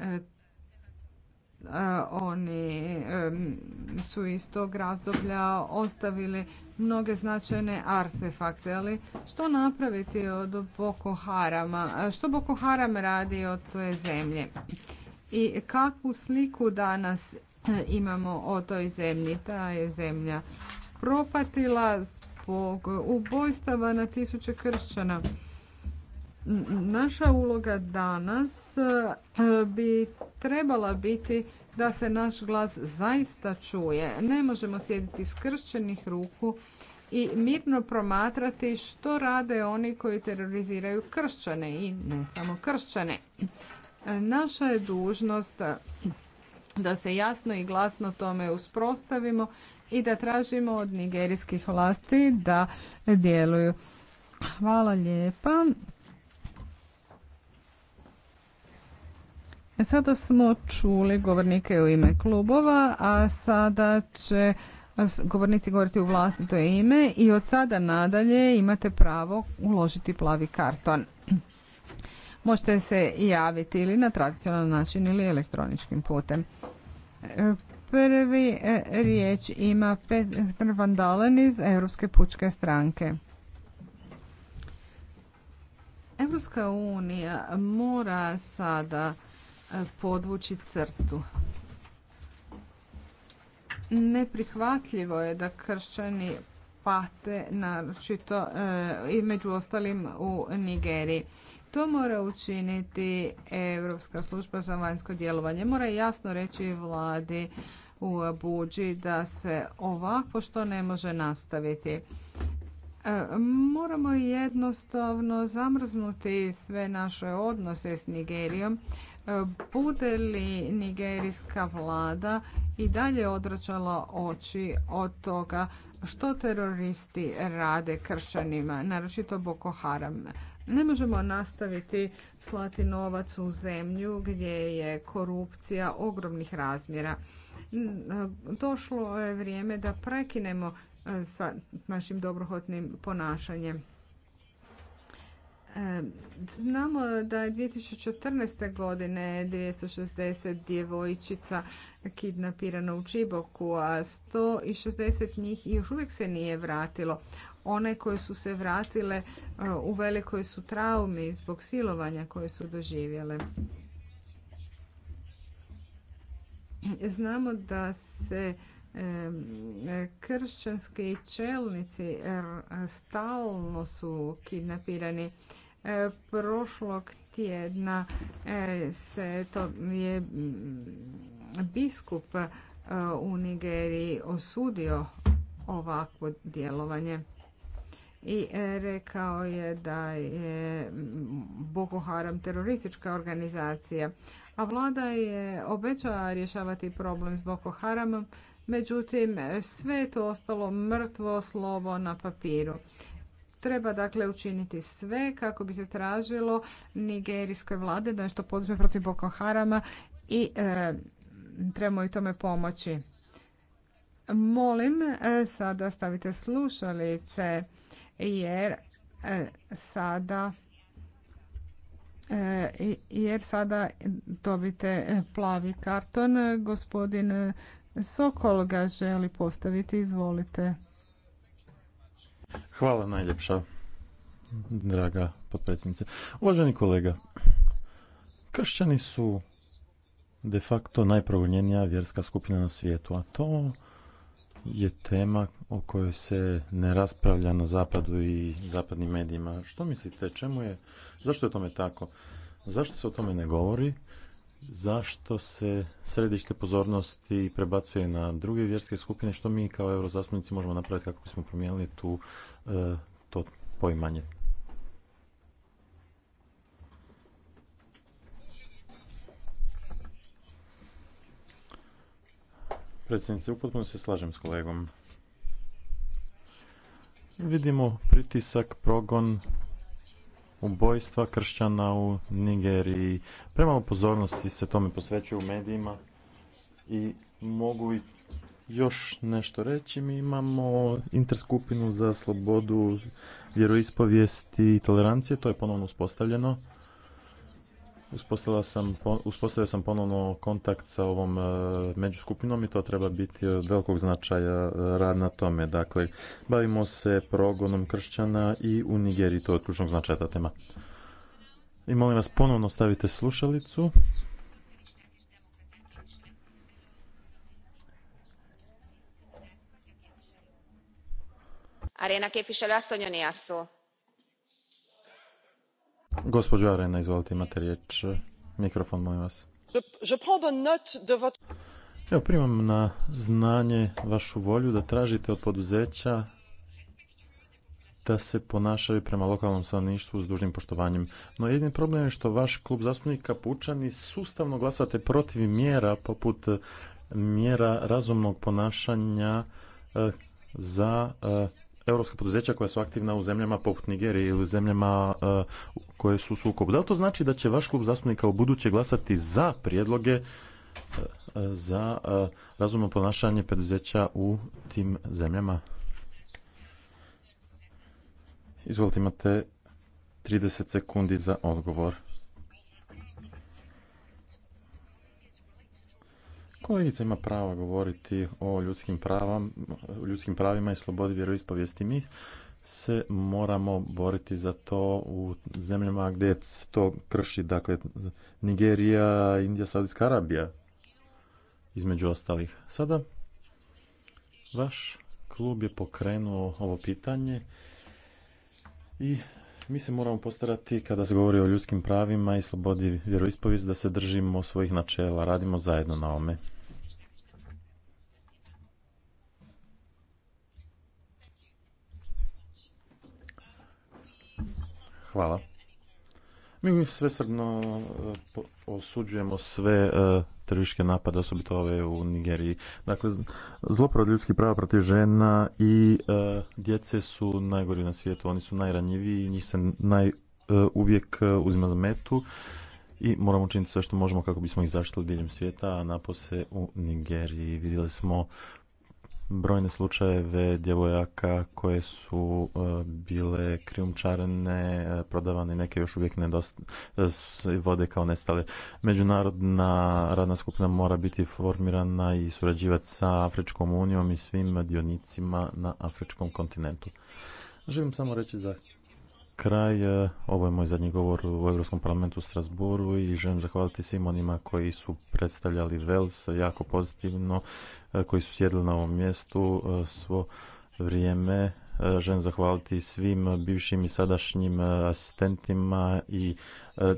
E, oni su iz tog razdoblja ostavili mnoge značajne artefakte, ali što napraviti od Boko Harama? Što Boko Haram radi od te zemlje? i kakvu sliku danas eh, imamo o toj zemlji. Ta je zemlja propatila zbog ubojstava na tisuće kršćana. Naša uloga danas eh, bi trebala biti da se naš glas zaista čuje. Ne možemo sjediti skršćenih ruku i mirno promatrati što rade oni koji teroriziraju kršćane i ne samo kršćane. Naša je dužnost da se jasno i glasno tome usprostavimo i da tražimo od nigerijskih vlasti da djeluju. Hvala lijepa. Sada smo čuli govornike u ime klubova, a sada će govornici govoriti u vlastito ime i od sada nadalje imate pravo uložiti plavi karton možete se javiti ili na tradicionalan način ili elektroničkim putem. E, prvi e, riječ ima Petr Van iz Europske pučke stranke. Europska unija mora sada e, podvući crtu. Neprihvatljivo je da kršćani pate naročito i među ostalim u Nigeriji. To mora učiniti Europska služba za vanjsko djelovanje. Mora jasno reći vladi u Abuđi da se ovako što ne može nastaviti. E, moramo jednostavno zamrznuti sve naše odnose s Nigerijom. E, bude li nigerijska vlada i dalje odračala oči od toga što teroristi rade kršćanima, naročito Boko Haram. Ne možemo nastaviti slati novac u zemlju gdje je korupcija ogromnih razmjera. Došlo je vrijeme da prekinemo e, sa našim dobrohotnim ponašanjem. E, znamo da je 2014. godine 260 djevojčica kidnapirano u Čiboku, a 160 njih još uvijek se nije vratilo one koje su se vratile e, u velikoj su traumi zbog silovanja koje su doživjele. Znamo da se e, kršćanski čelnici e, stalno su kidnapirani. Prošlog tjedna se to je biskup u Nigeriji osudio ovakvo djelovanje i e, rekao je da je Boko Haram teroristička organizacija. A vlada je obećala rješavati problem s Boko Haramom, međutim sve je to ostalo mrtvo slovo na papiru. Treba dakle učiniti sve kako bi se tražilo nigerijskoj vlade da nešto poduzme protiv Boko Harama i e, trebamo i tome pomoći. Molim, e, sada stavite slušalice jer e, sada e, jer sada dobite plavi karton. Gospodin Sokol ga želi postaviti. Izvolite. Hvala najljepša, draga potpredsjednice. Uvaženi kolega, kršćani su de facto najprogonjenija vjerska skupina na svijetu, a to je tema o kojoj se ne raspravlja na zapadu i zapadnim medijima. Što mislite, čemu je, zašto je tome tako? Zašto se o tome ne govori? Zašto se središte pozornosti prebacuje na druge vjerske skupine? Što mi kao eurozastupnici možemo napraviti kako bismo promijenili tu, e, to poimanje? Predsjednice, upotpuno se slažem s kolegom. Vidimo pritisak, progon, ubojstva kršćana u Nigeriji. Premalo pozornosti se tome posvećuje u medijima i mogu i još nešto reći. Mi imamo interskupinu za slobodu vjeroispovijesti i tolerancije. To je ponovno uspostavljeno. Uspostavio sam, ponovno kontakt sa ovom e, međuskupinom i to treba biti od velikog značaja e, rad na tome. Dakle, bavimo se progonom kršćana i u Nigeriji, to je ključnog značaja ta tema. I molim vas ponovno stavite slušalicu. Arena Gospođo Arena, izvolite, imate riječ. Mikrofon, molim vas. Evo, primam na znanje vašu volju da tražite od poduzeća da se ponašaju prema lokalnom stanovništvu s dužnim poštovanjem. No jedini problem je što vaš klub zastupnika Pučani sustavno glasate protiv mjera poput eh, mjera razumnog ponašanja eh, za eh, europska poduzeća koja su aktivna u zemljama poput Nigerije ili zemljama eh, koje su u sukobu. Da li to znači da će vaš klub zastupnika u buduće glasati za prijedloge eh, za eh, razumno ponašanje poduzeća u tim zemljama? Izvolite, imate 30 sekundi za odgovor. Kolegica ima pravo govoriti o ljudskim, ljudskim pravima i slobodi vjeroispovijesti. Mi se moramo boriti za to u zemljama gdje se to krši, dakle Nigerija, Indija, Saudijska Arabija, između ostalih. Sada, vaš klub je pokrenuo ovo pitanje i mi se moramo postarati kada se govori o ljudskim pravima i slobodi vjeroispovijesti da se držimo svojih načela, radimo zajedno na ome. Hvala. Mi svesrdno e, osuđujemo sve e, terorističke napade, osobito ove u Nigeriji. Dakle, zloprav ljudskih prava protiv žena i e, djece su najgori na svijetu. Oni su najranjiviji, njih se naj, uvijek uzima za metu i moramo učiniti sve što možemo kako bismo ih zaštitili diljem svijeta, a napose u Nigeriji. Vidjeli smo brojne slučajeve djevojaka koje su e, bile krijumčarene, e, prodavane, neke još uvijek nedost, e, vode kao nestale. Međunarodna radna skupina mora biti formirana i surađivati sa Afričkom unijom i svim dionicima na Afričkom kontinentu. Želim samo reći za kraj, e, ovo je moj zadnji govor u Europskom parlamentu u Strasboru i želim zahvaliti svim onima koji su predstavljali Vels jako pozitivno, e, koji su sjedili na ovom mjestu e, svo vrijeme. Želim zahvaliti svim bivšim i sadašnjim asistentima i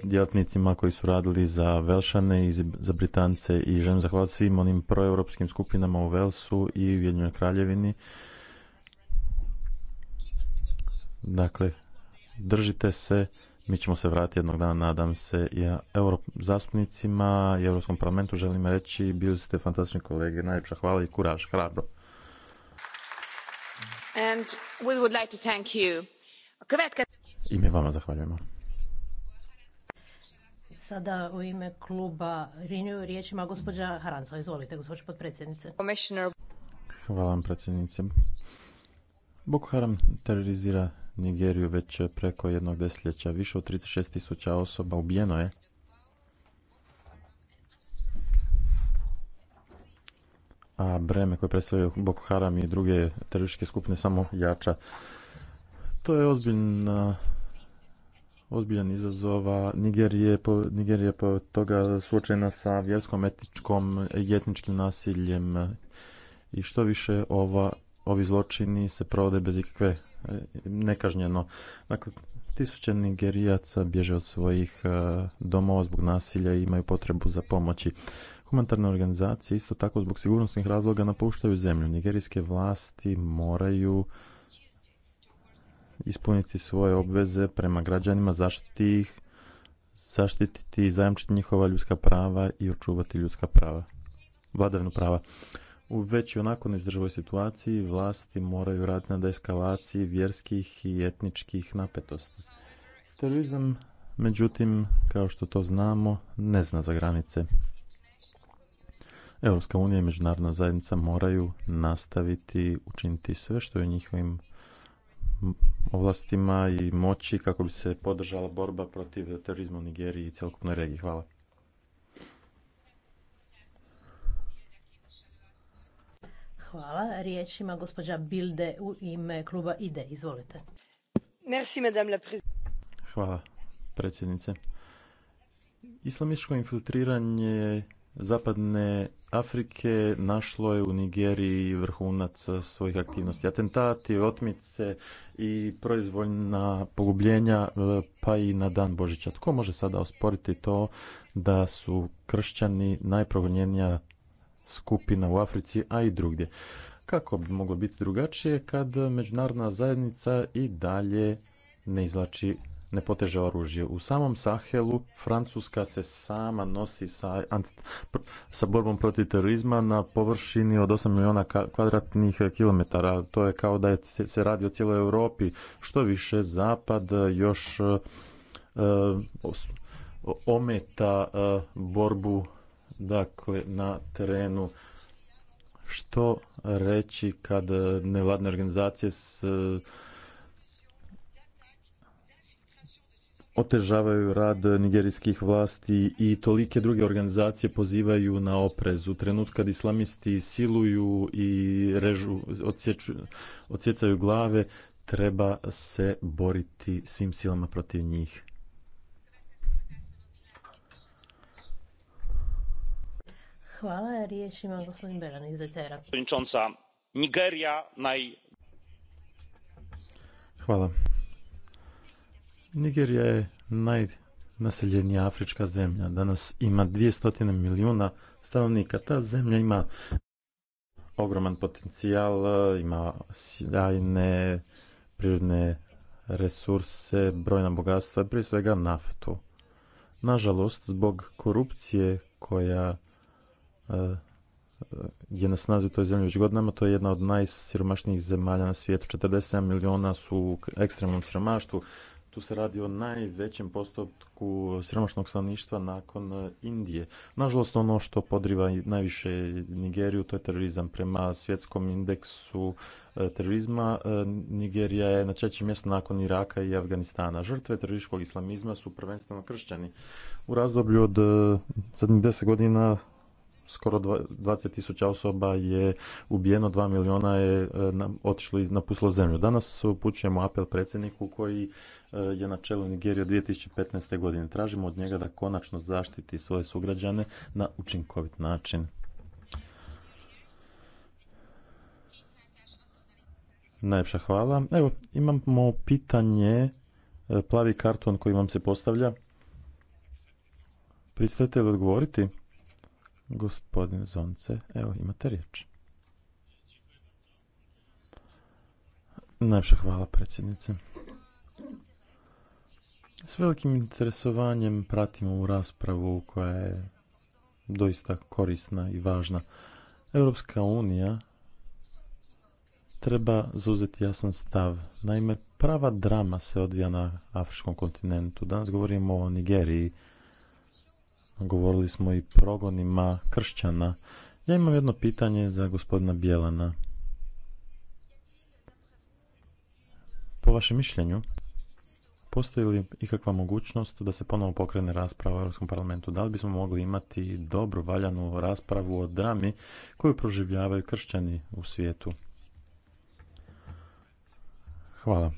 djelatnicima koji su radili za Velsane i za Britance i želim zahvaliti svim onim proeuropskim skupinama u Velsu i u Ujedinjenoj Kraljevini. Dakle, držite se, mi ćemo se vratiti jednog dana, nadam se, ja euro zastupnicima i Europskom parlamentu želim reći, bili ste fantastični kolege, najljepša hvala i kuraž, hrabro. And we would like to thank you. I mi vama zahvaljujemo. Sada u ime kluba Rinju riječima gospođa Haranco. Izvolite, gospođo potpredsjednice. Hvala vam, predsjednice. Boko Haram terorizira Nigeriju već preko jednog desetljeća. Više od 36 tisuća osoba ubijeno je. A breme koje predstavljaju Boko Haram i druge terorističke skupine samo jača. To je ozbiljna ozbiljan izazova. Nigerije po, Nigerija po toga suočena sa vjerskom, etičkom i etničkim nasiljem i što više ova, ovi zločini se provode bez ikakve nekažnjeno. Dakle, tisuće Nigerijaca bježe od svojih e, domova zbog nasilja i imaju potrebu za pomoći. Humanitarne organizacije isto tako zbog sigurnosnih razloga napuštaju zemlju. Nigerijske vlasti moraju ispuniti svoje obveze prema građanima, zaštiti ih, zaštititi i zajamčiti njihova ljudska prava i očuvati ljudska prava, vladavnu prava u već i onako neizdrživoj situaciji vlasti moraju raditi na deeskalaciji vjerskih i etničkih napetosti. Terorizam, međutim, kao što to znamo, ne zna za granice. Europska unija i međunarodna zajednica moraju nastaviti učiniti sve što je u njihovim ovlastima i moći kako bi se podržala borba protiv terorizma u Nigeriji i cjelokupnoj regiji. Hvala. Hvala. Riječ ima gospođa Bilde u ime kluba IDE. Izvolite. Merci, madame la Hvala, predsjednice. Islamiško infiltriranje zapadne Afrike našlo je u Nigeriji vrhunac svojih aktivnosti. Atentati, otmice i proizvoljna pogubljenja e, pa i na dan Božića. Tko može sada osporiti to da su kršćani najprogonjenija skupina u Africi, a i drugdje. Kako bi moglo biti drugačije kad međunarodna zajednica i dalje ne izlači ne poteže oružje. U samom Sahelu Francuska se sama nosi sa, sa borbom protiv terorizma na površini od 8 milijuna kvadratnih kilometara. To je kao da je, se radi o cijeloj Europi. Što više, Zapad još e, ometa e, borbu dakle na terenu što reći kad nevladne organizacije s otežavaju rad nigerijskih vlasti i tolike druge organizacije pozivaju na oprez. U trenutku kad islamisti siluju i režu, odsjecaju glave, treba se boriti svim silama protiv njih. Hvala, riječ Nigerija naj... Hvala. Nigerija je najnaseljenija afrička zemlja. Danas ima 200 milijuna stanovnika. Ta zemlja ima ogroman potencijal, ima sjajne prirodne resurse, brojna bogatstva, prije svega naftu. Nažalost, zbog korupcije koja Eh, je na snazi u toj zemlji već godinama. To je jedna od najsiromašnijih zemalja na svijetu. 47 miliona su u ekstremnom siromaštvu. Tu se radi o najvećem postotku siromašnog stanovništva nakon eh, Indije. Nažalost, ono što podriva najviše Nigeriju, to je terorizam. Prema svjetskom indeksu eh, terorizma, Nigerija je na trećem mjestu nakon Iraka i Afganistana. Žrtve terorističkog islamizma su prvenstveno kršćani. U razdoblju od zadnjih deset godina skoro tisuća osoba je ubijeno, 2 miliona je e, otišlo i napustilo zemlju. Danas upućujemo apel predsjedniku koji e, je na čelu Nigerije od 2015. godine. Tražimo od njega da konačno zaštiti svoje sugrađane na učinkovit način. Najljepša hvala. Evo, imamo pitanje, e, plavi karton koji vam se postavlja. Pristajete li odgovoriti? Gospodin Zonce, evo imate riječ. Najpša hvala predsjednice. S velikim interesovanjem pratimo ovu raspravu koja je doista korisna i važna. Europska unija treba zauzeti jasan stav. Naime, prava drama se odvija na afričkom kontinentu. Danas govorimo o Nigeriji, govorili smo i progonima kršćana. Ja imam jedno pitanje za gospodina Bjelana. Po vašem mišljenju, postoji li ikakva mogućnost da se ponovo pokrene rasprava u Europskom parlamentu? Da li bismo mogli imati dobru, valjanu raspravu o drami koju proživljavaju kršćani u svijetu? Hvala.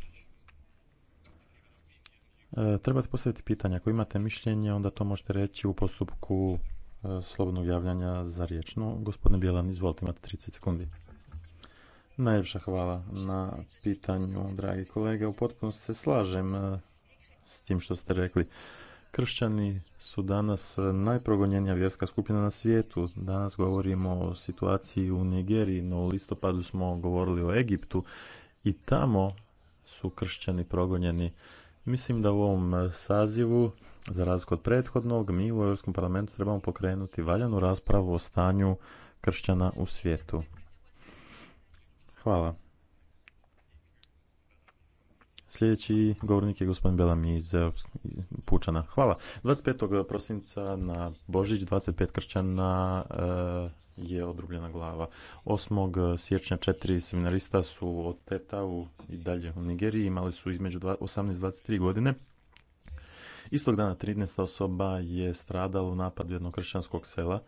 E, trebate postaviti pitanje. Ako imate mišljenje, onda to možete reći u postupku e, slobodnog javljanja za riječ. gospodine Bjelan, izvolite, imate 30 sekundi. Najljepša hvala na pitanju, dragi kolega. U potpunosti se slažem e, s tim što ste rekli. Kršćani su danas najprogonjenija vjerska skupina na svijetu. Danas govorimo o situaciji u Nigeriji, no u listopadu smo govorili o Egiptu i tamo su kršćani progonjeni Mislim da u ovom e, sazivu, za razliku od prethodnog, mi u Europskom parlamentu trebamo pokrenuti valjanu raspravu o stanju kršćana u svijetu. Hvala. Sljedeći govornik je gospodin Belami iz Pučana. Hvala. 25. prosinca na Božić, 25 kršćana e, je odrubljena glava. 8. Eh, siječnja četiri seminarista su od u i dalje u Nigeriji imali su između 18 i 23 godine. Istog dana 13. osoba je stradala u napadu jednog kršćanskog sela.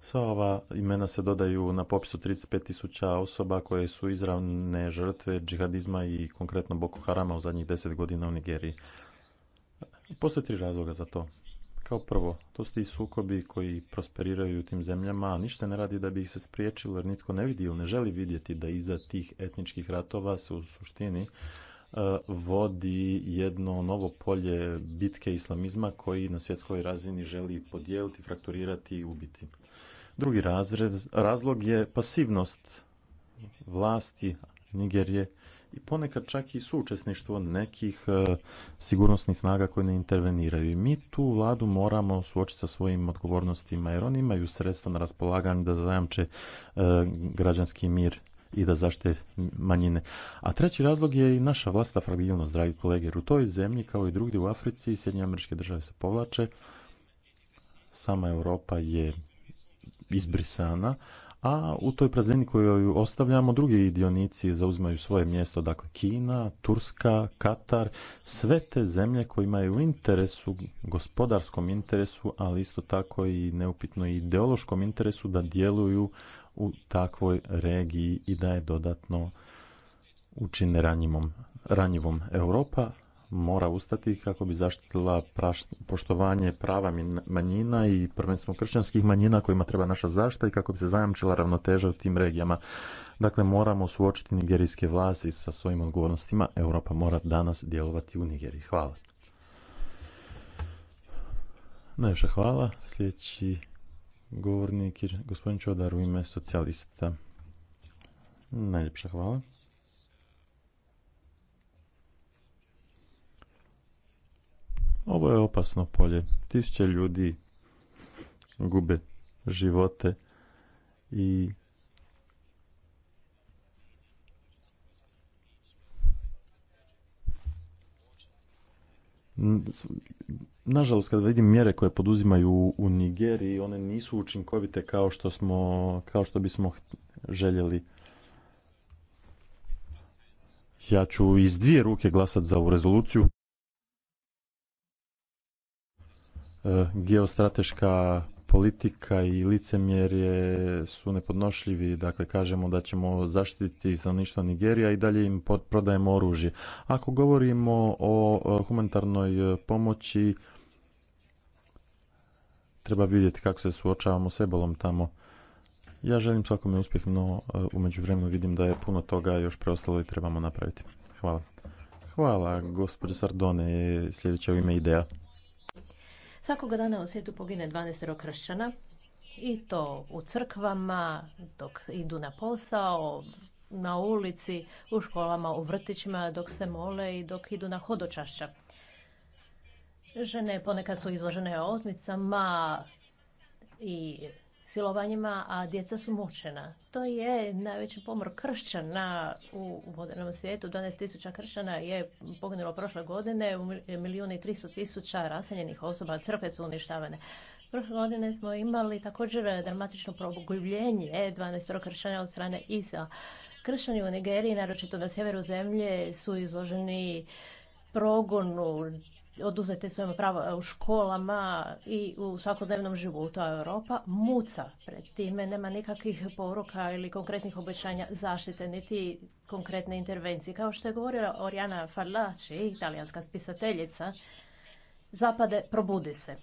Sva ova imena se dodaju na popisu 35.000 osoba koje su izravne žrtve džihadizma i konkretno Boko Harama u zadnjih 10 godina u Nigeriji. Postoje tri razloga za to. Kao prvo, to su ti sukobi koji prosperiraju u tim zemljama, a ništa ne radi da bi ih se spriječilo jer nitko ne vidi ili ne želi vidjeti da iza tih etničkih ratova se u suštini e, vodi jedno novo polje bitke islamizma koji na svjetskoj razini želi podijeliti, frakturirati i ubiti. Drugi razlog je pasivnost vlasti Nigerije i ponekad čak i suučesništvo nekih e, sigurnosnih snaga koje ne interveniraju. I mi tu vladu moramo suočiti sa svojim odgovornostima jer oni imaju sredstva na raspolaganju da zajamče e, građanski mir i da zašte manjine. A treći razlog je i naša vlasta fragilnost, dragi kolege, jer u toj zemlji kao i drugdje u Africi Sjedinje američke države se povlače, sama Europa je izbrisana, a u toj praznini koju ostavljamo drugi dionici zauzimaju svoje mjesto, dakle Kina, Turska, Katar, sve te zemlje koje imaju u interesu, gospodarskom interesu, ali isto tako i neupitno i ideološkom interesu da djeluju u takvoj regiji i da je dodatno učine ranjivom. ranjivom. Europa mora ustati kako bi zaštitila poštovanje prava manjina i prvenstveno kršćanskih manjina kojima treba naša zaštita i kako bi se zajamčila ravnoteža u tim regijama. Dakle, moramo suočiti nigerijske vlasti sa svojim odgovornostima. Europa mora danas djelovati u Nigeriji. Hvala. Najviše hvala. Sljedeći govornik je gospodin Čodar u ime socijalista. Najljepša hvala. Ovo je opasno polje. Tisuće ljudi gube živote i Nažalost, kad vidim mjere koje poduzimaju u Nigeriji, one nisu učinkovite kao što, smo, kao što bismo željeli. Ja ću iz dvije ruke glasat za ovu rezoluciju. geostrateška politika i licemjerje su nepodnošljivi. Dakle, kažemo da ćemo zaštititi stanovništvo Nigerija i dalje im prodajemo oružje. Ako govorimo o humanitarnoj pomoći, treba vidjeti kako se suočavamo s ebolom tamo. Ja želim svakome uspjeh, no e, u međuvremenu vidim da je puno toga još preostalo i trebamo napraviti. Hvala. Hvala, gospođe Sardone, sljedeća u ime ideja. Svakoga dana u svijetu pogine 12 kršćana i to u crkvama, dok idu na posao, na ulici, u školama, u vrtićima, dok se mole i dok idu na hodočašća. Žene ponekad su izložene otmicama i silovanjima, a djeca su mučena. To je najveći pomor kršćana u modernom svijetu. 12.000 kršćana je poginulo prošle godine, milijuni i 300 tisuća raseljenih osoba crpe su uništavane. Prošle godine smo imali također dramatično progubljenje 12 kršćana od strane ISA. Kršćani u Nigeriji, naročito na sjeveru zemlje, su izloženi progonu, oduzete su pravo prava e, u školama i u svakodnevnom životu, a Europa muca pred time, nema nikakvih poruka ili konkretnih obećanja zaštite, niti konkretne intervencije. Kao što je govorila Oriana Farlaci, italijanska spisateljica, Zapade probudi se.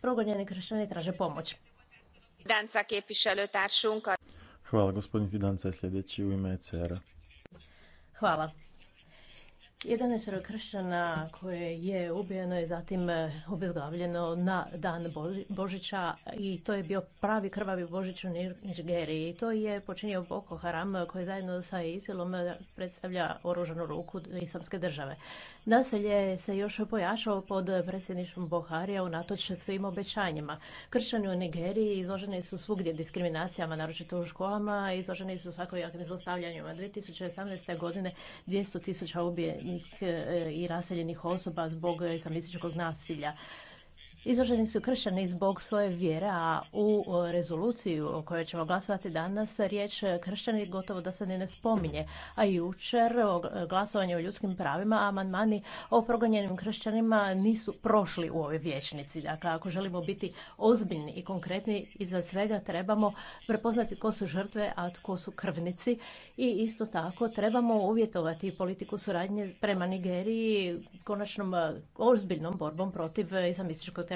Progonjeni kršćani traže pomoć. Danca Hvala, gospodin Fidanca sljedeći u ime ecr Hvala. 11 kršćana koje je ubijeno i zatim e, obezglavljeno na dan Božića i to je bio pravi krvavi Božić u Nigeriji. To je počinio Boko Haram koji zajedno sa Isilom e, predstavlja oružanu ruku islamske države. Naselje se još pojašao pod predsjedništvom Boharija unatoč svim obećanjima. Kršćani u Nigeriji izloženi su svugdje diskriminacijama, naročito u školama, izloženi su svakojakim zlostavljanjima. 2018. godine 200 tisuća raseljenih e, i raseljenih osoba zbog e, islamističkog nasilja izloženi su kršćani zbog svoje vjere, a u e, rezoluciju o kojoj ćemo glasovati danas riječ e, kršćani gotovo da se ni ne spominje. A jučer o e, glasovanju o ljudskim pravima, amandmani o progonjenim kršćanima nisu prošli u ovoj vječnici. Dakle, ako želimo biti ozbiljni i konkretni, iza svega trebamo prepoznati ko su žrtve, a tko su krvnici i isto tako trebamo uvjetovati politiku suradnje prema Nigeriji konačnom ozbiljnom borbom protiv islamističkog terorizma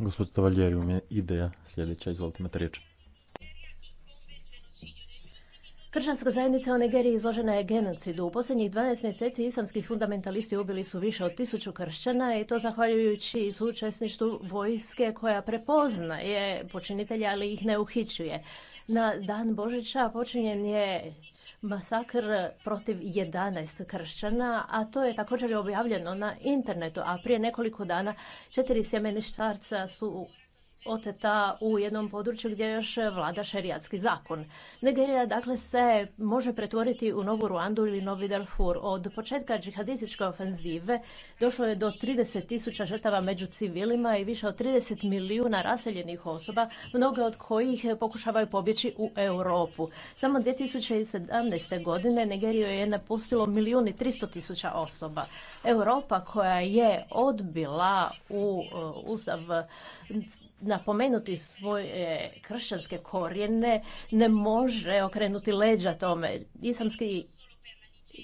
Gospod je ideja sljedeća, izvolite me riječ. Kršćanska zajednica u Nigeriji izložena je genocidu. U posljednjih 12 mjeseci islamski fundamentalisti ubili su više od tisuću kršćana i to zahvaljujući sučesništu vojske koja prepoznaje počinitelja, ali ih ne uhićuje. Na dan Božića počinjen je masakr protiv 11 kršćana, a to je također objavljeno na internetu, a prije nekoliko dana četiri sjemeništarca su oteta u jednom području gdje još vlada šerijatski zakon. Nigerija dakle se može pretvoriti u novu Ruandu ili novi Darfur. Od početka džihadističke ofenzive došlo je do 30 tisuća žrtava među civilima i više od 30 milijuna raseljenih osoba, mnoge od kojih pokušavaju pobjeći u Europu. Samo 2017. godine Nigeriju je napustilo milijuni 300 tisuća osoba. Europa koja je odbila u e, Ustav napomenuti svoje kršćanske korijene ne može okrenuti leđa tome. Islamski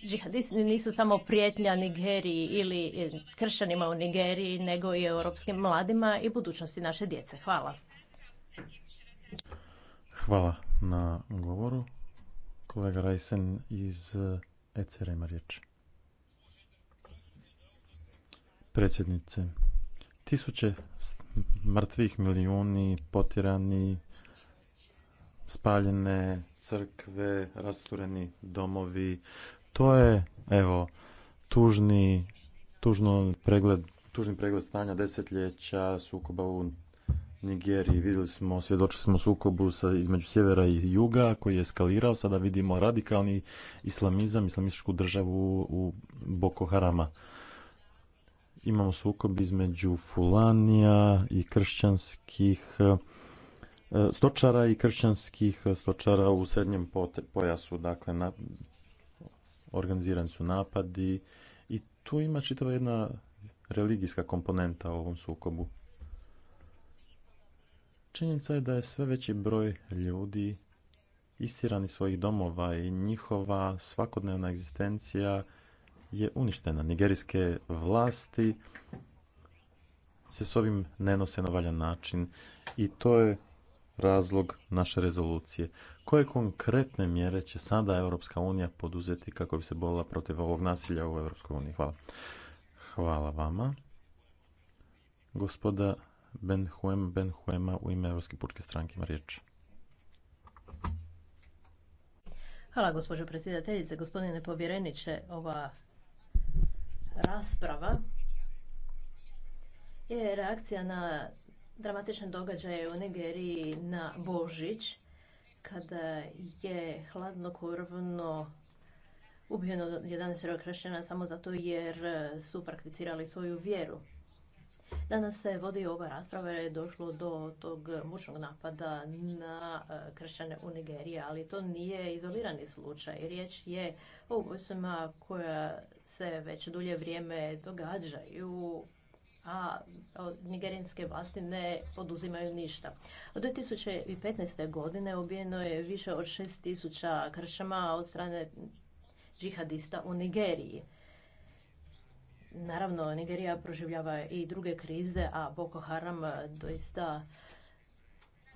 džihadisti nisu samo prijetnja Nigeriji ili kršćanima u Nigeriji, nego i europskim mladima i budućnosti naše djece. Hvala. Hvala na govoru. Kolega Rajsen iz ECR ima riječ. Predsjednice, tisuće mrtvih, milijuni potjerani, spaljene crkve, rastureni domovi. To je, evo, tužni, tužno pregled, tužni pregled stanja desetljeća sukoba u Nigeriji. Vidjeli smo, svjedočili smo sukobu sa, između sjevera i juga koji je eskalirao. Sada vidimo radikalni islamizam, islamističku državu u Boko Harama imamo sukob između fulanija i kršćanskih e, stočara i kršćanskih stočara u srednjem pojasu. Dakle, na, organizirani su napadi i tu ima čitava jedna religijska komponenta u ovom sukobu. Činjenica je da je sve veći broj ljudi istirani svojih domova i njihova svakodnevna egzistencija je uništena. Nigerijske vlasti se s ovim ne nose na valjan način i to je razlog naše rezolucije. Koje konkretne mjere će sada Europska unija poduzeti kako bi se borila protiv ovog nasilja u Europskoj uniji? Hvala. Hvala vama. Gospoda Benhuem Benhuema u ime Europske pučke stranke ima riječ. Hvala gospođo predsjedateljice, gospodine povjereniče. Ova rasprava je reakcija na dramatične događaje u Nigeriji na Božić, kada je hladnokrvno ubijeno 11 kršćana samo zato jer su prakticirali svoju vjeru. Danas se vodi ova rasprava jer je došlo do tog mučnog napada na e, kršćane u Nigeriji, ali to nije izolirani slučaj. Riječ je o ubojstvima koja se već dulje vrijeme događaju a nigerijanske vlasti ne poduzimaju ništa. Od 2015. godine ubijeno je više od 6000 kršama od strane džihadista u Nigeriji. Naravno, Nigerija proživljava i druge krize, a Boko Haram e, doista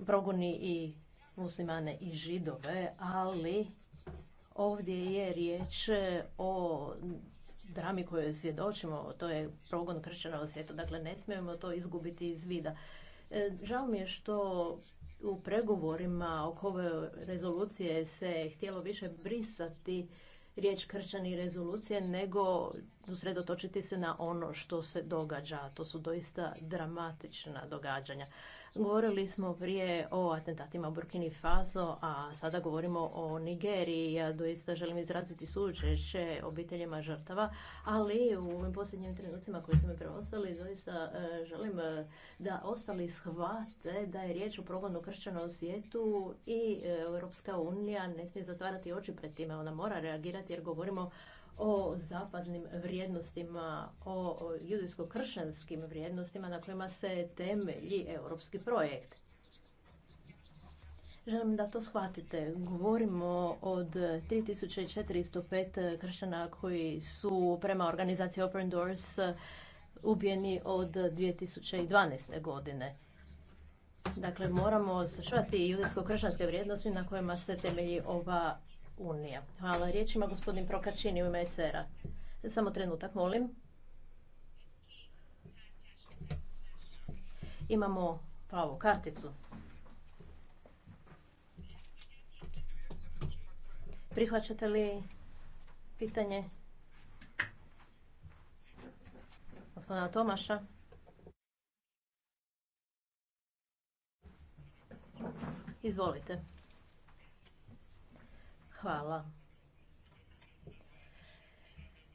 progoni i muslimane i židove, ali ovdje je riječ e, o drami koju svjedočimo, to je progon kršćana u svijetu, dakle ne smijemo to izgubiti iz vida. E, žao mi je što u pregovorima oko ove rezolucije se htjelo više brisati riječ kršćani rezolucije nego usredotočiti se na ono što se događa. To su doista dramatična događanja. Govorili smo prije o atentatima u Burkini Faso, a sada govorimo o Nigeriji. Ja doista želim izraziti sučešće obiteljima žrtava, ali u ovim posljednjim trenucima koji su me preostali, doista e, želim e, da ostali shvate da je riječ o progonu kršćana svijetu i e, Europska unija ne smije zatvarati oči pred time. Ona mora reagirati jer govorimo o zapadnim vrijednostima, o judijsko-kršćanskim vrijednostima na kojima se temelji europski projekt. Želim da to shvatite. Govorimo od 3405 kršćana koji su prema organizaciji Open Doors ubijeni od 2012. godine. Dakle, moramo sačuvati judijsko-kršćanske vrijednosti na kojima se temelji ova unija. Hvala. Riječ gospodin Prokačini u ime ECR-a. Samo trenutak, molim. Imamo pravu karticu. Prihvaćate li pitanje gospodina Tomaša? Izvolite. Hvala.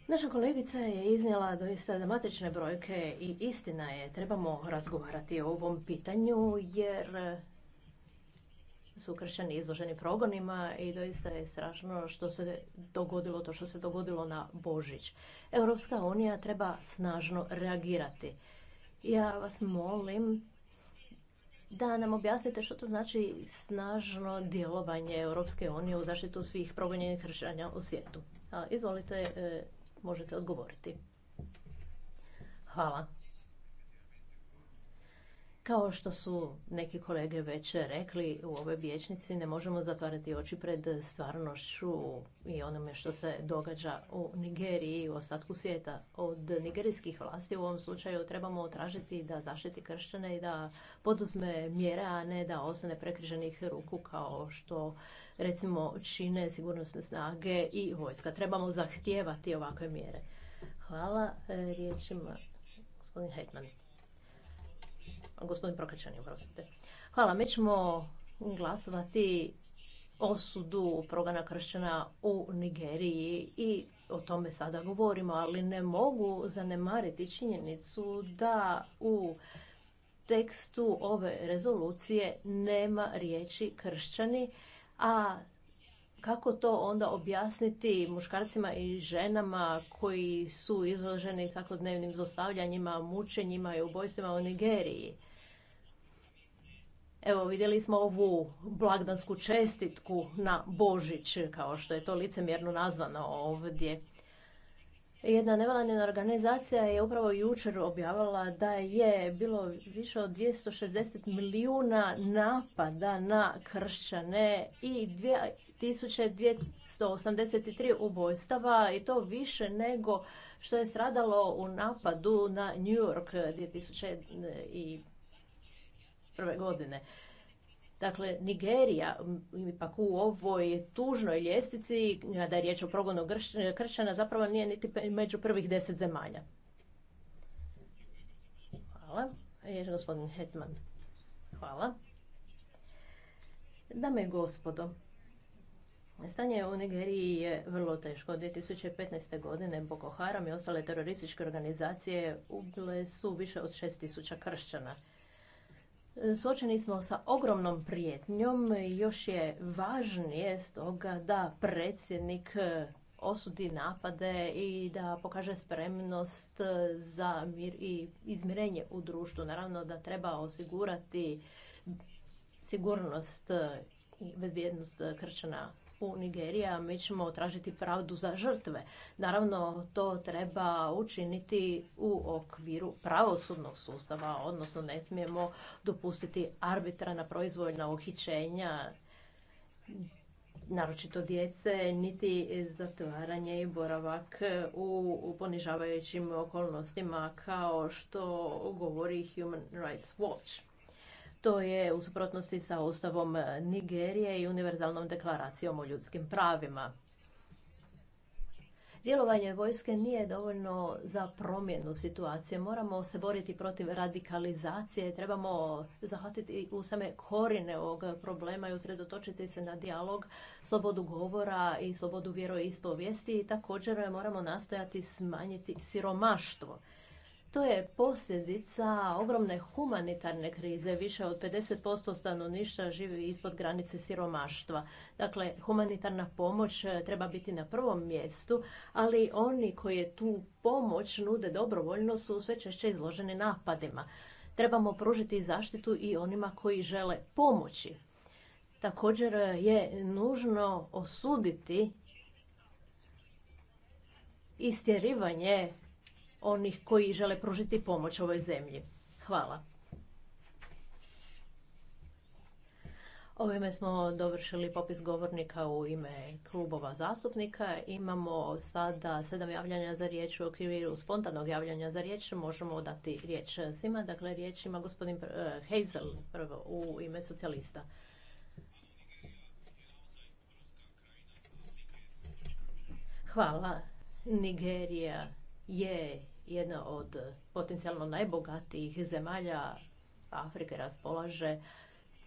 Naša kolegica je iznijela doista dramatične brojke i istina je, trebamo razgovarati o ovom pitanju jer su kršćani izloženi progonima i doista je strašno što se dogodilo, to što se dogodilo na Božić. Europska unija treba snažno reagirati. Ja vas molim da nam objasnite što to znači snažno djelovanje Europske unije u zaštitu svih progonjenih kršćanja u svijetu. Izvolite, e, možete odgovoriti. Hvala. Kao što su neki kolege već rekli u ovoj vječnici, ne možemo zatvarati oči pred stvarnošću i onome što se događa u Nigeriji i u ostatku svijeta. Od nigerijskih vlasti u ovom slučaju trebamo tražiti da zaštiti kršćane i da poduzme mjere, a ne da ostane prekriženih ruku kao što recimo čine sigurnosne snage i vojska. Trebamo zahtijevati ovakve mjere. Hvala e, riječima gospodin Hetman. Gospodin Prokačan, oprostite. Hvala, mi ćemo glasovati osudu progana kršćana u Nigeriji i o tome sada govorimo, ali ne mogu zanemariti činjenicu da u tekstu ove rezolucije nema riječi kršćani, a kako to onda objasniti muškarcima i ženama koji su izloženi svakodnevnim zlostavljanjima, mučenjima i ubojstvima u Nigeriji? Evo, vidjeli smo ovu blagdansku čestitku na Božić, kao što je to licemjerno nazvano ovdje. Jedna nevladina organizacija je upravo jučer objavila da je bilo više od 260 milijuna napada na kršćane i 2283 ubojstava i to više nego što je stradalo u napadu na New York 1991. godine. Dakle, Nigerija, ipak u ovoj tužnoj ljestvici, da je riječ o progonu kršćana, zapravo nije niti među prvih deset zemalja. Hvala. gospodin Hetman. Hvala. Dame i gospodo, Stanje u Nigeriji je vrlo teško. Od 2015. godine Boko Haram i ostale terorističke organizacije ubile su više od 6000 kršćana. Suočeni smo sa ogromnom prijetnjom još je važnije stoga da predsjednik e, osudi napade i da pokaže spremnost e, za mir i izmirenje u društvu. Naravno da treba osigurati sigurnost e, i bezbjednost kršćana u Nigeriji, a mi ćemo tražiti pravdu za žrtve. Naravno, to treba učiniti u okviru pravosudnog sustava, odnosno ne smijemo dopustiti na proizvoljna uhićenja naročito djece, niti zatvaranje i boravak u ponižavajućim okolnostima kao što govori Human Rights Watch. To je u suprotnosti sa ustavom e, Nigerije i univerzalnom deklaracijom o ljudskim pravima. Djelovanje vojske nije dovoljno za promjenu situacije. Moramo se boriti protiv radikalizacije, trebamo zahvatiti u same korine ovog problema i usredotočiti se na dijalog, slobodu govora i slobodu vjeroispovijesti i također moramo nastojati smanjiti siromaštvo. To je posljedica ogromne humanitarne krize. Više od 50% stanovništva živi ispod granice siromaštva. Dakle, humanitarna pomoć eh, treba biti na prvom mjestu, ali oni koji tu pomoć nude dobrovoljno su sve češće izloženi napadima. Trebamo pružiti zaštitu i onima koji žele pomoći. Također eh, je nužno osuditi istjerivanje onih koji žele pružiti pomoć ovoj zemlji. Hvala. Ovime smo dovršili popis govornika u ime klubova zastupnika. Imamo sada sedam javljanja za riječ u okviru spontanog javljanja za riječ. Možemo dati riječ svima. Dakle, riječ ima gospodin eh, Hazel prvo u ime socijalista. Hvala. Nigerija je jedna od e, potencijalno najbogatijih zemalja Afrike raspolaže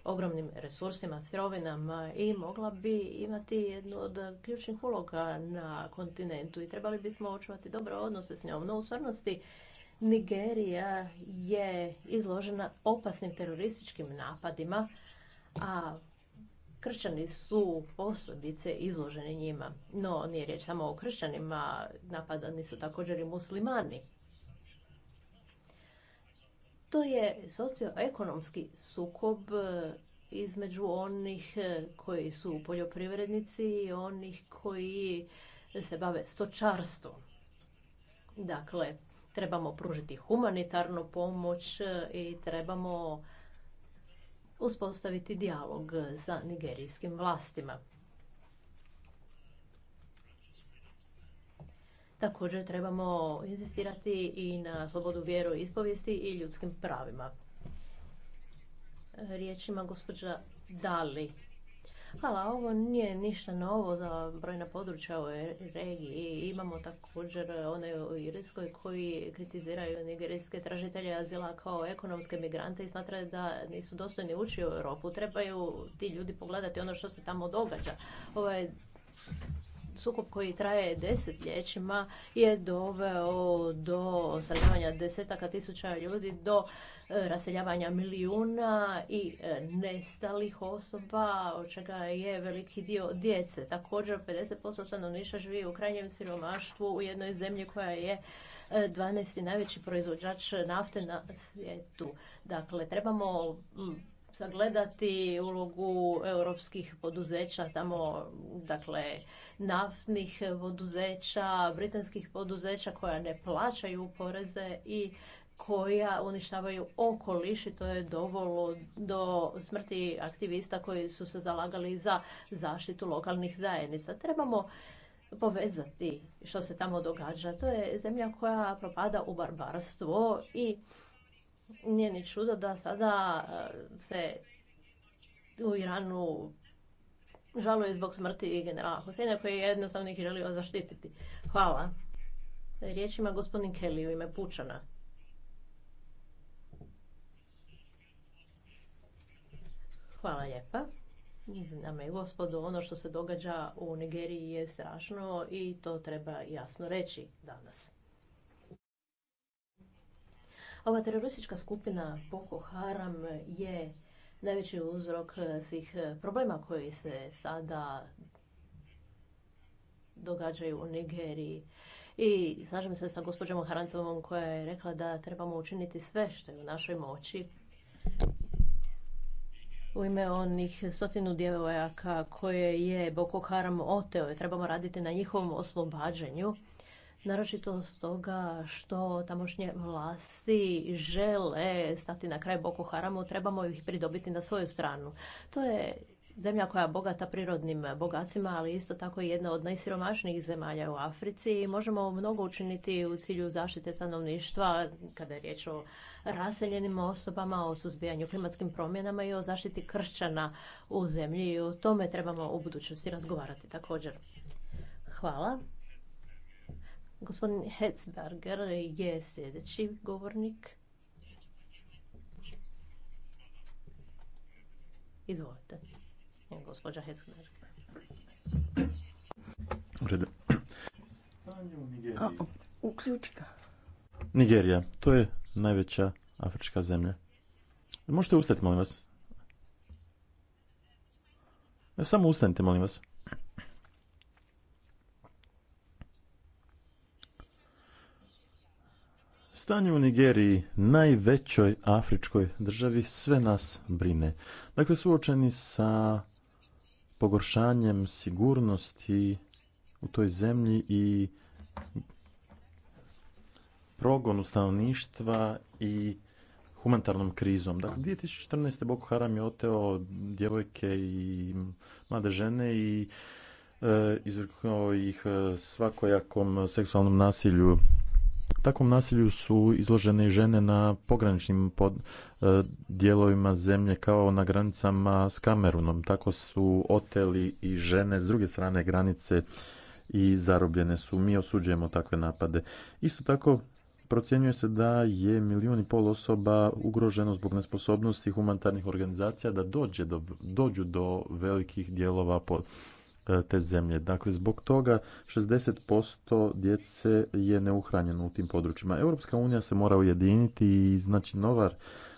ogromnim resursima, sirovinama i mogla bi imati jednu od ključnih uloga na kontinentu i trebali bismo očuvati dobre odnose s njom. No u stvarnosti Nigerija je izložena opasnim terorističkim napadima, a Kršćani su posebice izloženi njima. No, nije riječ samo o kršćanima, napadani su također i muslimani. To je socioekonomski sukob e, između onih e, koji su poljoprivrednici i onih koji se bave stočarstvom. Dakle, trebamo pružiti humanitarnu pomoć e, i trebamo uspostaviti dijalog eh, sa nigerijskim vlastima. Također trebamo insistirati i na slobodu vjeru ispovijesti i ljudskim pravima. ima gospođa Dali. Hvala, ovo nije ništa novo za brojna područja u e, regiji. Imamo također e, one u Irskoj koji kritiziraju nigerijske tražitelje azila kao ekonomske migrante i smatraju da nisu dostojni ući u Europu. Trebaju ti ljudi pogledati ono što se tamo događa. Ovaj sukob koji traje desetljećima je doveo do stradavanja desetaka tisuća ljudi, do e, raseljavanja milijuna i e, nestalih osoba, od čega je veliki dio djece. Također, 50% stanovništva živi u krajnjem siromaštvu u jednoj zemlji koja je 12. E, najveći proizvođač nafte na svijetu. Dakle, trebamo sagledati ulogu europskih poduzeća tamo, dakle, naftnih poduzeća, britanskih poduzeća koja ne plaćaju poreze i koja uništavaju okoliš i to je dovolo do smrti aktivista koji su se zalagali za zaštitu lokalnih zajednica. Trebamo povezati što se tamo događa. To je zemlja koja propada u barbarstvo i nije ni čudo da sada e, se u Iranu žaluje zbog smrti generala Husseina koji je jednostavno ih želio zaštititi. Hvala. Riječ ima gospodin Kelly u ime Pučana. Hvala lijepa. Dame i gospodo, ono što se događa u Nigeriji je strašno i to treba jasno reći danas. Ova teroristička skupina Boko Haram je najveći uzrok eh, svih eh, problema koji se sada događaju u Nigeriji. I slažem se sa gospođom Harancovom koja je rekla da trebamo učiniti sve što je u našoj moći u ime onih stotinu djevojaka koje je Boko Haram oteo i trebamo raditi na njihovom oslobađanju naročito stoga što tamošnje vlasti žele stati na kraj Boko Haramu, trebamo ih pridobiti na svoju stranu. To je zemlja koja je bogata prirodnim bogacima, ali isto tako i jedna od najsiromašnijih zemalja u Africi i možemo mnogo učiniti u cilju zaštite stanovništva kada je riječ o raseljenim osobama, o suzbijanju klimatskim promjenama i o zaštiti kršćana u zemlji i o tome trebamo u budućnosti razgovarati također. Hvala. Gospodin Hetzberger je sljedeći govornik. Izvolite, gospođa Hetzberger. uključka. Nigerija, to je najveća afrička zemlja. Možete ustati, molim vas. Samo ustanite, molim vas. Stanje u Nigeriji, najvećoj afričkoj državi, sve nas brine. Dakle, suočeni sa pogoršanjem sigurnosti u toj zemlji i progonu stanovništva i humanitarnom krizom. Dakle, 2014. Boko Haram je oteo djevojke i mlade žene i e, ih e, svakojakom seksualnom nasilju Takvom nasilju su izložene i žene na pograničnim pod, e, dijelovima zemlje kao na granicama s Kamerunom. Tako su oteli i žene s druge strane granice i zarobljene su. Mi osuđujemo takve napade. Isto tako procjenjuje se da je milijun i pol osoba ugroženo zbog nesposobnosti humanitarnih organizacija da dođe do, dođu do velikih dijelova pod E, te zemlje. Dakle, zbog toga 60% djece je neuhranjeno u tim područjima. Europska unija se mora ujediniti i znači novar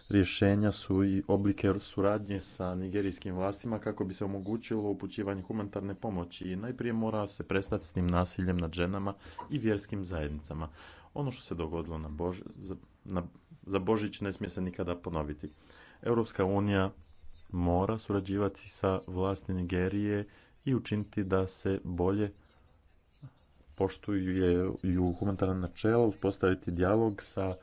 rješenja su i oblike suradnje sa nigerijskim vlastima kako bi se omogućilo upućivanje humanitarne pomoći i najprije mora se prestati s tim nasiljem nad ženama i vjerskim zajednicama. Ono što se dogodilo na za... Na... za Božić ne smije se nikada ponoviti. Europska unija mora surađivati sa vlasti Nigerije i učiniti da se bolje poštuju humanitarna načela, uspostaviti dijalog sa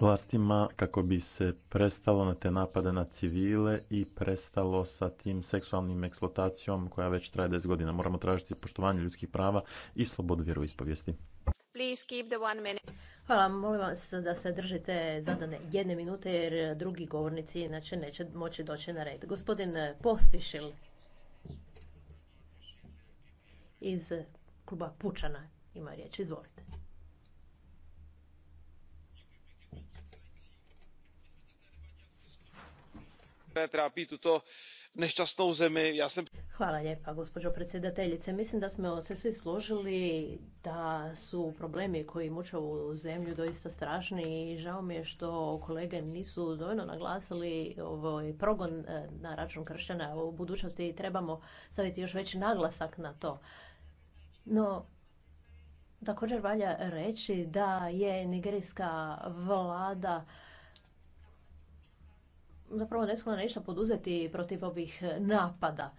vlastima kako bi se prestalo na te napade na civile i prestalo sa tim seksualnim eksploatacijom koja već traje 10 godina. Moramo tražiti poštovanje ljudskih prava i slobodu vjeroispovijesti. Hvala, molim vas da se držite zadane jedne minute jer drugi govornici inače neće moći doći na red. Gospodin Pospišil iz eh, kluba Pučana ima riječ. Izvolite. zemi. Hvala lijepa, gospođo predsjedateljice. Mislim da smo se svi složili da su problemi koji muče u zemlju doista strašni i žao mi je što kolege nisu dovoljno naglasili ovaj progon eh, na račun kršćana. U budućnosti trebamo staviti još veći naglasak na to. No, također valja reći da je nigerijska vlada zapravo ne ništa poduzeti protiv ovih napada.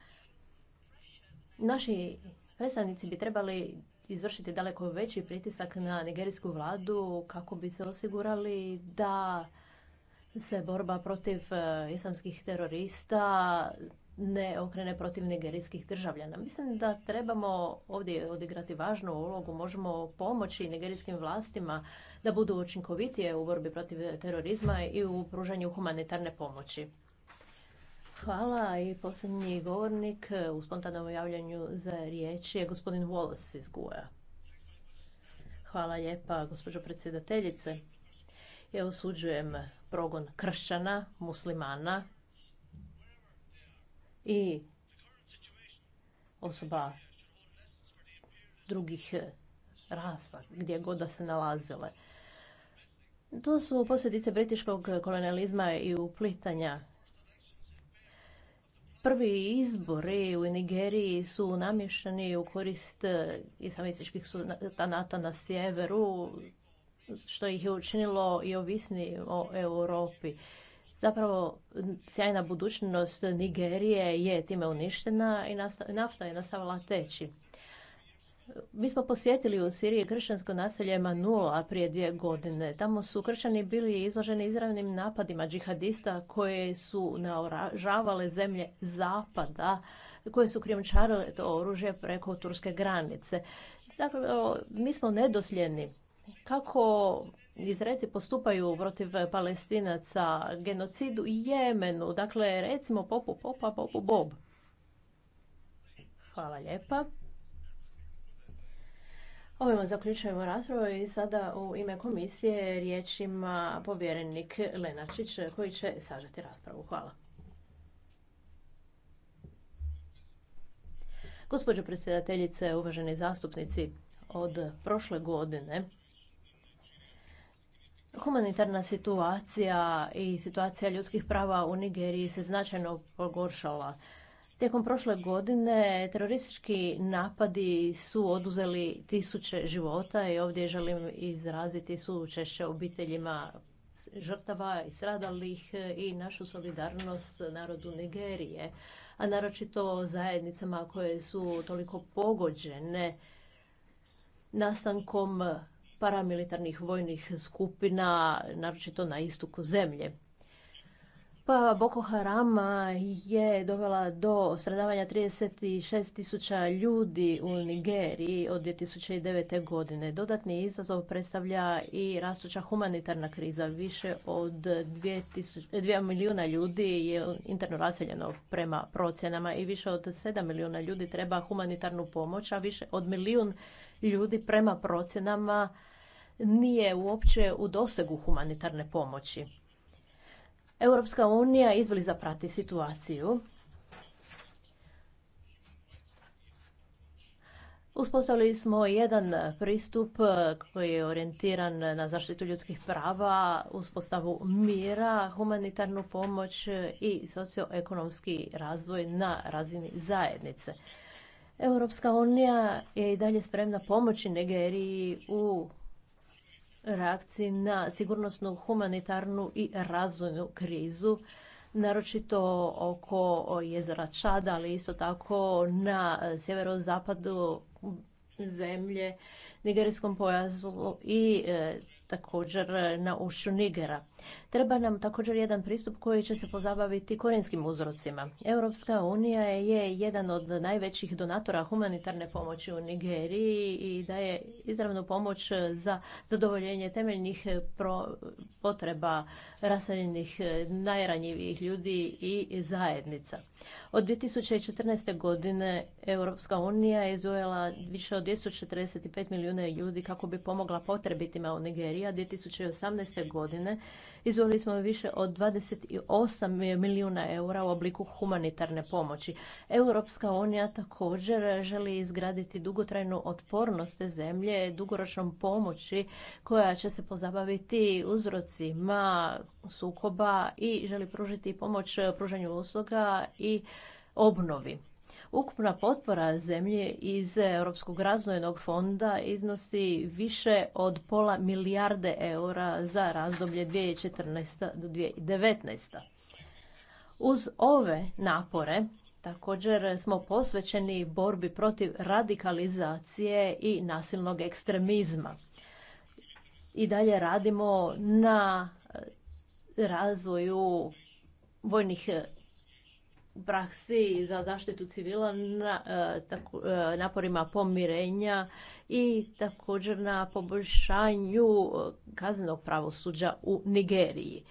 Naši predstavnici bi trebali izvršiti daleko veći pritisak na nigerijsku vladu kako bi se osigurali da se borba protiv eh, islamskih terorista ne okrene protiv nigerijskih državljana. Mislim da trebamo ovdje odigrati važnu ulogu, možemo pomoći nigerijskim vlastima da budu učinkovitije u borbi protiv terorizma i u pružanju humanitarne pomoći. Hvala i posljednji govornik u spontanom javljanju za riječ je gospodin Wallace iz Hvala lijepa, gospođo predsjedateljice. Ja osuđujem progon kršćana, muslimana, i osoba drugih eh, rasa, gdje god da se nalazile. To su posljedice britiškog kolonializma i uplitanja. Prvi izbori u Nigeriji su namješani u korist eh, islamističkih tanata na sjeveru, što ih je učinilo i ovisni o Europi. Zapravo, sjajna budućnost Nigerije je time uništena i nafta je nastavila teći. Mi smo posjetili u Siriji kršćansko naselje Manula prije dvije godine. Tamo su kršćani bili izloženi izravnim napadima džihadista koje su naoražavale zemlje zapada, koje su krijumčarile to oružje preko turske granice. Dakle, mi smo nedosljedni kako izreci postupaju protiv palestinaca, genocidu i Jemenu. Dakle, recimo popu popa, popu bob. Hvala lijepa. Ovime zaključujemo raspravu i sada u ime komisije riječ povjerenik Lenačić koji će sažeti raspravu. Hvala. Gospođo predsjedateljice, uvaženi zastupnici, od prošle godine Humanitarna situacija i situacija ljudskih prava u Nigeriji se značajno pogoršala. Tijekom prošle godine teroristički napadi su oduzeli tisuće života i ovdje želim izraziti sučešće obiteljima žrtava i sradalih i našu solidarnost narodu Nigerije, a naročito zajednicama koje su toliko pogođene nastankom paramilitarnih vojnih skupina, naročito na istoku zemlje. Pa Boko Haram je dovela do stradavanja 36.000 ljudi u Nigeriji od 2009. godine. Dodatni izazov predstavlja i rastuća humanitarna kriza. Više od 2 milijuna ljudi je interno raseljeno prema procjenama i više od 7 milijuna ljudi treba humanitarnu pomoć, a više od milijun ljudi prema procjenama nije uopće u dosegu humanitarne pomoći. Europska unija izvoli zaprati situaciju. Uspostavili smo jedan pristup koji je orijentiran na zaštitu ljudskih prava, uspostavu mira, humanitarnu pomoć i socioekonomski razvoj na razini zajednice. Europska unija je i dalje spremna pomoći Nigeriji u reakciji na sigurnosnu, humanitarnu i razvojnu krizu, naročito oko jezera Čada, ali isto tako na sjeverozapadu zemlje, nigerijskom pojasu i e, također na ušću Nigera. Treba nam također jedan pristup koji će se pozabaviti korijenskim uzrocima. Europska unija je jedan od najvećih donatora humanitarne pomoći u Nigeriji i daje izravnu pomoć za zadovoljenje temeljnih potreba raseljenih najranjivijih ljudi i zajednica. Od 2014. godine Europska unija je izvojela više od 245 milijuna ljudi kako bi pomogla potrebitima u Nigeriji, a 2018. godine izvoli smo više od 28 milijuna eura u obliku humanitarne pomoći. Europska unija također želi izgraditi dugotrajnu otpornost te zemlje dugoročnom pomoći koja će se pozabaviti uzrocima sukoba i želi pružiti pomoć pružanju usluga i obnovi. Ukupna potpora zemlje iz Europskog razvojnog fonda iznosi više od pola milijarde eura za razdoblje 2014. do 2019. Uz ove napore također smo posvećeni borbi protiv radikalizacije i nasilnog ekstremizma. I dalje radimo na razvoju vojnih praksi za zaštitu civila na e, e, naporima pomirenja i također na poboljšanju kaznenog pravosuđa u Nigeriji.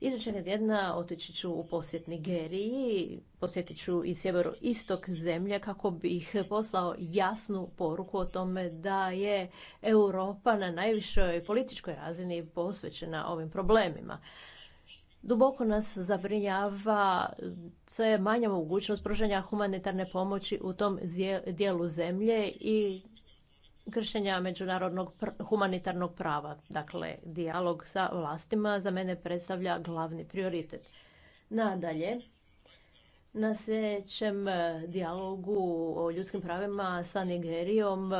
Iduće tjedna otići ću u posjet Nigeriji, posjetit ću i sjeveroistok zemlje kako bih poslao jasnu poruku o tome da je Europa na najvišoj političkoj razini posvećena ovim problemima. Duboko nas zabrinjava sve manja mogućnost pružanja humanitarne pomoći u tom dijelu zemlje i kršenja međunarodnog humanitarnog prava. Dakle, dijalog sa vlastima za mene predstavlja glavni prioritet. Nadalje, na sljedećem dijalogu o ljudskim pravima sa Nigerijom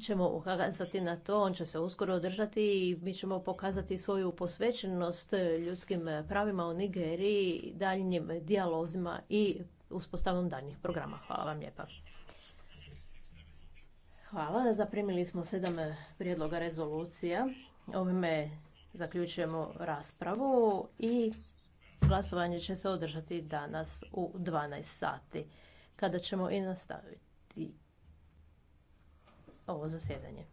ćemo ukazati na to, on će se uskoro održati i mi ćemo pokazati svoju posvećenost ljudskim pravima u Nigeriji, daljnjim dijalozima i uspostavom daljnjih programa. Hvala vam lijepa. Hvala. Zaprimili smo sedam prijedloga rezolucija. Ovime zaključujemo raspravu i glasovanje će se održati danas u 12 sati kada ćemo i nastaviti ovo zasjedanje.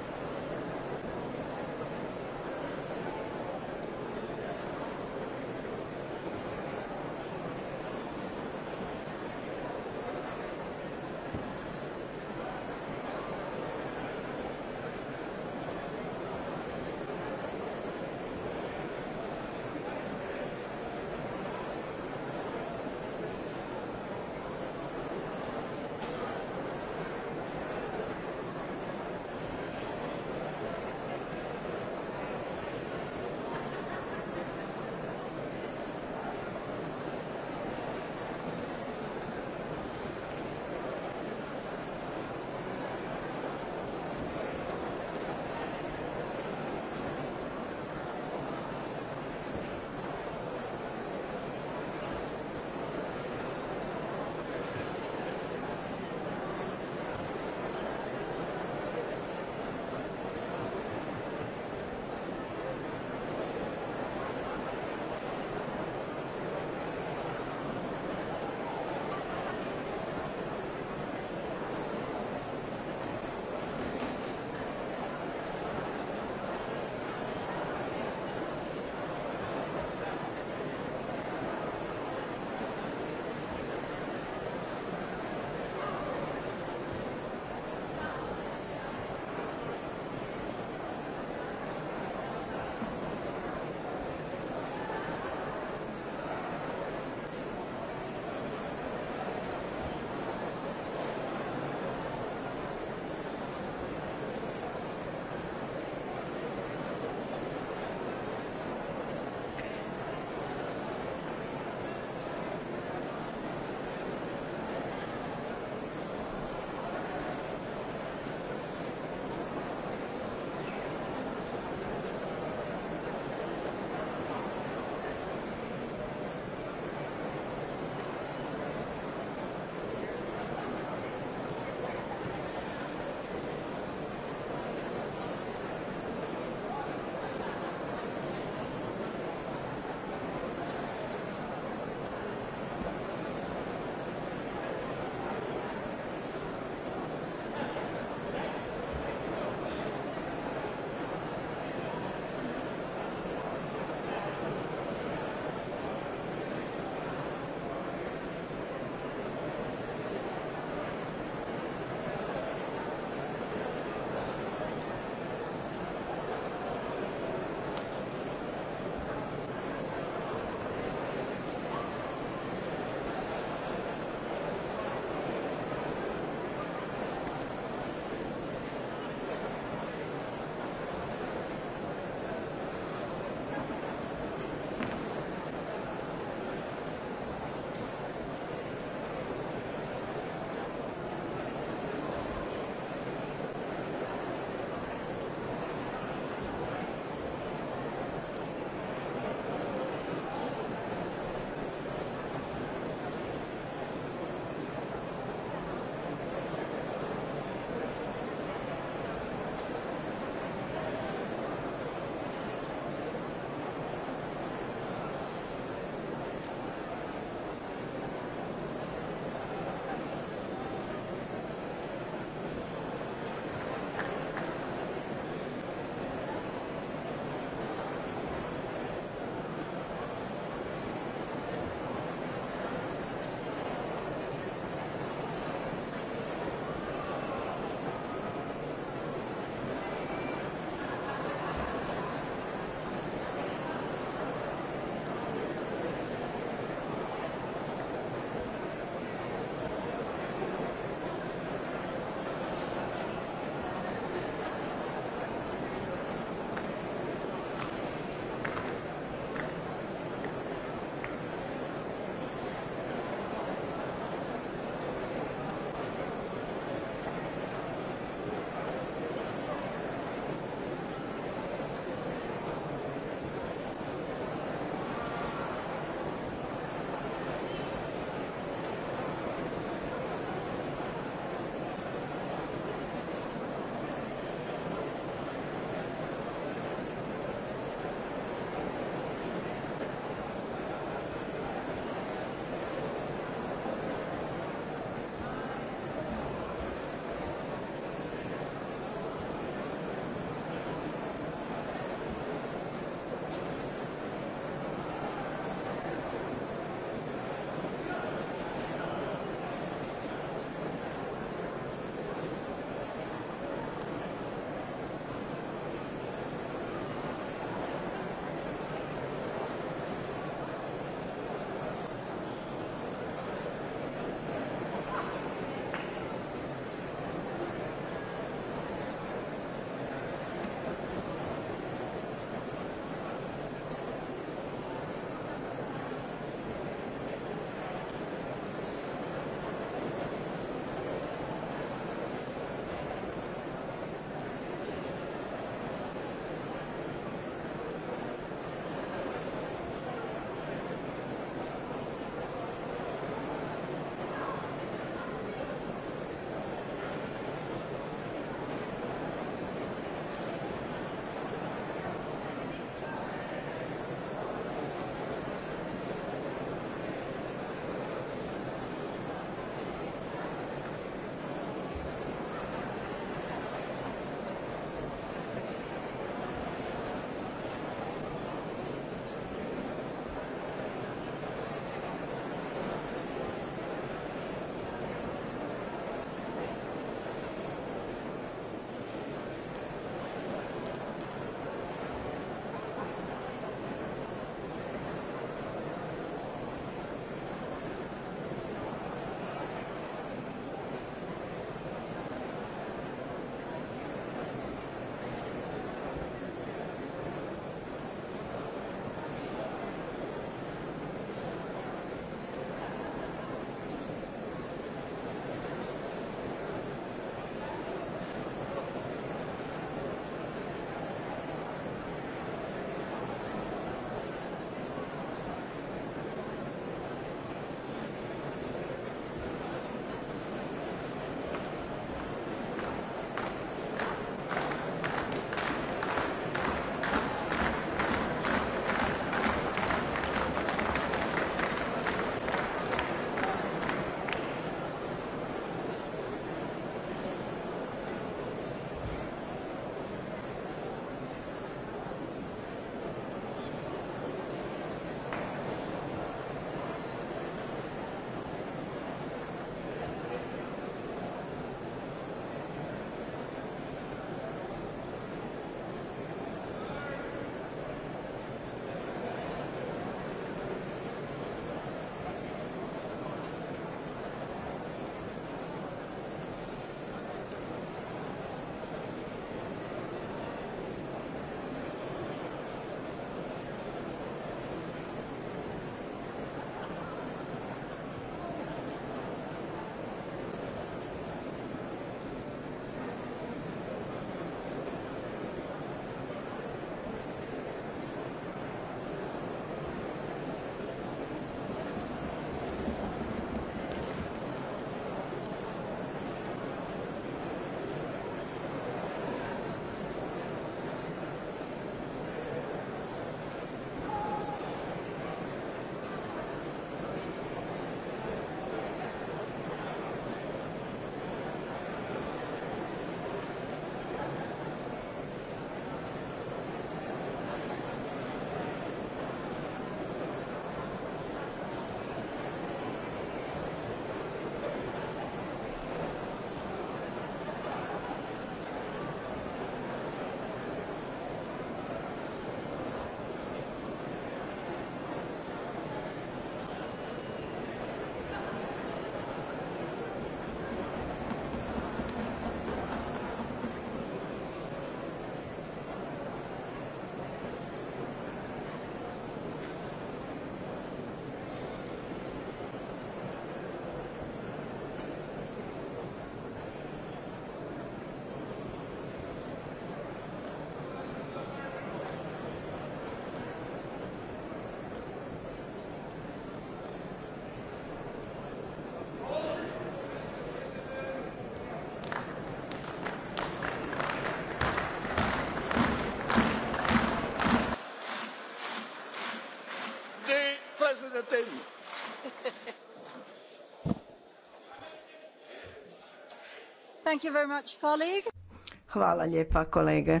Hvala lijepa kolege.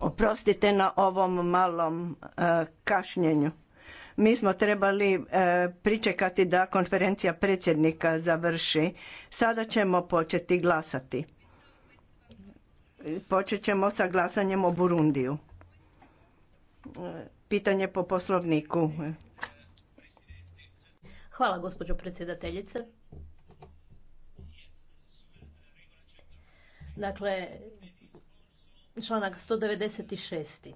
Oprostite na ovom malom e, kašnjenju. Mi smo trebali e, pričekati da konferencija predsjednika završi. Sada ćemo početi glasati. Počet ćemo sa glasanjem o Burundiju. E, pitanje po poslovniku. Hvala, gospođo predsjedateljice. Dakle, članak 196.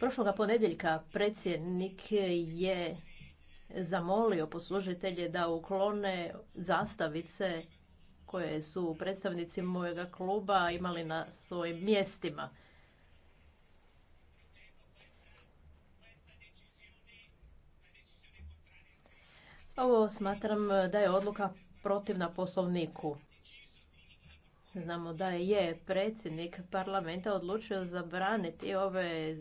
Prošloga ponedjeljka predsjednik je zamolio poslužitelje da uklone zastavice koje su predstavnici mojega kluba imali na svojim mjestima. smatram e, da je odluka protivna poslovniku. Znamo da je predsjednik parlamenta odlučio zabraniti ove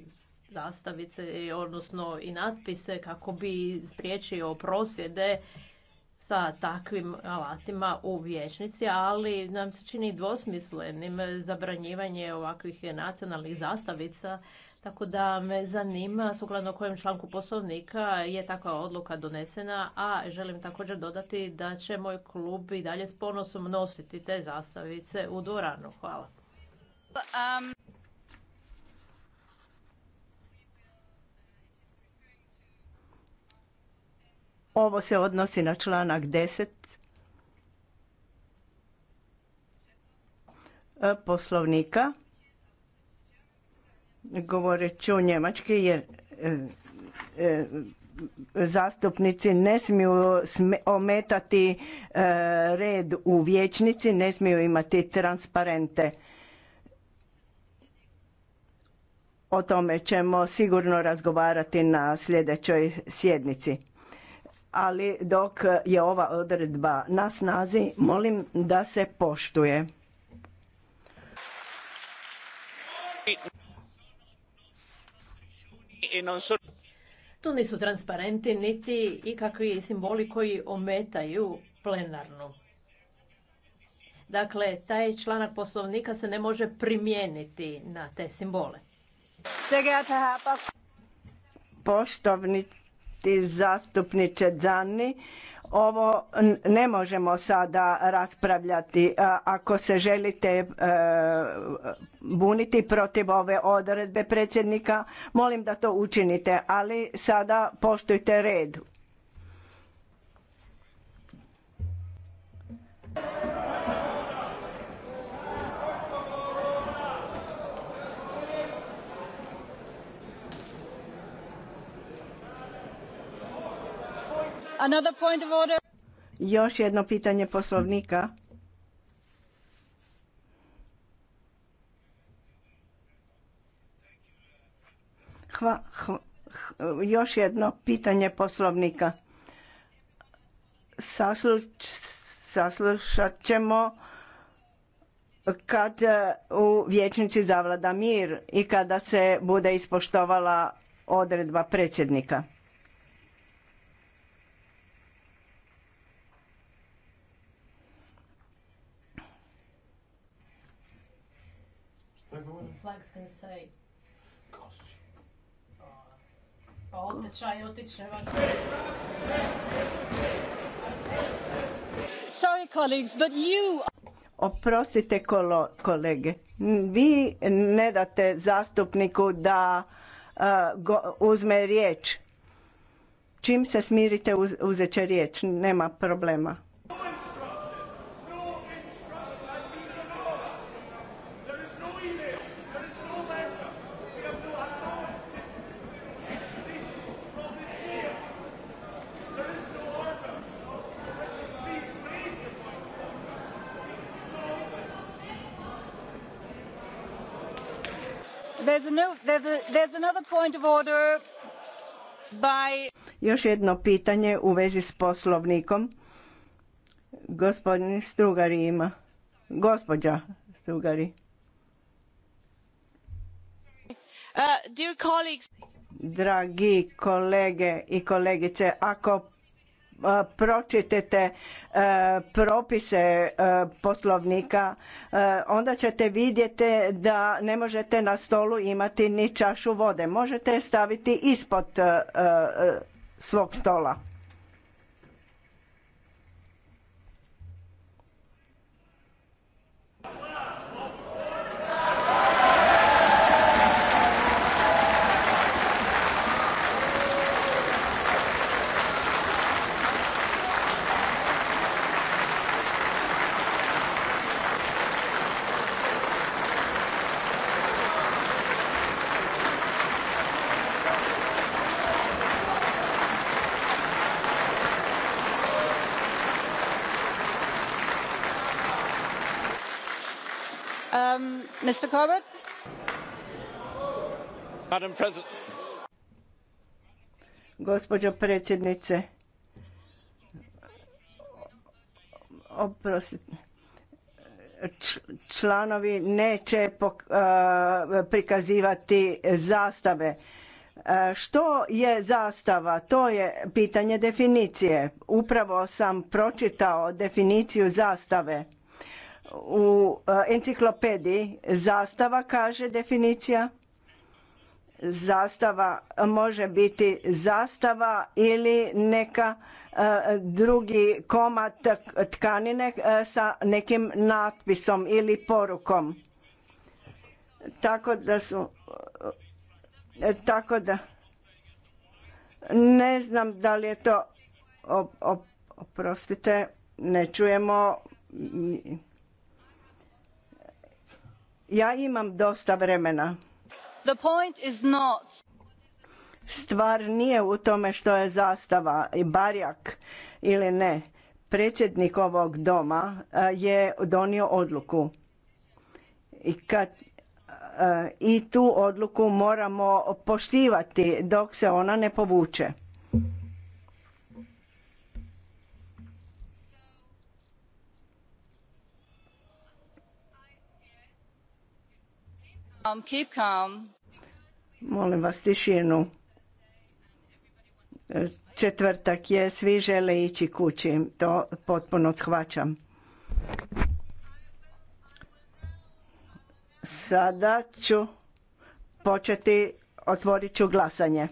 zastavice, odnosno i natpise kako bi spriječio prosvjede sa takvim alatima u vječnici, ali nam se čini dvosmislenim zabranjivanje ovakvih nacionalnih zastavica tako da me zanima sukladno kojem članku poslovnika je takva odluka donesena, a želim također dodati da će moj klub i dalje s ponosom nositi te zastavice u dvoranu. Hvala. Um, Ovo se odnosi na članak 10 e, poslovnika. Govorit ću njemački jer e, e, zastupnici ne smiju ometati e, red u vječnici, ne smiju imati transparente. O tome ćemo sigurno razgovarati na sljedećoj sjednici. Ali dok je ova odredba na snazi, molim da se poštuje. Tu nisu transparenti niti ikakvi simboli koji ometaju plenarnu. Dakle, taj članak poslovnika se ne može primijeniti na te simbole. Poštovni zastupniče Dzani, ovo ne možemo sada raspravljati. Ako se želite e, buniti protiv ove odredbe predsjednika, molim da to učinite, ali sada poštujte red. Još jedno pitanje poslovnika. još jedno pitanje poslovnika. saslušat ćemo kad e, u vječnici zavlada mir i kada se bude ispoštovala odredba predsjednika. you... Oprostite kolege, vi ne date zastupniku da e, uzme riječ. Čim se smirite uzet će riječ, nema problema. Još jedno pitanje u vezi s poslovnikom. Gospodin Strugari ima. Gospođa Strugari. Uh, Dragi kolege i kolegice, ako pročitete propise poslovnika, onda ćete vidjeti da ne možete na stolu imati ni čašu vode. Možete je staviti ispod svog stola. Gospođo predsjednice, članovi neće prikazivati zastave. Što je zastava? To je pitanje definicije. Upravo sam pročitao definiciju zastave u e, enciklopediji zastava kaže definicija. Zastava može biti zastava ili neka e, drugi komad tkanine e, sa nekim natpisom ili porukom. Tako da su tako da ne znam da li je to oprostite ne čujemo ja imam dosta vremena. Stvar nije u tome što je zastava i barjak ili ne. Predsjednik ovog doma e, je donio odluku. I kad e, i tu odluku moramo poštivati dok se ona ne povuče. Um, Molim vas tišinu. Četvrtak je, svi žele ići kući, to potpuno shvaćam. Sada ću početi, otvorit ću glasanje.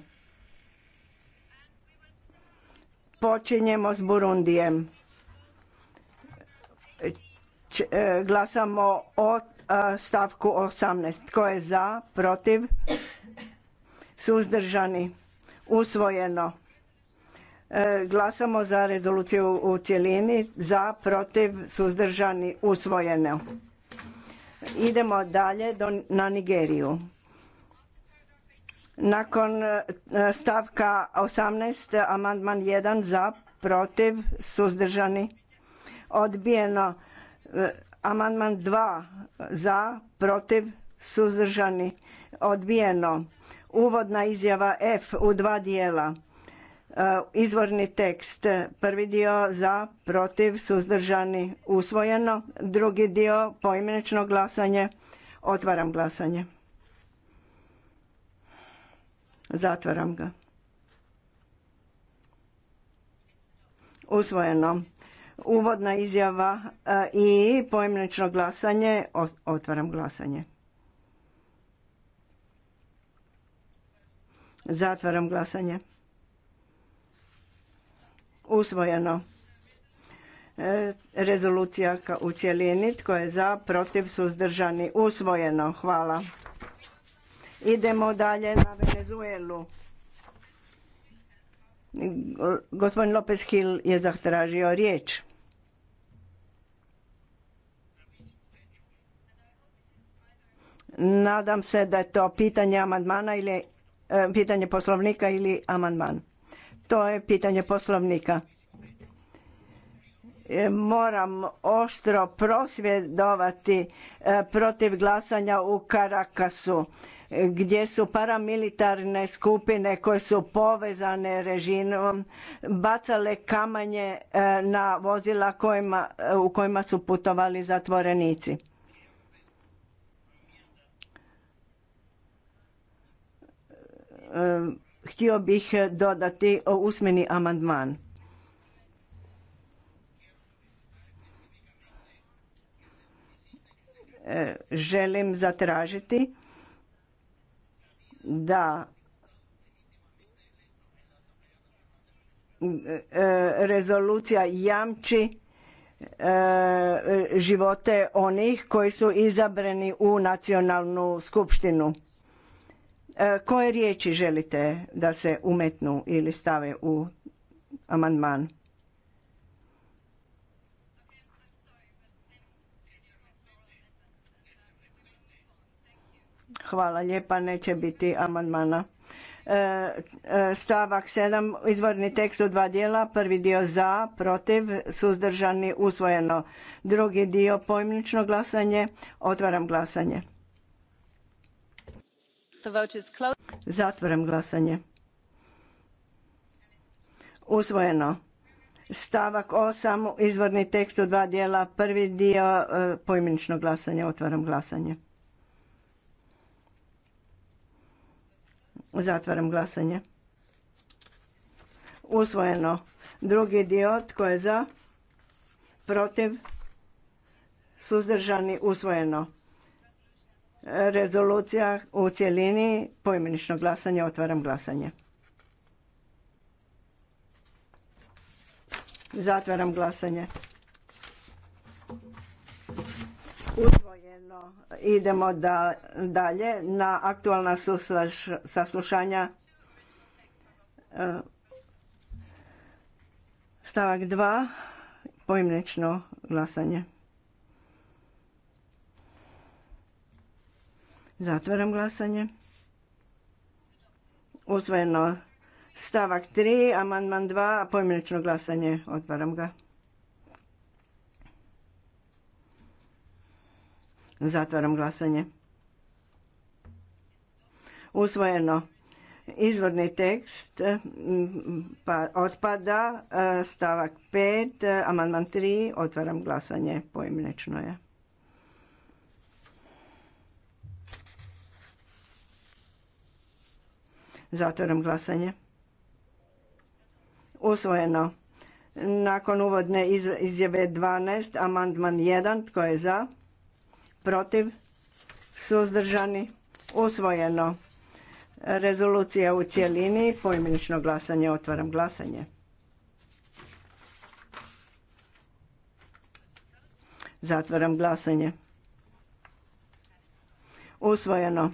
Počinjemo s Burundijem. E, glasamo o stavku 18. Tko je za, protiv, suzdržani, usvojeno. E, glasamo za rezoluciju u cjelini, za, protiv, suzdržani, usvojeno. Idemo dalje na Nigeriju. Nakon e, stavka 18, amandman 1 za, protiv, suzdržani, odbijeno. E, Amandman 2 za, protiv, suzdržani, odbijeno. Uvodna izjava F u dva dijela. E, izvorni tekst, prvi dio za, protiv, suzdržani, usvojeno. Drugi dio poimenično glasanje. Otvaram glasanje. Zatvaram ga. Usvojeno. Uvodna izjava e, i pojemnično glasanje. Otvaram glasanje. Zatvaram glasanje. Usvojeno. E, rezolucija u cijelini. Tko je za, protiv, suzdržani. Usvojeno. Hvala. Idemo dalje na Venezuelu. Gospodin Lopez Hill je zahtražio riječ. Nadam se da je to pitanje amandmana ili e, pitanje poslovnika ili amandman. To je pitanje poslovnika. E, moram oštro prosvjedovati e, protiv glasanja u Karakasu gdje su paramilitarne skupine koje su povezane režimom bacale kamanje na vozila u kojima su putovali zatvorenici. Eh, htio bih eh, dodati usmeni amandman. Eh, želim zatražiti da rezolucija jamči živote onih koji su izabrani u nacionalnu skupštinu E, koje riječi želite da se umetnu ili stave u amandman? Hvala lijepa, neće biti amandmana. E, e, stavak 7, izvorni tekst u dva dijela, prvi dio za, protiv, suzdržani, usvojeno. Drugi dio pojmnično glasanje, otvaram glasanje. Zatvaram glasanje. Usvojeno. Stavak 8, izvorni tekst u dva dijela, prvi dio e, poimenično glasanje, otvaram glasanje. Zatvaram glasanje. Usvojeno. Drugi dio, tko je za? Protiv? Suzdržani? Usvojeno. Rezolucija u cjelini, poimenično glasanje, otvaram glasanje. Zatvaram glasanje. Usvojeno. Idemo da, dalje na aktualna suslaž saslušanja. E, stavak 2. Poimenično glasanje. Zatvaram glasanje. Usvojeno stavak 3, amandman 2, pojmenično glasanje. Otvaram ga. Zatvaram glasanje. Usvojeno. Izvorni tekst pa otpada e, stavak 5, amandman 3, otvaram glasanje, poimenično je. Zatvaram glasanje. Usvojeno. Nakon uvodne izjave 12, amandman 1, tko je za? Protiv? Suzdržani? Usvojeno. Rezolucija u cjelini, Pojmenično glasanje, otvaram glasanje. Zatvaram glasanje. Usvojeno.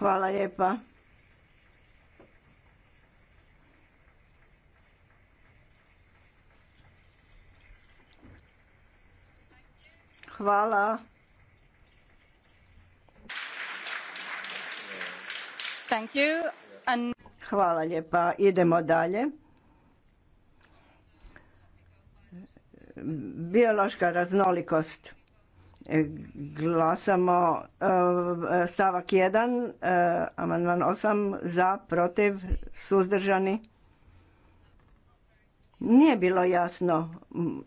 Hvala lijepa. Hvala. Thank you. Hvala lijepa. Idemo dalje. Biološka raznolikost. Glasamo e, stavak 1, e, amandman 8, za, protiv, suzdržani. Nije bilo jasno.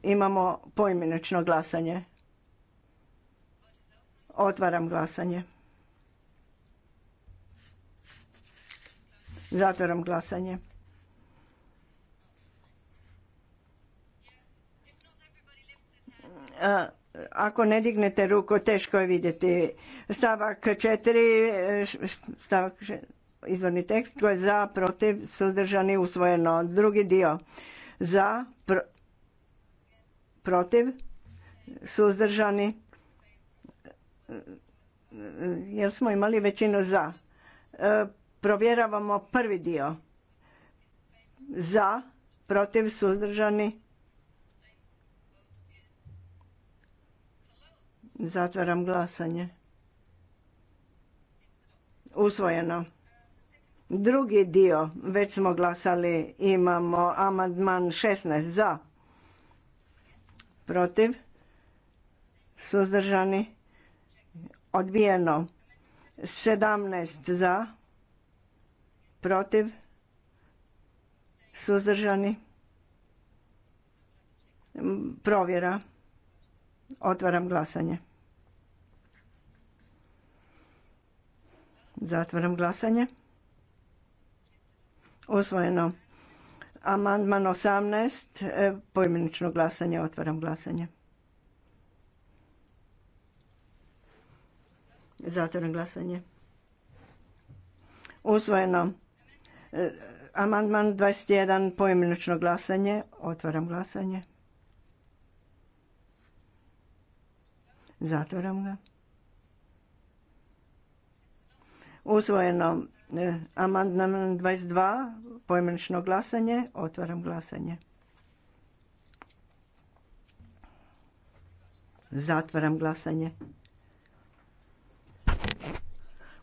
Imamo poimenično glasanje. Otvaram glasanje. Zatvaram glasanje. E, ako ne dignete ruku, teško je vidjeti. Stavak četiri, stavak izvorni tekst, koji je za, protiv, suzdržani, usvojeno. Drugi dio, za, protiv, suzdržani, jer smo imali većinu za. E, provjeravamo prvi dio. Za, protiv, suzdržani, Zatvaram glasanje. Usvojeno. Drugi dio, već smo glasali, imamo amandman 16 za, protiv, suzdržani, odbijeno, 17 za, protiv, suzdržani, provjera. Otvaram glasanje. Zatvaram glasanje. Usvojeno. Amandman 18. E, Pojmenično glasanje. Otvaram glasanje. Zatvaram glasanje. Usvojeno. E, amandman 21. Pojmenično glasanje. Otvaram glasanje. Zatvaram ga. Usvojeno e, amandman 22, pojmenično glasanje. Otvaram glasanje. Zatvaram glasanje.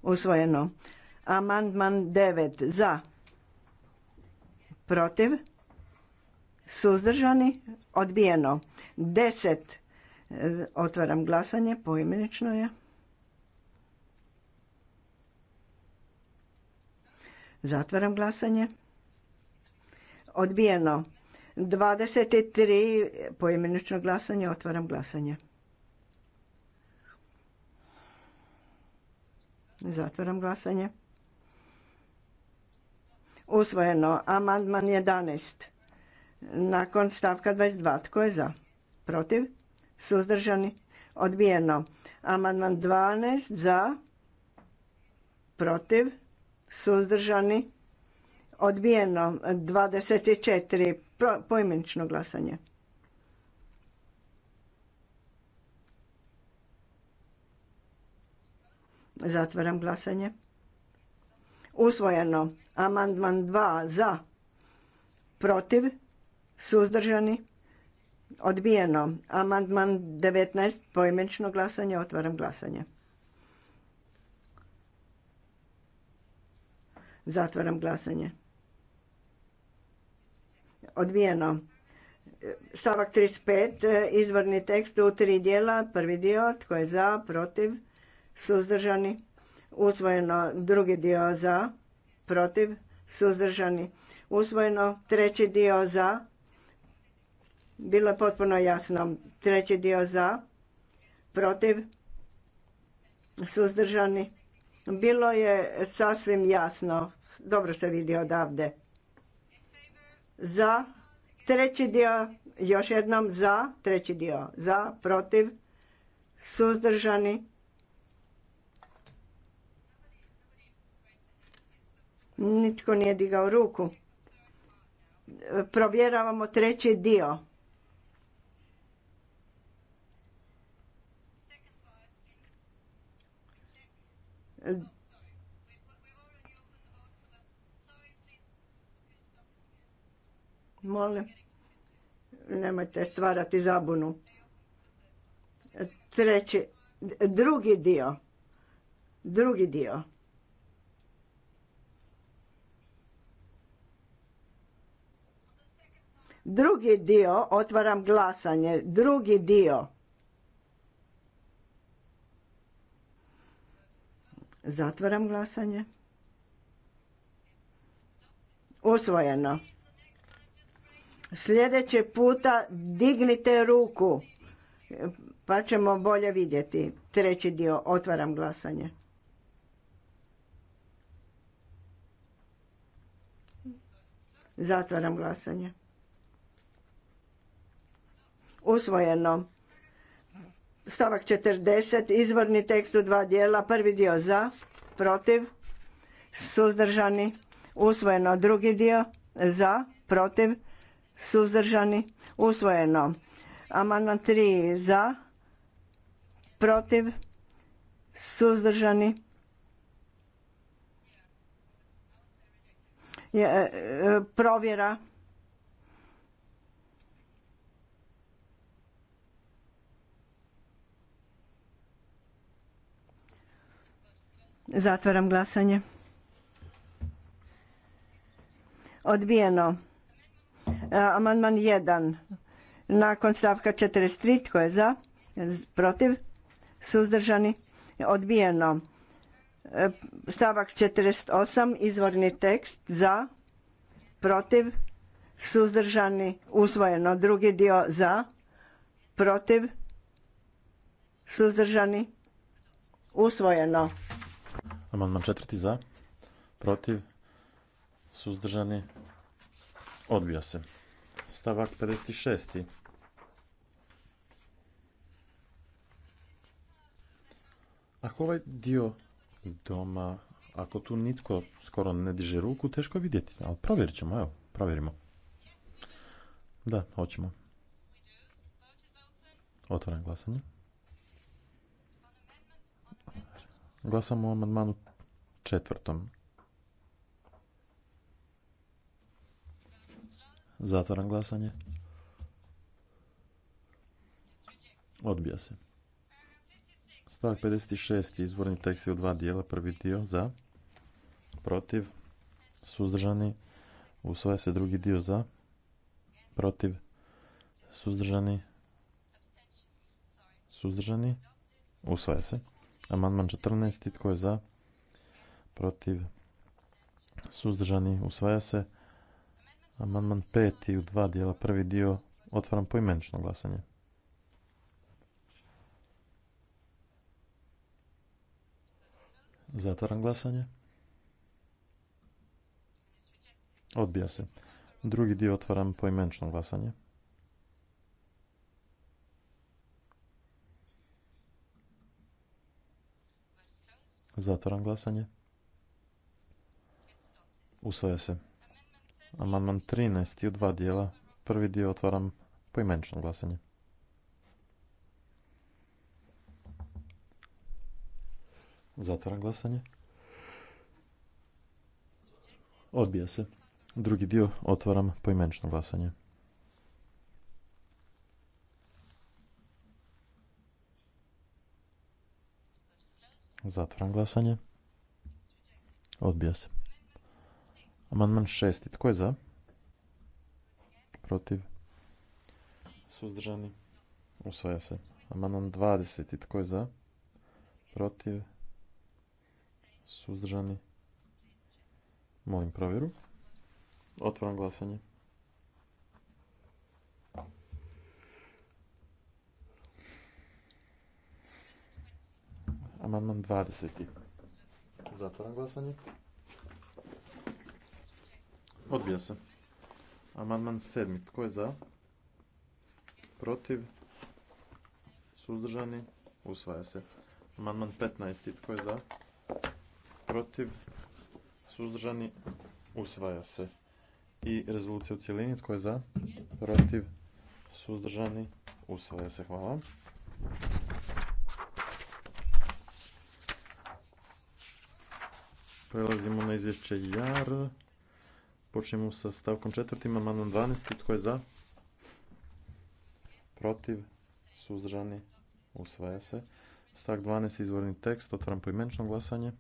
Usvojeno. Amandman 9 za. Protiv. Suzdržani. Odbijeno. 10 Otvaram glasanje, poimenično je. Zatvaram glasanje. Odbijeno. 23 poimenično glasanje, otvaram glasanje. Zatvaram glasanje. Usvojeno. Amandman 11. Nakon stavka 22. Tko je za? Protiv? suzdržani, odbijeno. Amandman 12 za, protiv, suzdržani, odbijeno. 24 poimenično glasanje. Zatvaram glasanje. Usvojeno. Amandman 2 za, protiv, suzdržani, Odbijeno. Amandman 19. pojmenično glasanje. Otvaram glasanje. Zatvaram glasanje. Odbijeno. Stavak 35. Izvorni tekst u tri dijela. Prvi dio. Tko je za? Protiv? Suzdržani? Usvojeno. Drugi dio za? Protiv? Suzdržani? Usvojeno. Treći dio za? Bilo je potpuno jasno. Treći dio za, protiv, suzdržani. Bilo je sasvim jasno. Dobro se vidi odavde. Za, treći dio, još jednom za, treći dio. Za, protiv, suzdržani. Nitko nije digao ruku. Provjeravamo treći dio. Molim, nemojte stvarati zabunu. Treći, drugi dio. Drugi dio. Drugi dio, otvaram glasanje. Drugi dio. Zatvaram glasanje. Usvojeno. Sljedeće puta dignite ruku pa ćemo bolje vidjeti. Treći dio, otvaram glasanje. Zatvaram glasanje. Usvojeno. Stavak 40, izvorni tekst u dva dijela, prvi dio za, protiv, suzdržani, usvojeno. Drugi dio za, protiv, suzdržani, usvojeno. Amandman 3 za, protiv, suzdržani, je, e, e, provjera Zatvaram glasanje. Odbijeno. E, amandman 1. Nakon stavka 43. Tko je za? Protiv? Suzdržani? Odbijeno. E, stavak 48. Izvorni tekst. Za? Protiv? Suzdržani? Usvojeno. Drugi dio za? Protiv? Suzdržani? Usvojeno. Amandman četvrti za, protiv, suzdržani, odbija se. Stavak 56. Ako ovaj dio doma, ako tu nitko skoro ne diže ruku, teško je vidjeti, ali provjerit ćemo, evo, provjerimo. Da, hoćemo. Otvaram glasanje. Glasamo o amandmanu četvrtom. Zatvaram glasanje. Odbija se. Stavak 56. Izvorni tekst je u dva dijela. Prvi dio za, protiv, suzdržani. Usvaja se drugi dio za, protiv, suzdržani, suzdržani. Usvaja se. Amandman 14. Tko je za? Protiv? Suzdržani? Usvaja se. Amandman 5. U dva dijela. Prvi dio. Otvaram poimenično glasanje. Zatvaram glasanje. Odbija se. Drugi dio otvaram poimenično glasanje. Zatvaram glasanje. Usvaja se. Amandman 13 u dva dijela. Prvi dio otvaram poimenično glasanje. Zatvaram glasanje. Odbija se. Drugi dio otvaram poimenično glasanje. Zatvaram glasanje. Odbija se. Amandman šesti. Tko je za? Protiv? Suzdržani? Usvaja se. Amandman 20. Tko je za? Protiv? Suzdržani? Molim provjeru. Otvaram glasanje. Amandman 20. Zatvaram glasanje. Odbija se. Amandman 7. Tko je za? Protiv? Suzdržani? Usvaja se. Amandman 15. Tko je za? Protiv? Suzdržani? Usvaja se. I rezolucija u cjelini. Tko je za? Protiv? Suzdržani? Usvaja se. Hvala. Prelazimo na izvješće JAR. Počnemo sa stavkom četvrtim, amandman 12. Tko je za? Protiv? Suzdržani? Usvaja se. Stavak 12. Izvorni tekst. Otvaram poimenično glasanje.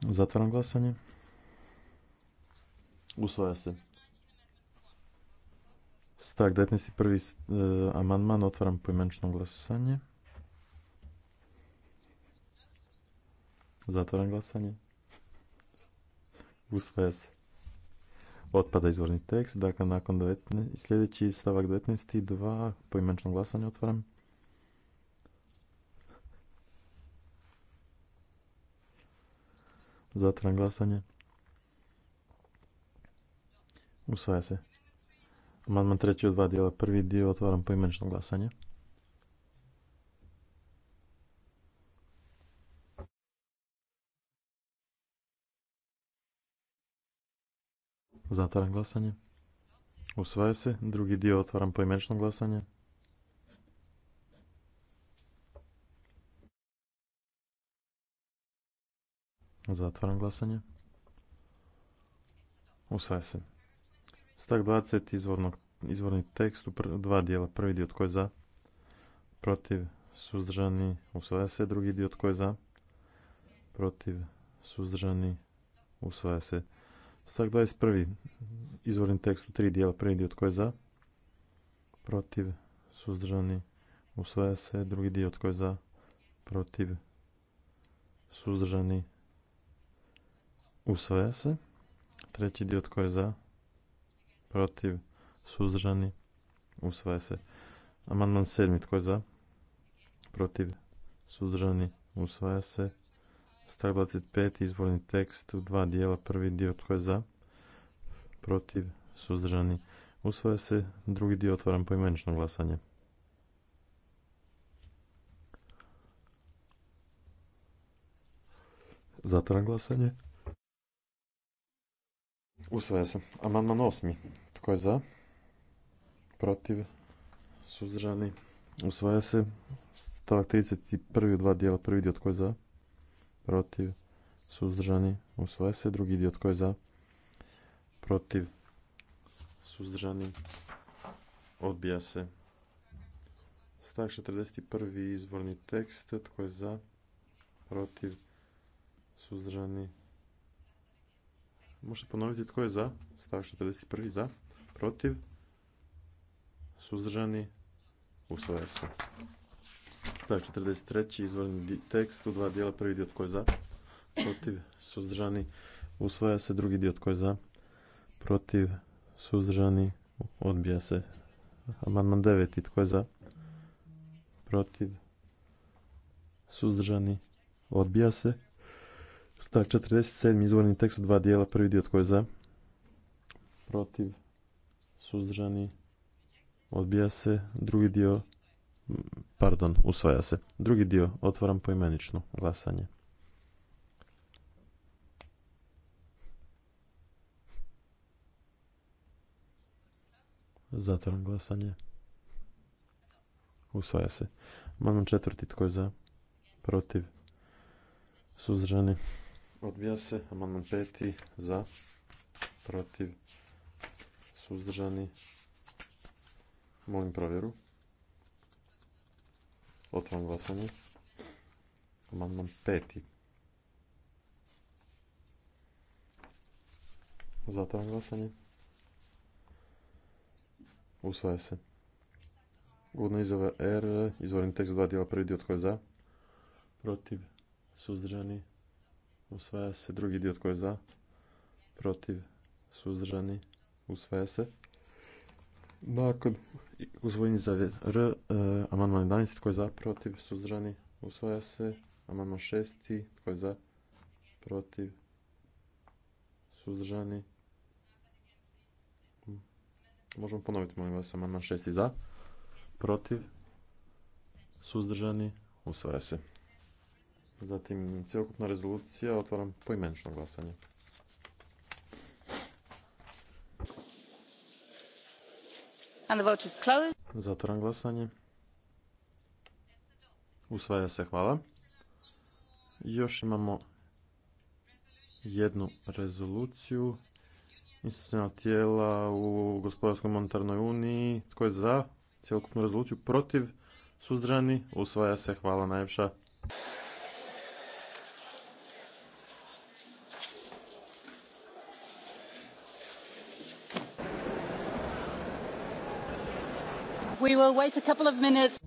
Zatvaram glasanje. Usvaja se. Stavak 19. prvi eh, amandman. Otvaram poimenično glasanje. Zatvoram glasanje. Usvaja se. Otpada izvorni tekst. Dakle, nakon sljedeći stavak 19. 2. Poimenično glasanje otvaram. Zatvaram glasanje. Usvaja se. Amandman treći od dva dijela. Prvi dio otvaram poimenično glasanje. Zatvaram glasanje. Usvaja se. Drugi dio otvaram poimenično glasanje. Zatvaram glasanje. Usvaja se. Stak 20, izvorni tekst dva dijela. Prvi dio tko je za, protiv, suzdržani, usvaja se. Drugi dio tko je za, protiv, suzdržani, usvaja se. Stak 21. Izvorni tekst u tri dijela. Prvi dio tko je za? Protiv. Suzdržani. Usvaja se. Drugi dio tko je za? Protiv. Suzdržani. Usvaja se. Treći dio tko je za? Protiv. Suzdržani. Usvaja se. Amandman sedmi tko je za? Protiv. Suzdržani. Usvaja se. 125. izborni tekst u dva dijela. Prvi dio tko je za? Protiv? Suzdržani? Usvaja se. Drugi dio otvaram poimenično glasanje. Zatvaram glasanje. Usvaja se. Amandman osmi. Tko je za? Protiv? Suzdržani? Usvaja se. Stavak 31. u dva dijela. Prvi dio tko je za? protiv, suzdržani, usvaja se. Drugi dio tko je za, protiv, suzdržani, odbija se. Stavak 41. izvorni tekst, tko je za, protiv, suzdržani. Možete ponoviti tko je za, stavak 41. za, protiv, suzdržani, usvaja se. Stav 43. izvorni tekst u dva dijela. Prvi dio tko je za, protiv, suzdržani, usvaja se. Drugi dio tko je za, protiv, suzdržani, odbija se. Amandman 9. Tko je za, protiv, suzdržani, odbija se. Stav 47. izvorni tekst u dva dijela. Prvi dio tko je za, protiv, suzdržani, odbija se. Drugi dio Pardon, usvaja se. Drugi dio, otvaram poimenično glasanje. Zatvaram glasanje. Usvaja se. Amandman četvrti, tko je za? Protiv? Suzdržani? Odbija se. Amandman peti, za? Protiv? Suzdržani? Molim provjeru. Otvaram glasanje. Amandman peti. Zatvaram glasanje. Usvaja se. Uvodna izjava R, izvorni tekst dva dijela, prvi dio tko je za, protiv, suzdržani, usvaja se, drugi dio tko je za, protiv, suzdržani, usvaja se. Nakon uzvojni za R, E, amandman 11, tko je za, protiv, suzdržani, usvaja se. Amandman 6, tko je za, protiv, suzdržani. Možemo ponoviti, molim vas, amandman 6 za, protiv, suzdržani, usvaja se. Zatim, cjelokupna rezolucija, otvaram poimenično glasanje. And Zatvaram glasanje. Usvaja se, hvala. Još imamo jednu rezoluciju institucionalna tijela u gospodarskoj monetarnoj uniji. Tko je za cjelokupnu rezoluciju? Protiv? suzdrani. Usvaja se. Hvala najljepša.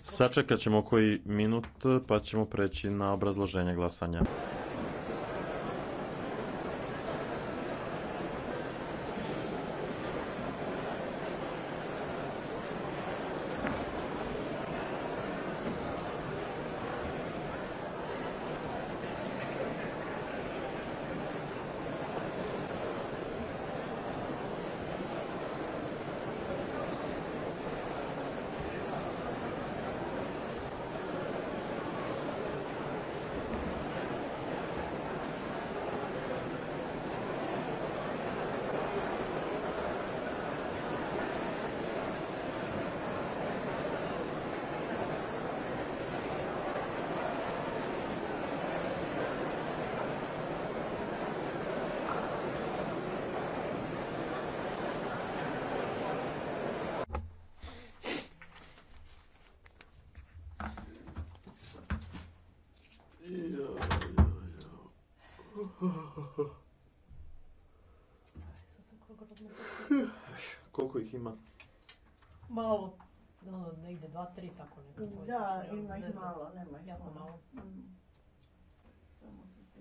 Sačekat ćemo koji minut pa ćemo preći na obrazloženje glasanja. Koliko ih ima? Malo, ono, negdje dva, tri, tako nešto, Da, slično, ima malo, nema ih jako malo. Mm.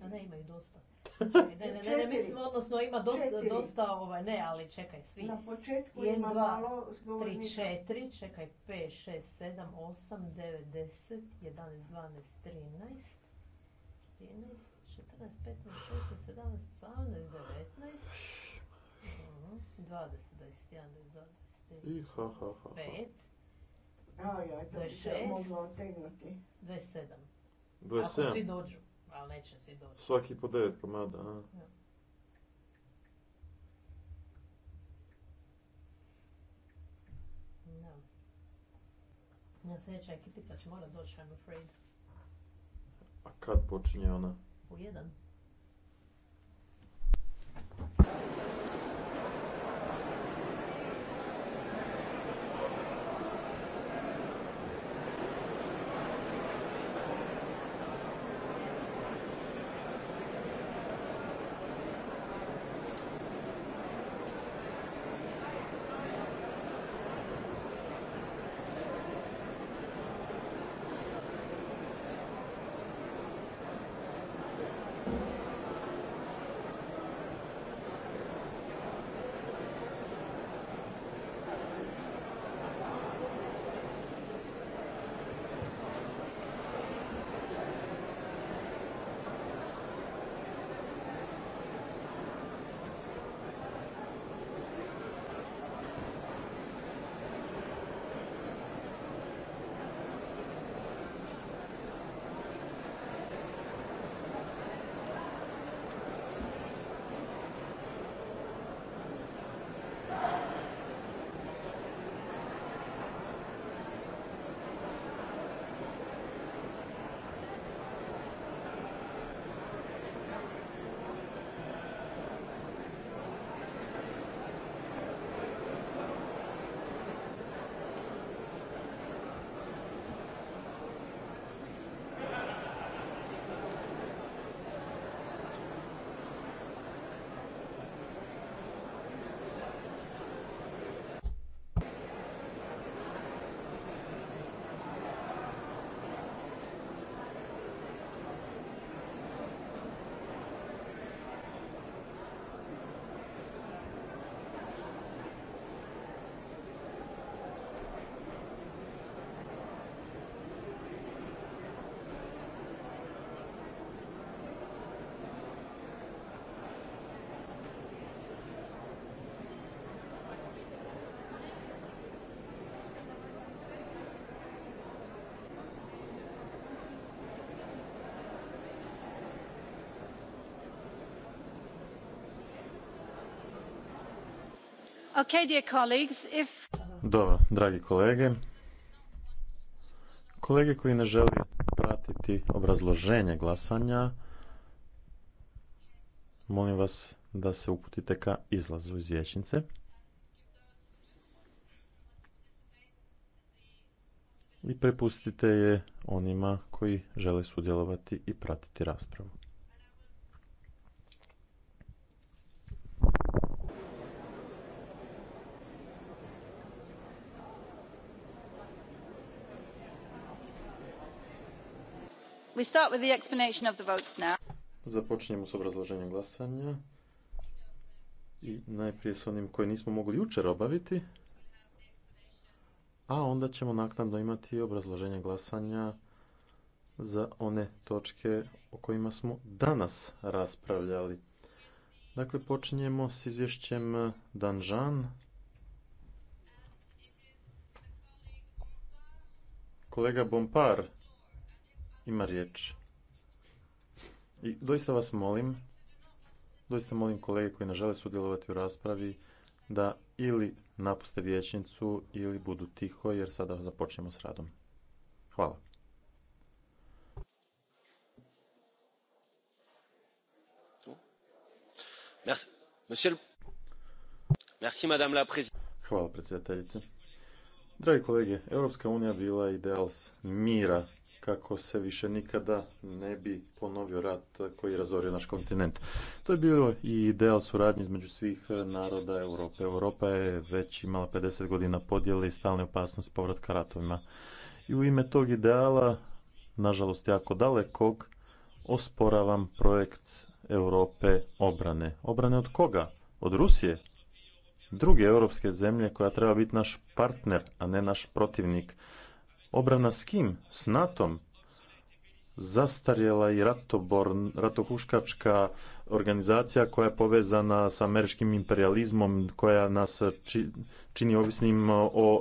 A ne, imaju dosta. *laughs* ne, ne, ne, mislim, odnosno ima dosta, dosta, ovaj, ne, ali čekaj, svi. Na početku ima 2, malo zgovornika. 3, 4, čekaj, 5, 6, 7, 8, 9, 10, 11, 12, 13, 13, 14, 15, 16, 17, 18, 19, 20, 21, 22, 23, 25, 26, 27. 27. Ako svi dođu, ali neće svi dođu. Svaki po 9 komada, a? Ja. Ja sljedeća ekipica će morat doći, I'm afraid. A kad počinje ona? U jedan. Dobro, dragi kolege. Kolege koji ne žele pratiti obrazloženje glasanja, molim vas da se uputite ka izlazu iz vijećnice. I prepustite je onima koji žele sudjelovati i pratiti raspravu. We Započinjemo s obrazloženjem glasanja. I najprije s onim koje nismo mogli jučer obaviti. A onda ćemo naknadno imati obrazloženje glasanja za one točke o kojima smo danas raspravljali. Dakle, počinjemo s izvješćem Danžan. Kolega Bompar ima riječ. I doista vas molim, doista molim kolege koji ne žele sudjelovati u raspravi da ili napuste vijećnicu ili budu tiho jer sada započnemo s radom. Hvala. Hvala predsjedateljice. Dragi kolege, Europska unija bila ideal mira kako se više nikada ne bi ponovio rat koji je razorio naš kontinent. To je bio i ideal suradnje između svih naroda Europe. Europa je već imala 50 godina podjele i stalne opasnost povratka ratovima. I u ime tog ideala, nažalost jako dalekog, osporavam projekt Europe obrane. Obrane od koga? Od Rusije? Druge europske zemlje koja treba biti naš partner, a ne naš protivnik Obrana s kim? S NATO-om? zastarjela i ratoborn, ratohuškačka organizacija koja je povezana sa američkim imperializmom, koja nas čini ovisnim o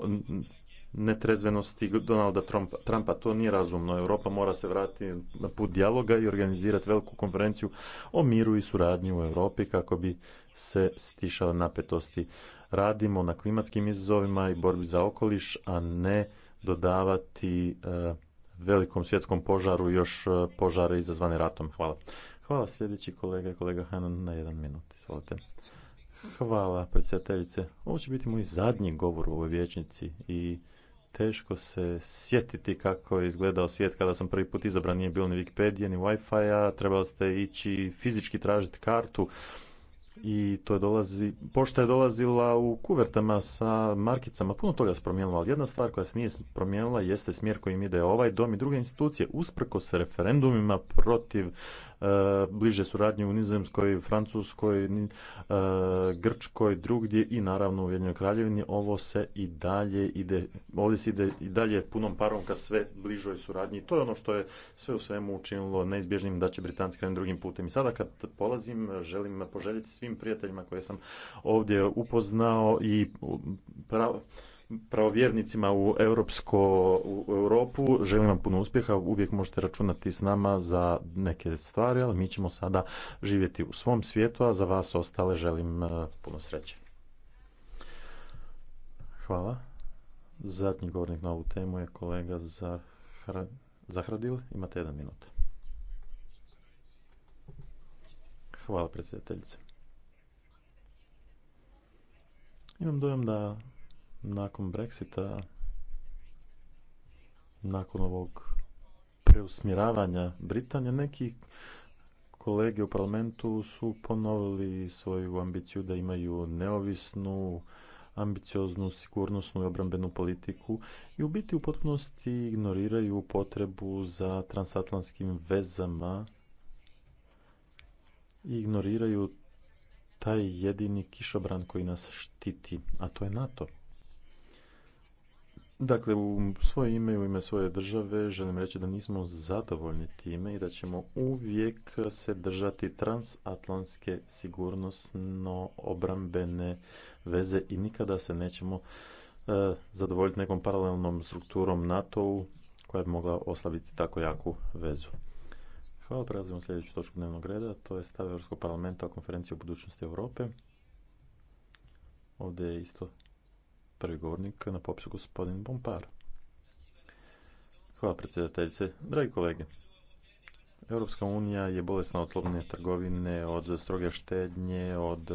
netrezvenosti Donalda Trumpa. To nije razumno. Europa mora se vratiti na put dijaloga i organizirati veliku konferenciju o miru i suradnji u Europi kako bi se stišala napetosti. Radimo na klimatskim izazovima i borbi za okoliš, a ne dodavati e, velikom svjetskom požaru još e, požare izazvane ratom. Hvala. Hvala sljedeći kolega i kolega Hanan na jedan minut. Izvolite. Hvala predsjedateljice. Ovo će biti moj zadnji govor u ovoj vječnici i teško se sjetiti kako je izgledao svijet kada sam prvi put izabran. Nije bilo ni Wikipedia, ni Wi-Fi-a, trebali ste ići fizički tražiti kartu i to je dolazi, pošta je dolazila u kuvertama sa markicama, puno toga se promijenilo, ali jedna stvar koja se nije promijenila jeste smjer kojim ide ovaj dom i druge institucije, usprkos referendumima protiv E, bliže suradnje u Nizozemskoj, Francuskoj, e, Grčkoj, drugdje i naravno u Jednoj Kraljevini. Ovo se i dalje ide, ovdje se ide i dalje punom parom ka sve bližoj suradnji. To je ono što je sve u svemu učinilo neizbježnim da će Britanci krenuti drugim putem. I sada kad polazim, želim poželjeti svim prijateljima koje sam ovdje upoznao i pravo pravovjernicima u, Europsko, u Europu. Želim vam puno uspjeha, uvijek možete računati s nama za neke stvari, ali mi ćemo sada živjeti u svom svijetu, a za vas ostale želim e, puno sreće. Hvala. Zadnji govornik na ovu temu je kolega Zahra... Zahradil. Imate jedan minut. Hvala predsjedateljice. Imam dojam da nakon Brexita, nakon ovog preusmjeravanja Britanije, neki kolege u parlamentu su ponovili svoju ambiciju da imaju neovisnu, ambicioznu, sigurnosnu i obrambenu politiku i u biti u potpunosti ignoriraju potrebu za transatlantskim vezama i ignoriraju taj jedini kišobran koji nas štiti, a to je NATO. Dakle, u svoje ime i u ime svoje države želim reći da nismo zadovoljni time i da ćemo uvijek se držati transatlantske sigurnosno obrambene veze i nikada se nećemo e, zadovoljiti nekom paralelnom strukturom NATO-u koja bi mogla oslabiti tako jaku vezu. Hvala, prelazimo sljedeću točku dnevnog reda, to je stav Europskog parlamenta o konferenciji o budućnosti Europe. Ovdje je isto Prvi govornik na popisu gospodin Bompar. Hvala predsjedateljice. Dragi kolege, Europska unija je bolesna od slobodne trgovine, od stroge štednje, od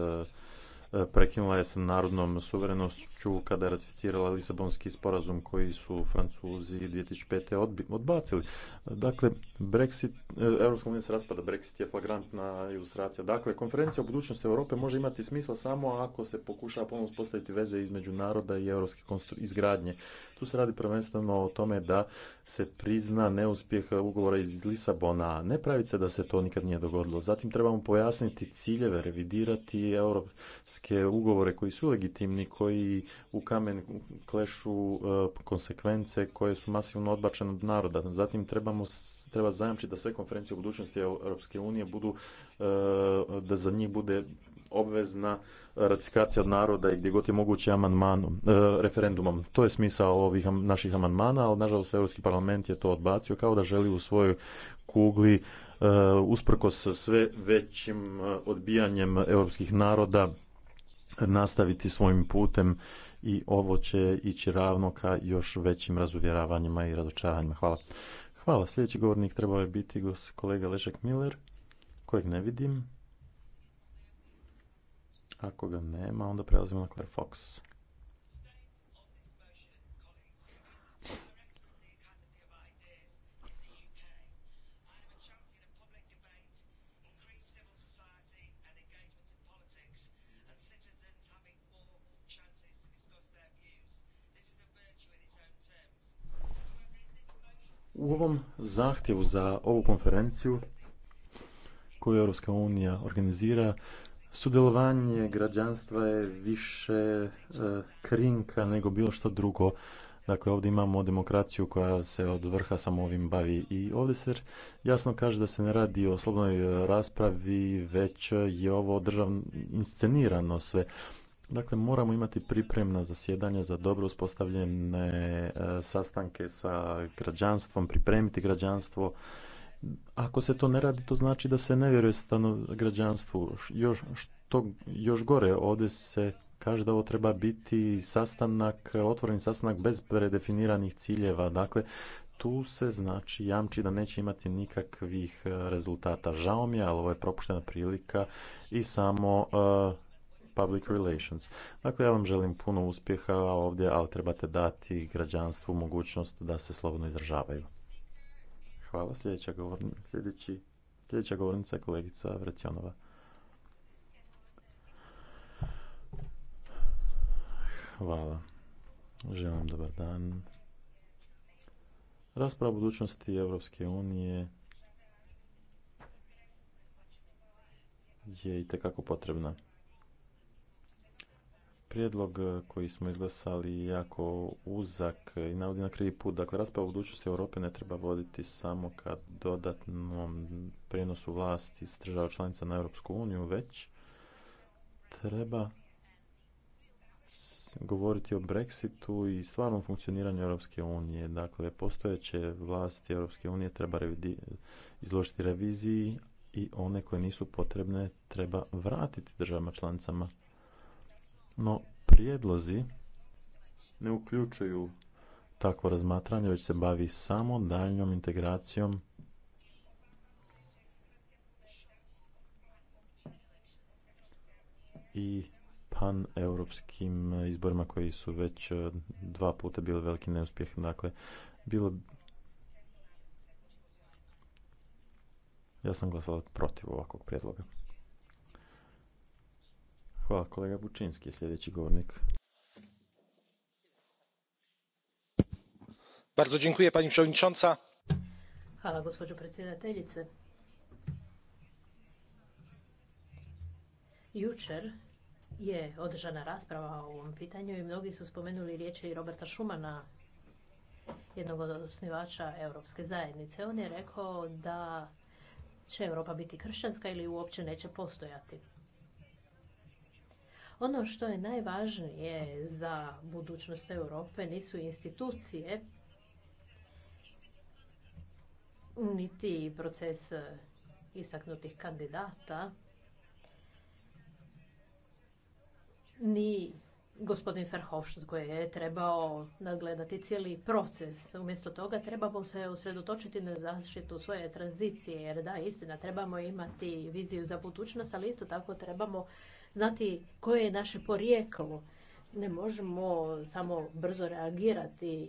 E, prekinula je sa narodnom suverenošću kada je ratificirala Lisabonski sporazum koji su Francuzi 2005. pet odbacili. Dakle, Brexit, e, Europska unija se raspada, Brexit je flagrantna ilustracija. Dakle, konferencija o budućnosti Europe može imati smisla samo ako se pokušava ponovno uspostaviti veze između naroda i europske izgradnje. Tu se radi prvenstveno o tome da se prizna neuspjeh ugovora iz Lisabona. Ne pravi se da se to nikad nije dogodilo. Zatim trebamo pojasniti ciljeve, revidirati europski partnerske ugovore koji su legitimni, koji u kamen klešu e, konsekvence koje su masivno odbačene od naroda. Zatim trebamo treba zajamčiti da sve konferencije u budućnosti Europske unije budu, e, da za njih bude obvezna ratifikacija od naroda i gdje god je moguće amandmanom, e, referendumom. To je smisao ovih naših amandmana, ali nažalost Europski parlament je to odbacio kao da želi u svojoj kugli usprkos sve većim odbijanjem europskih naroda nastaviti svojim putem i ovo će ići ravno ka još većim razuvjeravanjima i razočaranjima. Hvala. Hvala. Sljedeći govornik trebao je biti kolega Lešek Miller, kojeg ne vidim. Ako ga nema, onda prelazimo na Claire Fox. U ovom zahtjevu za ovu konferenciju koju Europska unija organizira, sudjelovanje građanstva je više e, krinka nego bilo što drugo. Dakle, ovdje imamo demokraciju koja se od vrha samo ovim bavi i ovdje se jasno kaže da se ne radi o slobodnoj e, raspravi, već je ovo državno inscenirano sve. Dakle, moramo imati pripremna zasjedanja za dobro uspostavljene e, sastanke sa građanstvom, pripremiti građanstvo. Ako se to ne radi, to znači da se ne vjeruje stano građanstvu. Još, što, još gore, ovdje se kaže da ovo treba biti sastanak, otvoren sastanak bez predefiniranih ciljeva. Dakle, tu se znači jamči da neće imati nikakvih e, rezultata. Žao mi je, ali ovo je propuštena prilika i samo e, public relations. Dakle, ja vam želim puno uspjeha ovdje, ali trebate dati građanstvu mogućnost da se slobodno izražavaju. Hvala. Sljedeća govornica, sljedeći, sljedeća govornica je kolegica Vrecionova. Hvala. Želim dobar dan. Rasprava o budućnosti Europske unije je i tekako potrebna prijedlog e, koji smo izglasali jako uzak i navodi na krivi put. Dakle, rasprava o budućnosti Europe ne treba voditi samo ka dodatnom prijenosu vlasti s država članica na Europsku uniju, već treba govoriti o Brexitu i stvarnom funkcioniranju Europske unije. Dakle, postojeće vlasti Europske unije treba izložiti reviziji i one koje nisu potrebne treba vratiti državama članicama no, prijedlozi ne uključuju takvo razmatranje, već se bavi samo daljnjom integracijom i pan-europskim izborima koji su već e, dva puta bili veliki neuspjeh. Dakle, bilo... Ja sam glasala protiv ovakvog prijedloga. Hvala kolega Bučinski sljedeći govornik. Bardzo dziękuję pani przewodnicząca. Hvala gospođo predsjedateljice. Jučer je održana rasprava o ovom pitanju i mnogi su spomenuli riječi Roberta Šumana, jednog od osnivača Europske zajednice. On je rekao da će Europa biti kršćanska ili uopće neće postojati. Ono što je najvažnije za budućnost Europe nisu institucije, niti proces istaknutih kandidata, ni gospodin Verhofstadt koji je trebao nadgledati cijeli proces. Umjesto toga trebamo se usredotočiti na zaštitu svoje tranzicije, jer da, istina, trebamo imati viziju za budućnost, ali isto tako trebamo znati koje je naše porijeklo. Ne možemo samo brzo reagirati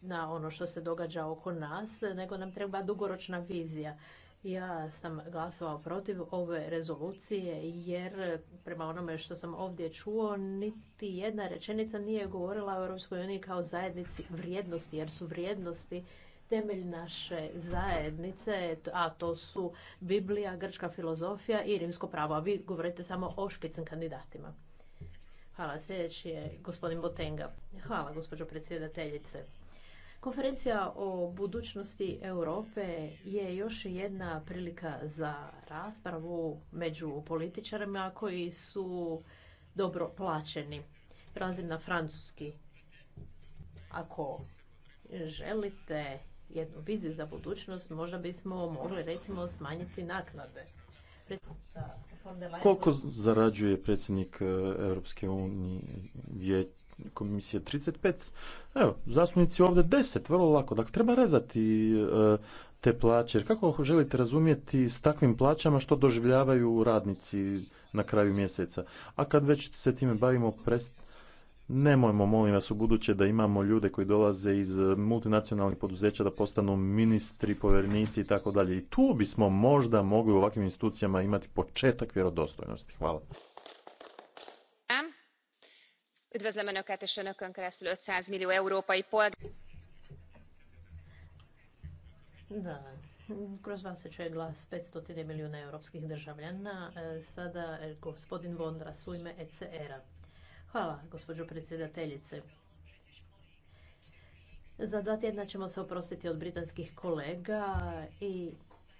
na ono što se događa oko nas, nego nam treba dugoročna vizija. Ja sam glasovao protiv ove rezolucije jer prema onome što sam ovdje čuo niti jedna rečenica nije govorila o EU kao zajednici vrijednosti jer su vrijednosti temelj naše zajednice, a to su Biblija, grčka filozofija i rimsko pravo. A vi govorite samo o špicen kandidatima. Hvala. Sljedeći je gospodin Botenga. Hvala, gospođo predsjedateljice. Konferencija o budućnosti Europe je još jedna prilika za raspravu među političarima koji su dobro plaćeni. Prelazim na francuski. Ako želite jednu viziju za budućnost, možda bismo mogli recimo smanjiti naknade. Koliko zarađuje predsjednik e, Europske unije komisije 35? Evo, zastupnici ovdje 10, vrlo lako. Dakle, treba rezati e, te plaće. Jer kako želite razumjeti s takvim plaćama što doživljavaju radnici na kraju mjeseca? A kad već se time bavimo, Nemojmo, molim vas, u buduće da imamo ljude koji dolaze iz multinacionalnih poduzeća da postanu ministri, povernici i tako dalje. I tu bismo možda mogli u ovakvim institucijama imati početak vjerodostojnosti. Hvala. Üdvözlöm Önöket és Önökön keresztül 500 millió európai Da, kroz vas se čuje glas 500 milijuna europskih državljana. E, sada e, gospodin Vondra, u ime ECR-a. Hvala, gospođo predsjedateljice. Za dva tjedna ćemo se oprostiti od britanskih kolega i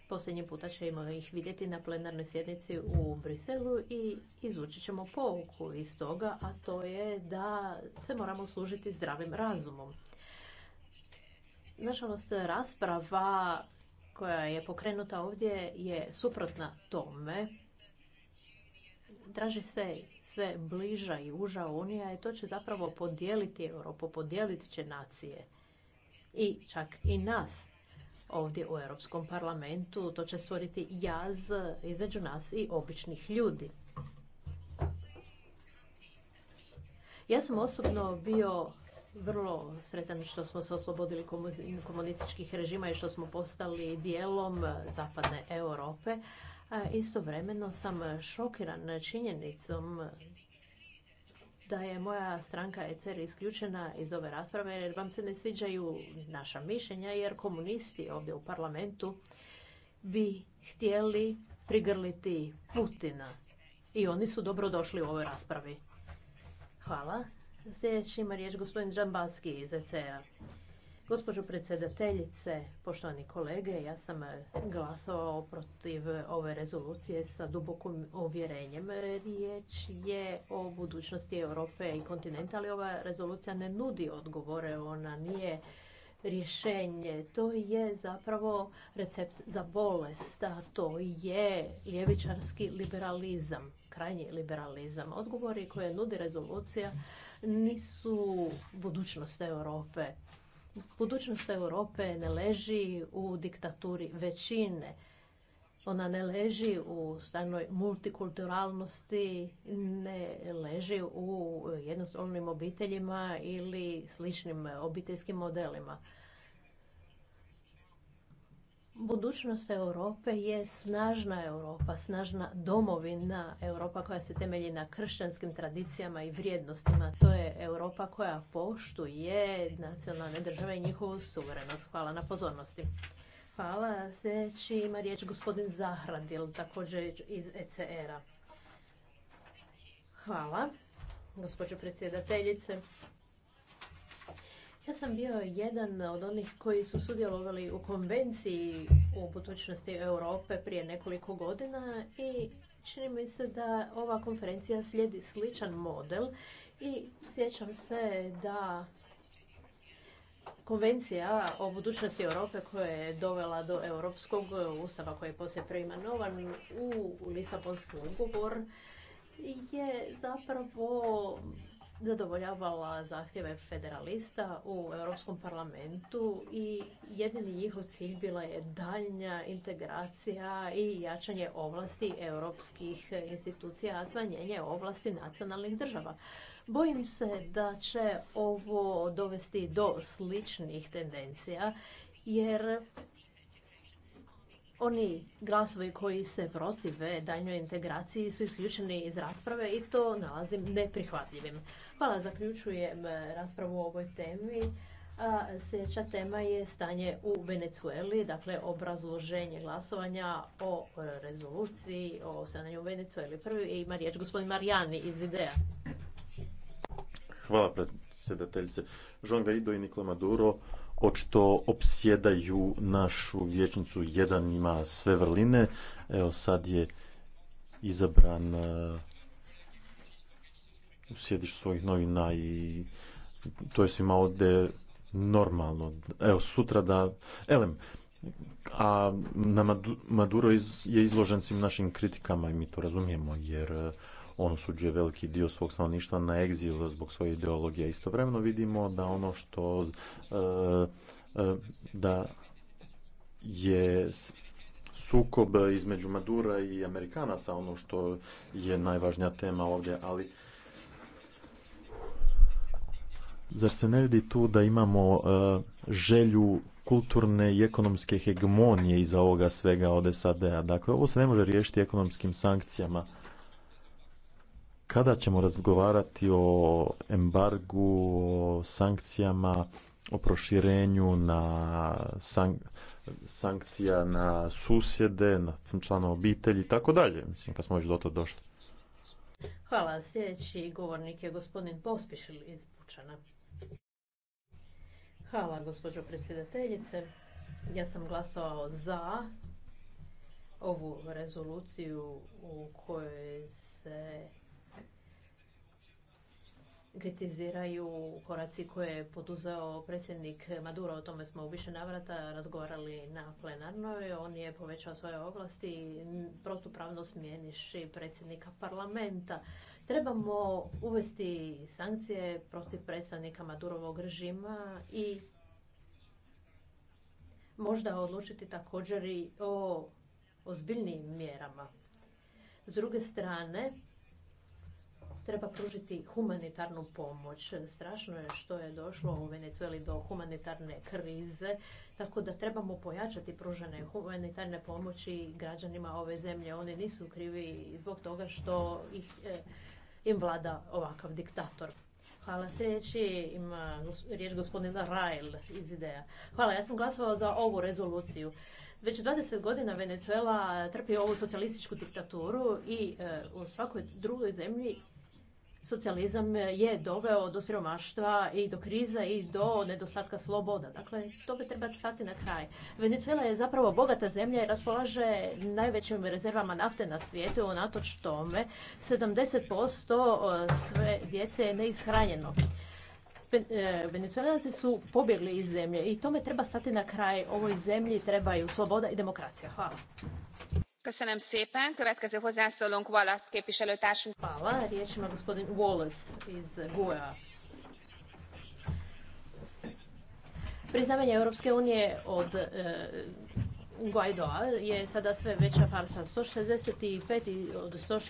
posljednji puta ćemo ih vidjeti na plenarnoj sjednici u Briselu i izvući ćemo pouku iz toga, a to je da se moramo služiti zdravim razumom. Nažalost, rasprava koja je pokrenuta ovdje je suprotna tome. Traži se sve bliža i uža unija i to će zapravo podijeliti Europu, podijeliti će nacije i čak i nas ovdje u Europskom parlamentu. To će stvoriti jaz između nas i običnih ljudi. Ja sam osobno bio vrlo sretan što smo se oslobodili komunističkih režima i što smo postali dijelom zapadne Europe, Istovremeno sam šokiran činjenicom da je moja stranka ECR isključena iz ove rasprave jer vam se ne sviđaju naša mišljenja jer komunisti ovdje u parlamentu bi htjeli prigrliti Putina i oni su dobro došli u ovoj raspravi. Hvala. Sljedeći ima riječ gospodin Džambanski iz ECR-a. Gospođo predsjedateljice, poštovani kolege, ja sam glasovao protiv ove rezolucije sa dubokim uvjerenjem. Riječ je o budućnosti Europe i kontinenta, ali ova rezolucija ne nudi odgovore, ona nije rješenje. To je zapravo recept za bolest, to je ljevičarski liberalizam, krajnji liberalizam. Odgovori koje nudi rezolucija nisu budućnost Europe. Budućnost Europe ne leži u diktaturi većine. Ona ne leži u stanoj multikulturalnosti, ne leži u jednostavnim obiteljima ili sličnim obiteljskim modelima. Budućnost Europe je snažna Europa, snažna domovina, Europa koja se temelji na kršćanskim tradicijama i vrijednostima. To je Europa koja poštuje nacionalne države i njihovu suverenost. Hvala na pozornosti. Hvala. Sljedeći ima riječ gospodin Zahradil, također iz ECR-a. Hvala, gospođo predsjedateljice. Ja sam bio jedan od onih koji su sudjelovali u konvenciji o budućnosti Europe prije nekoliko godina i čini mi se da ova konferencija slijedi sličan model i sjećam se da Konvencija o budućnosti Europe koja je dovela do Europskog ustava koji je poslije preimenovan u Lisabonski ugovor je zapravo zadovoljavala zahtjeve federalista u Europskom parlamentu i jedini njihov cilj bila je daljnja integracija i jačanje ovlasti europskih institucija, a smanjenje ovlasti nacionalnih država. Bojim se da će ovo dovesti do sličnih tendencija jer oni glasovi koji se protive daljnjoj integraciji su isključeni iz rasprave i to nalazim neprihvatljivim. Hvala, zaključujem eh, raspravu o ovoj temi. sljedeća tema je stanje u Venecueli, dakle obrazloženje glasovanja o eh, rezoluciji o stanju u Venecueli. Prvi ima riječ gospodin Marijani iz IDEA. Hvala predsjedateljice. i Maduro očito opsjedaju našu vječnicu. Jedan ima sve vrline. Evo sad je izabran e, u sjedištu svojih novina i to je svima ovdje normalno. Evo sutra da... Elem, a na Maduro je izložen svim našim kritikama i mi to razumijemo jer e, on osuđuje veliki dio svog stanovništva na egzilu zbog svoje ideologije. Istovremeno vidimo da ono što e, e, da je sukob između Madura i Amerikanaca ono što je najvažnija tema ovdje, ali zar se ne vidi tu da imamo e, želju kulturne i ekonomske hegemonije iza ovoga svega od SAD-a. Dakle, ovo se ne može riješiti ekonomskim sankcijama kada ćemo razgovarati o embargu, o sankcijama, o proširenju na sankcija na susjede, na člana obitelji i tako dalje. Mislim, kad smo već do to došli. Hvala. Sljedeći govornik je gospodin Pospišil iz Pučana. Hvala, gospođo predsjedateljice. Ja sam glasovao za ovu rezoluciju u kojoj se kritiziraju koraci koje je poduzeo predsjednik Maduro. O tome smo u više navrata razgovarali na plenarnoj. On je povećao svoje oblasti i protupravno smjeniši predsjednika parlamenta. Trebamo uvesti sankcije protiv predstavnika Madurovog režima i možda odlučiti također i o ozbiljnijim mjerama. S druge strane, treba pružiti humanitarnu pomoć. Strašno je što je došlo u Venezueli do humanitarne krize, tako da trebamo pojačati pružene humanitarne pomoći građanima ove zemlje. Oni nisu krivi zbog toga što ih, eh, im vlada ovakav diktator. Hvala. Sljedeći ima riječ gospodina Rajl iz ideja. Hvala, ja sam glasovao za ovu rezoluciju. Već 20 godina Venezuela trpi ovu socijalističku diktaturu i eh, u svakoj drugoj zemlji socijalizam je doveo do siromaštva i do kriza i do nedostatka sloboda. Dakle, to bi treba stati na kraj. Venezuela je zapravo bogata zemlja i raspolaže najvećim rezervama nafte na svijetu. Unatoč tome, 70% e, sve djece je neishranjeno. E, Venezuelanci su pobjegli iz zemlje i tome treba stati na kraj. Ovoj zemlji trebaju sloboda i demokracija. Hvala. Hvala. gospodin Wallace iz Priznavanje Europske unije od e, je sada sve veća farsa. pet od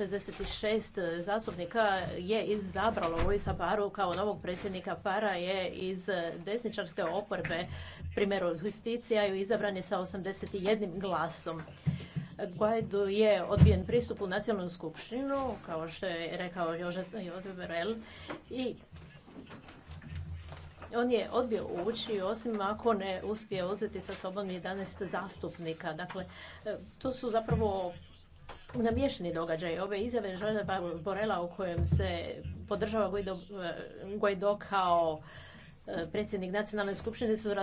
šest zastupnika je izabralo Luisa Paru kao novog predsjednika Para je iz desničarske oporbe primjeru justicija i izabran je sa 81 glasom. Guaidu je odbijen pristup u nacionalnu skupštinu, kao što je rekao Jozef Berel, i on je odbio ući, osim ako ne uspije uzeti sa sobom 11 zastupnika. Dakle, e, to su zapravo namješani događaj. Ove izjave Žožefa Borela u kojem se podržava e, Guaido, kao E, predsjednik nacionalne skupštine su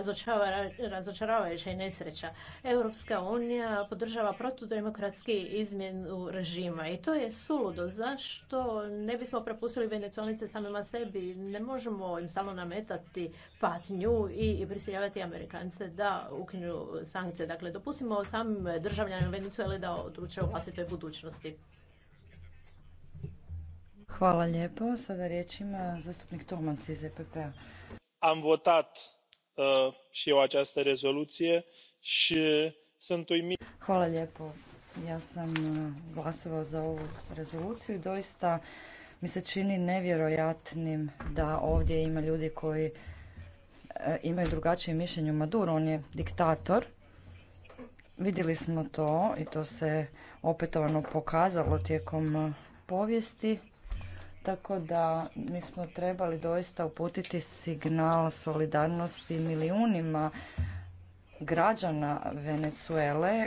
razočaravajuća i nesreća. Europska unija podržava protudemokratski izmjenu režima i to je suludo. Zašto ne bismo prepustili Venezuelice samima sebi? Ne možemo im samo nametati patnju i prisiljavati Amerikance da ukinu sankcije. Dakle, dopustimo samim državljanima Venecuele da odluče o vlastitoj budućnosti. Hvala lijepo. Sada riječ ima zastupnik Tomac iz EPP-a am votat uh, și eu această rezoluție și Hvala lijepo. Ja sam uh, glasovao za ovu rezoluciju i doista mi se čini nevjerojatnim da ovdje ima ljudi koji uh, imaju drugačije mišljenje o Maduro. On je diktator. Vidjeli smo to i to se opetovano pokazalo tijekom povijesti tako da mi smo trebali doista uputiti signal solidarnosti milijunima građana Venezuele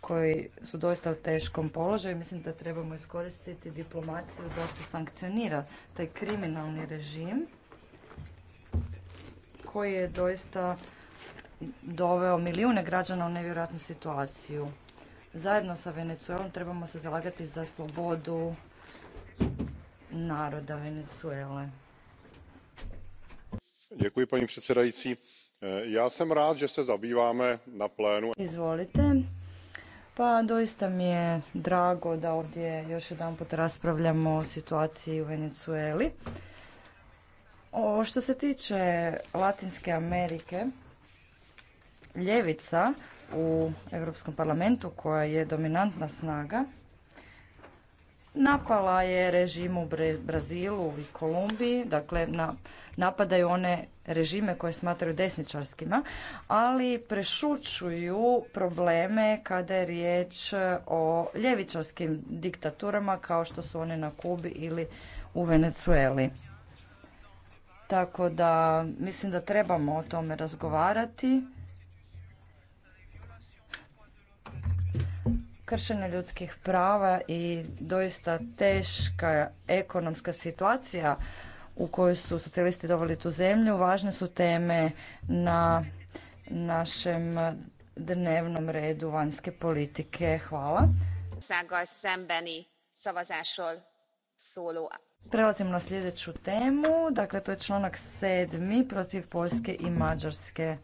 koji su doista u teškom položaju. Mislim da trebamo iskoristiti diplomaciju da se sankcionira taj kriminalni režim koji je doista doveo milijune građana u nevjerojatnu situaciju. Zajedno sa Venecuelom trebamo se zalagati za slobodu naroda Venezuele. Ja sam eh, rád, se zabýváme na plénu. Izvolite. Pa doista mi je drago da ovdje još jedanput raspravljamo o situaciji u Venezueli. što se tiče Latinske Amerike, ljevica u Europskom parlamentu koja je dominantna snaga Napala je režim u Brazilu i Kolumbiji, dakle napadaju one režime koje smatraju desničarskima, ali prešućuju probleme kada je riječ e, o ljevičarskim diktaturama kao što su one na Kubi ili u Venecueli. Tako da mislim da trebamo o tome razgovarati kršenje ljudskih prava i doista teška ekonomska situacija u kojoj su socijalisti doveli tu zemlju, važne su teme na našem dnevnom redu vanjske politike. Hvala. Prelazimo na sljedeću temu, dakle to je članak sedmi protiv Poljske i Mađarske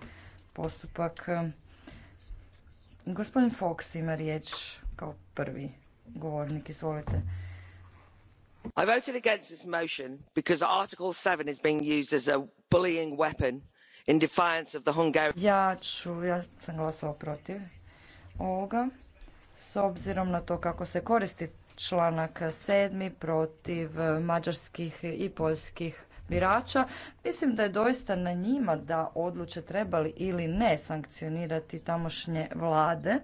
postupak Gospodin Fox ima riječ kao prvi govornik, izvolite. I voted against this motion because Article 7 is being used as a bullying weapon in defiance of the Hungarian... Ja ću, ja sam glasao protiv ovoga s obzirom na to kako se koristi članak 7 protiv mađarskih i poljskih birača, mislim da je doista na njima da odluče trebali ili ne sankcionirati tamošnje vlade.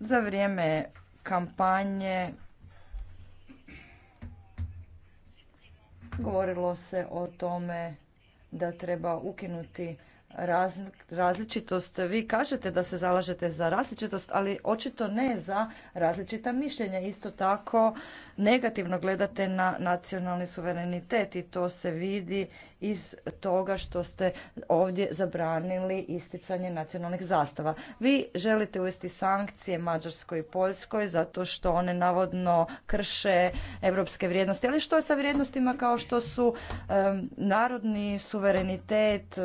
Za vrijeme kampanje govorilo se o tome da treba ukinuti različitost. Vi kažete da se zalažete za različitost, ali očito ne za različita mišljenja. Isto tako negativno gledate na nacionalni suverenitet i to se vidi iz toga što ste ovdje zabranili isticanje nacionalnih zastava. Vi želite uvesti sankcije Mađarskoj i Poljskoj zato što one navodno krše europske vrijednosti, ali što je sa vrijednostima kao što su narodni suverenitet,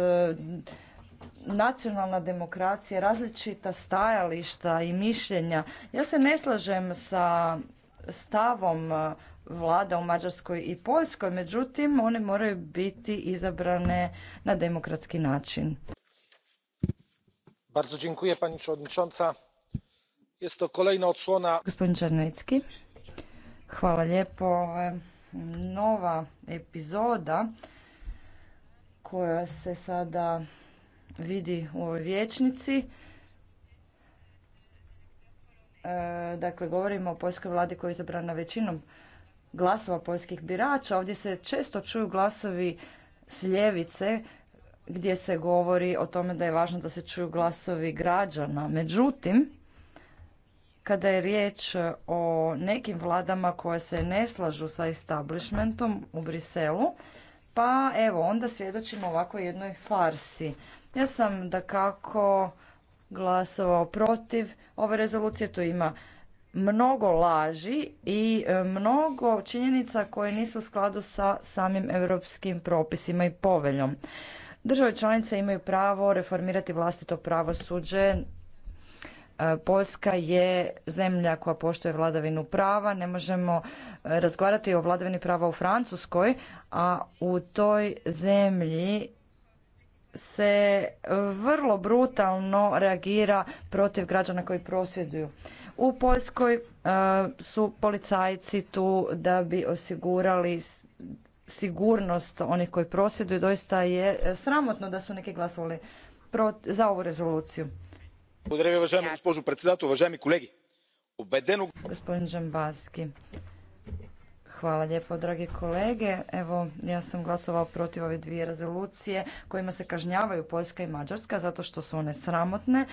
nacionalna demokracija, različita stajališta i mišljenja. Ja se ne slažem sa stavom e, vlada u Mađarskoj i Poljskoj, međutim one moraju biti izabrane na demokratski način. Bardzo dziękuję pani przewodnicząca. Jest to kolejna odsłona. Gospodin Czarnecki. Hvala lijepo. Nova epizoda koja se sada vidi u ovoj vječnici E, dakle govorimo o poljskoj vladi koja je izabrana većinom glasova poljskih birača, ovdje se često čuju glasovi s ljevice gdje se govori o tome da je važno da se čuju glasovi građana. Međutim, kada je riječ o nekim vladama koje se ne slažu sa establishmentom u Briselu, pa evo onda svjedočimo ovako jednoj farsi. Ja sam da kako glasovao protiv ove rezolucije. Tu ima mnogo laži i e, mnogo činjenica koje nisu u skladu sa samim europskim propisima i poveljom. Države članice imaju pravo reformirati vlastito pravosuđe. E, Poljska je zemlja koja poštuje vladavinu prava. Ne možemo e, razgovarati o vladavini prava u Francuskoj, a u toj zemlji se vrlo brutalno reagira protiv građana koji prosvjeduju. U Poljskoj e, su policajci tu da bi osigurali sigurnost onih koji prosvjeduju. Doista je e, sramotno da su neki glasovali za ovu rezoluciju. Gospodin Žambaski, Hvala lijepo, dragi kolege. Evo, ja sam glasovao protiv ove dvije rezolucije kojima se kažnjavaju Poljska i Mađarska zato što su one sramotne.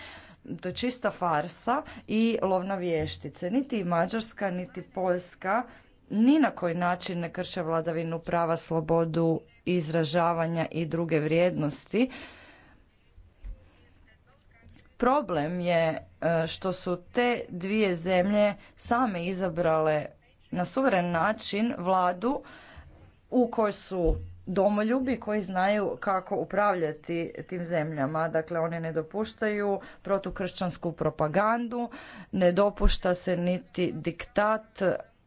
To je čista farsa i lovna vještice. Niti Mađarska, niti Poljska ni na koji način ne krše vladavinu prava, slobodu izražavanja i druge vrijednosti. Problem je e, što su te dvije zemlje same izabrale na suveren način vladu u kojoj su domoljubi koji znaju kako upravljati tim zemljama. Dakle, oni ne dopuštaju protukršćansku propagandu, ne dopušta se niti diktat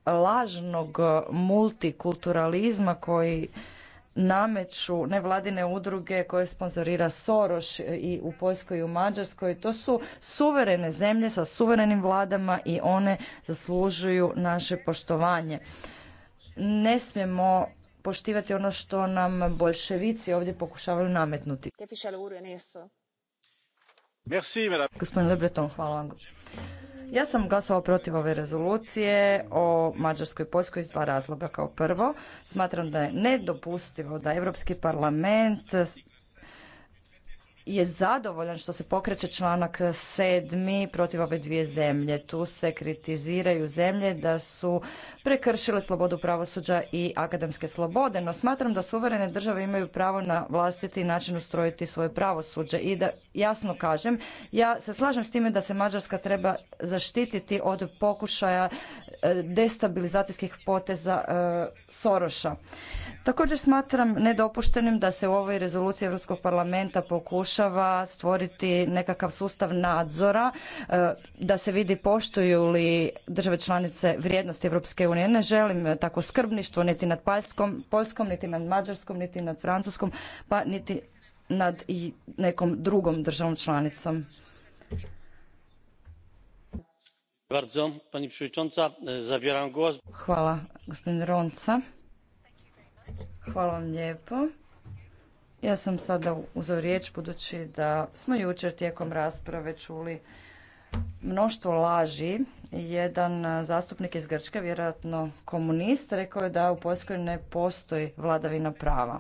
lažnog multikulturalizma koji nameću nevladine udruge koje sponzorira Soroš i u Poljskoj i u Mađarskoj. To su suverene zemlje sa suverenim vladama i one zaslužuju naše poštovanje. Ne smijemo poštivati ono što nam bolševici ovdje pokušavaju nametnuti. Gospodin Lebreton, hvala vam. Ja sam glasovao protiv ove rezolucije o Mađarskoj i Poljskoj iz dva razloga. Kao prvo, smatram da je nedopustivo da Europski parlament je zadovoljan što se pokreće članak sedmi protiv ove dvije zemlje. Tu se kritiziraju zemlje da su prekršile slobodu pravosuđa i akademske slobode, no smatram da suverene države imaju pravo na vlastiti način ustrojiti svoje pravosuđe i da jasno kažem, ja se slažem s time da se Mađarska treba zaštititi od pokušaja e, destabilizacijskih poteza e, Soroša. Također smatram nedopuštenim da se u ovoj rezoluciji Europskog parlamenta pokušava stvoriti nekakav sustav nadzora, e, da se vidi poštuju li države članice vrijednosti Europske unije. Ne želim tako skrbništvo niti nad Poljskom, niti nad Mađarskom, niti nad Francuskom, pa niti nad nekom drugom državom članicom. E, Hvala, gospodin Ronca. Hvala vam lijepo. Ja sam sada uzeo riječ budući da smo jučer tijekom rasprave čuli mnoštvo laži. Jedan zastupnik iz Grčke, vjerojatno komunist, rekao je da u Poljskoj ne postoji vladavina prava.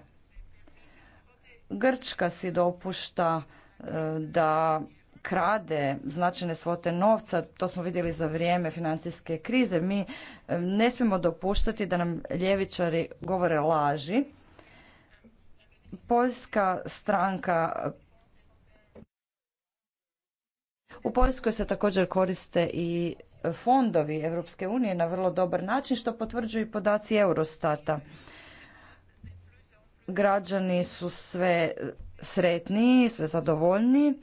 Grčka si dopušta e, da krade značajne svote novca, to smo vidjeli za vrijeme financijske krize. Mi e, ne smijemo dopuštati da nam ljevičari govore laži. Poljska stranka u Poljskoj se također koriste i fondovi Europske unije na vrlo dobar način što potvrđuju i podaci Eurostata. Građani su sve sretniji, sve zadovoljniji.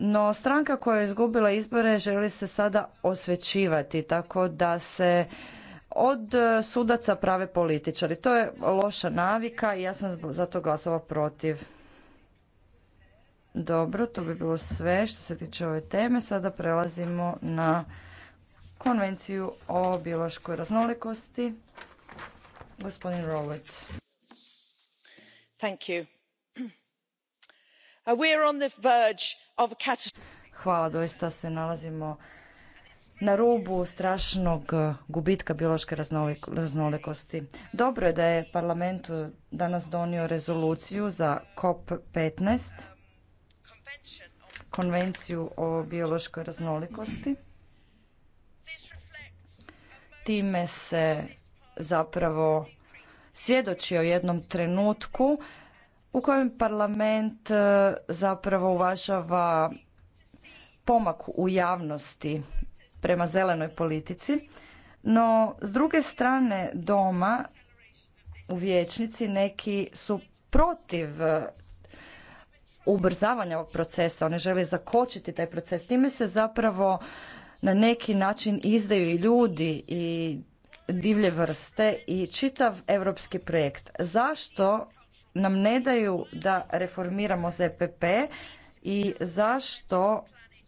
No stranka koja je izgubila izbore želi se sada osvećivati tako da se od e, sudaca prave političari. To je loša navika i ja sam zato glasova protiv. Dobro, to bi bilo sve što se tiče ove teme. Sada prelazimo na konvenciju o biološkoj raznolikosti. Gospodin Rowlett. Thank Uh, Hvala, doista se nalazimo na rubu strašnog uh, gubitka biološke raznolikosti. Dobro je da je parlament uh, danas donio rezoluciju za COP15, konvenciju o biološkoj raznolikosti. Time se zapravo svjedoči o jednom trenutku u kojem parlament e, zapravo uvažava pomak u javnosti prema zelenoj politici, no s druge strane doma u vijećnici neki su protiv e, ubrzavanja ovog procesa, One žele zakočiti taj proces. Time se zapravo na neki način izdaju i ljudi i divlje vrste i čitav europski projekt. Zašto nam ne daju da reformiramo ZPP i zašto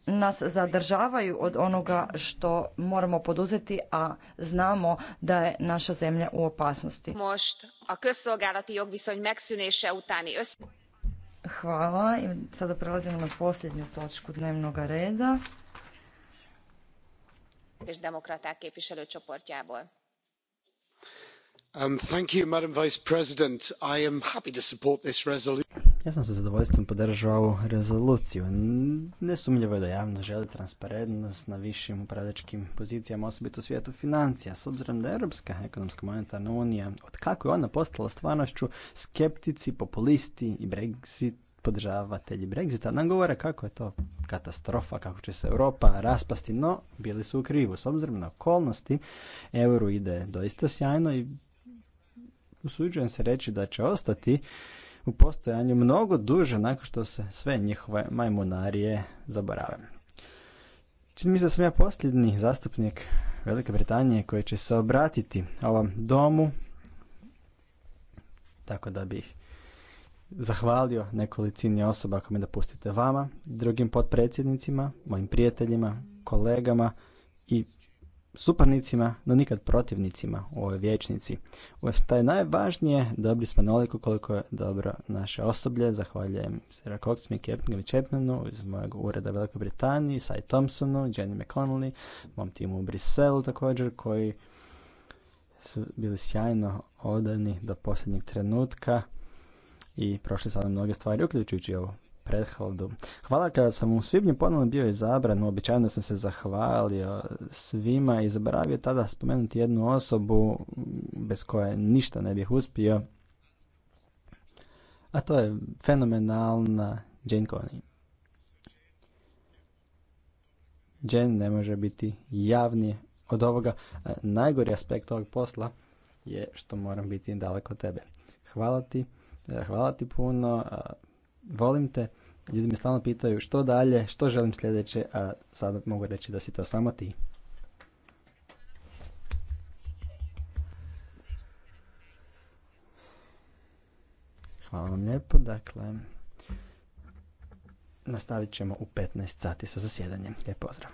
nas zadržavaju od onoga što moramo poduzeti, a znamo da je naša zemlja u opasnosti. Hvala. I sada prelazimo na posljednju točku dnevnog reda. És demokraták képviselőcsoportjából. Um, Madam Vice Ja sam sa zadovoljstvom podržao ovu rezoluciju. nesumnjivo je da javnost želi transparentnost na višim upravljačkim pozicijama, osobito u svijetu financija. S obzirom da Europska ekonomska monetarna unija, od kako je ona postala stvarnošću, skeptici, populisti i Brexit podržavatelji Brexita nam govore kako je to katastrofa, kako će se Europa raspasti, no bili su u krivu. S obzirom na okolnosti, euro ide doista sjajno i usuđujem se reći da će ostati u postojanju mnogo duže nakon što se sve njihove majmunarije zaborave. Čini mi se da sam ja posljednji zastupnik Velike Britanije koji će se obratiti ovom domu, tako da bih zahvalio nekolicini osoba ako me dopustite vama, drugim potpredsjednicima, mojim prijateljima, kolegama i suparnicima, no nikad protivnicima u ovoj vječnici. U što je najvažnije, dobri smo oliku koliko je dobro naše osoblje. Zahvaljujem Sira Coxmi, Keptingovi Čepnenu iz mojeg ureda u Velikoj Britaniji, Sai Thompsonu, Jenny McConnelly, mom timu u Briselu također, koji su bili sjajno odani do posljednjeg trenutka i prošli sada mnoge stvari, uključujući ovu prethladu. Hvala kada sam u svibnju ponovno bio izabran, uobičajeno sam se zahvalio svima i zaboravio tada spomenuti jednu osobu bez koje ništa ne bih uspio, a to je fenomenalna Jane Coney. Jane ne može biti javnije od ovoga. E, najgori aspekt ovog posla je što moram biti daleko od tebe. Hvala ti, e, hvala ti puno volim te. Ljudi me stalno pitaju što dalje, što želim sljedeće, a sad mogu reći da si to samo ti. Hvala vam lijepo. Dakle, nastavit ćemo u 15 sati sa zasjedanjem. Lijep pozdrav.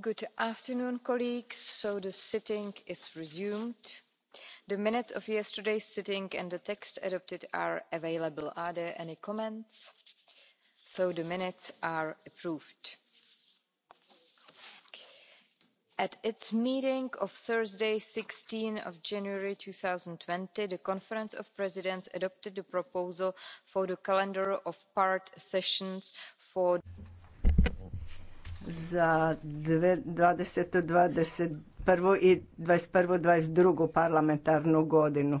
Good afternoon, colleagues. So the sitting is resumed. The minutes of yesterday's sitting and the text adopted are available. Are there any comments? So the minutes are approved at its meeting of thursday sixteen january two thousand and twenty the conference of presidents adopted the proposal for the calendar of part sessions for za twenty 21. i 21. 22. parlamentarnu godinu.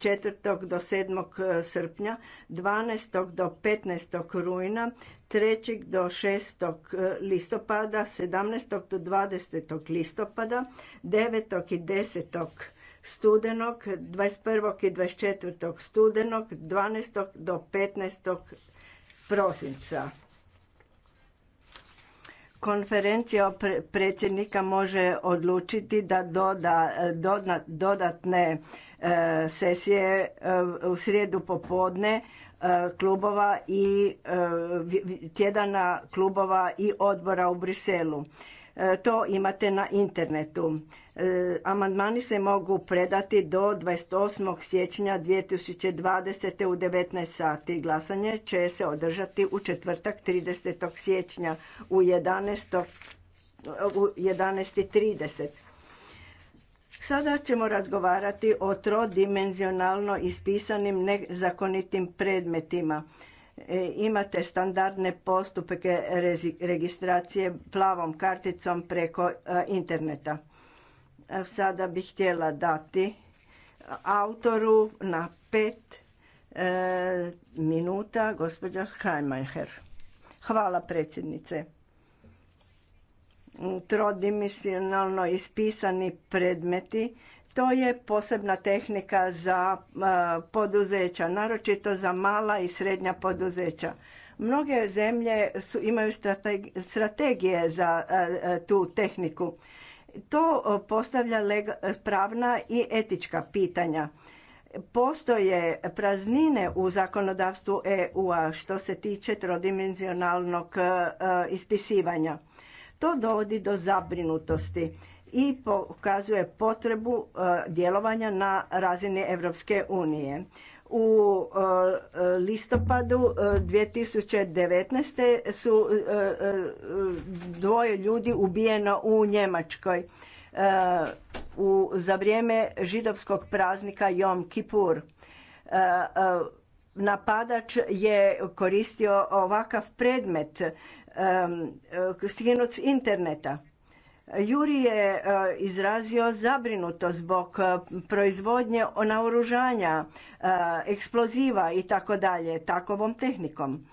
4. do 7. E, srpnja, 12. do 15. rujna, 3. do 6. E, listopada, 17. do 20. listopada, 9. i 10. studenog, 21. i 24. studenog, 12. do 15. prosinca. Konferencija predsjednika može odlučiti da doda e, dodatne sesije e, u srijedu popodne e, klubova i e, tjedana klubova i odbora u Briselu. To imate na internetu. Amandmani se mogu predati do 28. siječnja 2020. u 19 sati. Glasanje će se održati u četvrtak 30. siječnja u 11.30. Sada ćemo razgovarati o trodimenzionalno ispisanim nezakonitim predmetima. E, imate standardne postupke registracije plavom karticom preko e, interneta. E, sada bih htjela dati autoru na pet minuta, gospođa Hajmacher. Hvala predsjednice trodimensionalno ispisani predmeti. To je posebna tehnika za poduzeća, naročito za mala i srednja poduzeća. Mnoge zemlje imaju strategije za tu tehniku. To postavlja pravna i etička pitanja. Postoje praznine u zakonodavstvu EU-a što se tiče trodimenzionalnog ispisivanja to dovodi do zabrinutosti i pokazuje potrebu e, djelovanja na razini Europske unije. U e, listopadu 2019. E, su dvoje ljudi ubijeno u Njemačkoj za vrijeme židovskog praznika Jom Kipur. Napadač je koristio ovakav predmet skinut interneta. Juri je eh, izrazio zabrinuto zbog eh, proizvodnje naoružanja, eh, eksploziva i tako dalje takovom tehnikom.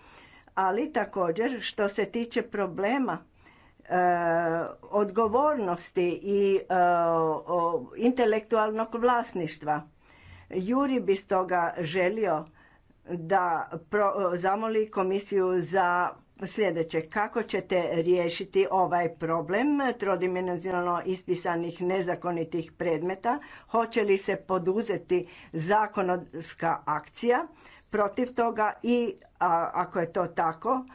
Ali također što se tiče problema odgovornosti i intelektualnog vlasništva. Juri bi stoga želio da zamoli komisiju za sljedeće. Kako ćete riješiti ovaj problem trodimenzionalno ispisanih nezakonitih predmeta? Hoće li se poduzeti zakonodska akcija protiv toga i ako je to tako,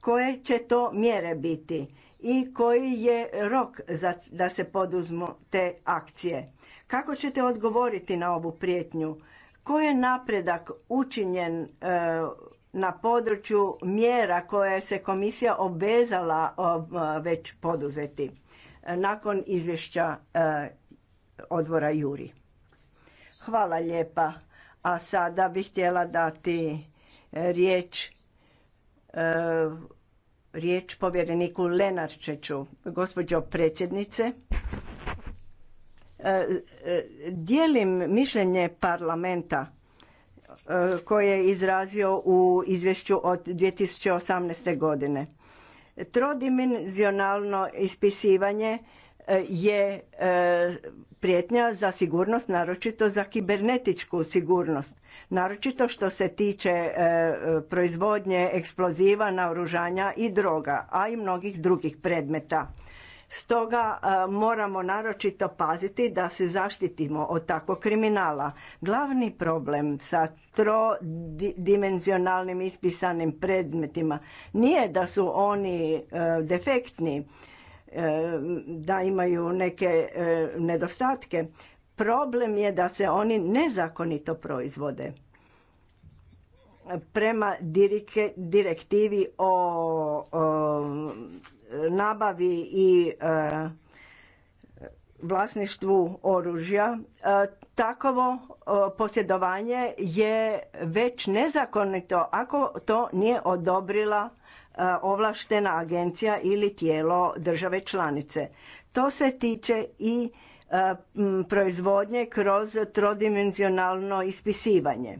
koje će to mjere biti i koji je rok za, da se poduzmu te akcije? Kako ćete odgovoriti na ovu prijetnju? Koji je napredak učinjen e, na području mjera koje se komisija obvezala već poduzeti e, nakon izvješća e, odbora Juri. Hvala lijepa. A sada bih htjela dati e, riječ riječ povjereniku Lenarčeću. Gospođo predsjednice, dijelim mišljenje parlamenta E, koje je izrazio u izvješću od 2018. godine. Trodimenzionalno ispisivanje e, je e, prijetnja za sigurnost, naročito za kibernetičku sigurnost. Naročito što se tiče proizvodnje eksploziva, naoružanja i droga, a i mnogih drugih predmeta. Stoga e, moramo naročito paziti da se zaštitimo od takvog kriminala. Glavni problem sa trodimenzionalnim ispisanim predmetima nije da su oni e, defektni, e, da imaju neke nedostatke. Problem je da se oni nezakonito proizvode prema direktivi o, o nabavi i e, vlasništvu oružja, e, takovo e, posjedovanje je već nezakonito ako to nije odobrila ovlaštena agencija ili tijelo države članice. To se tiče i proizvodnje kroz trodimenzionalno ispisivanje.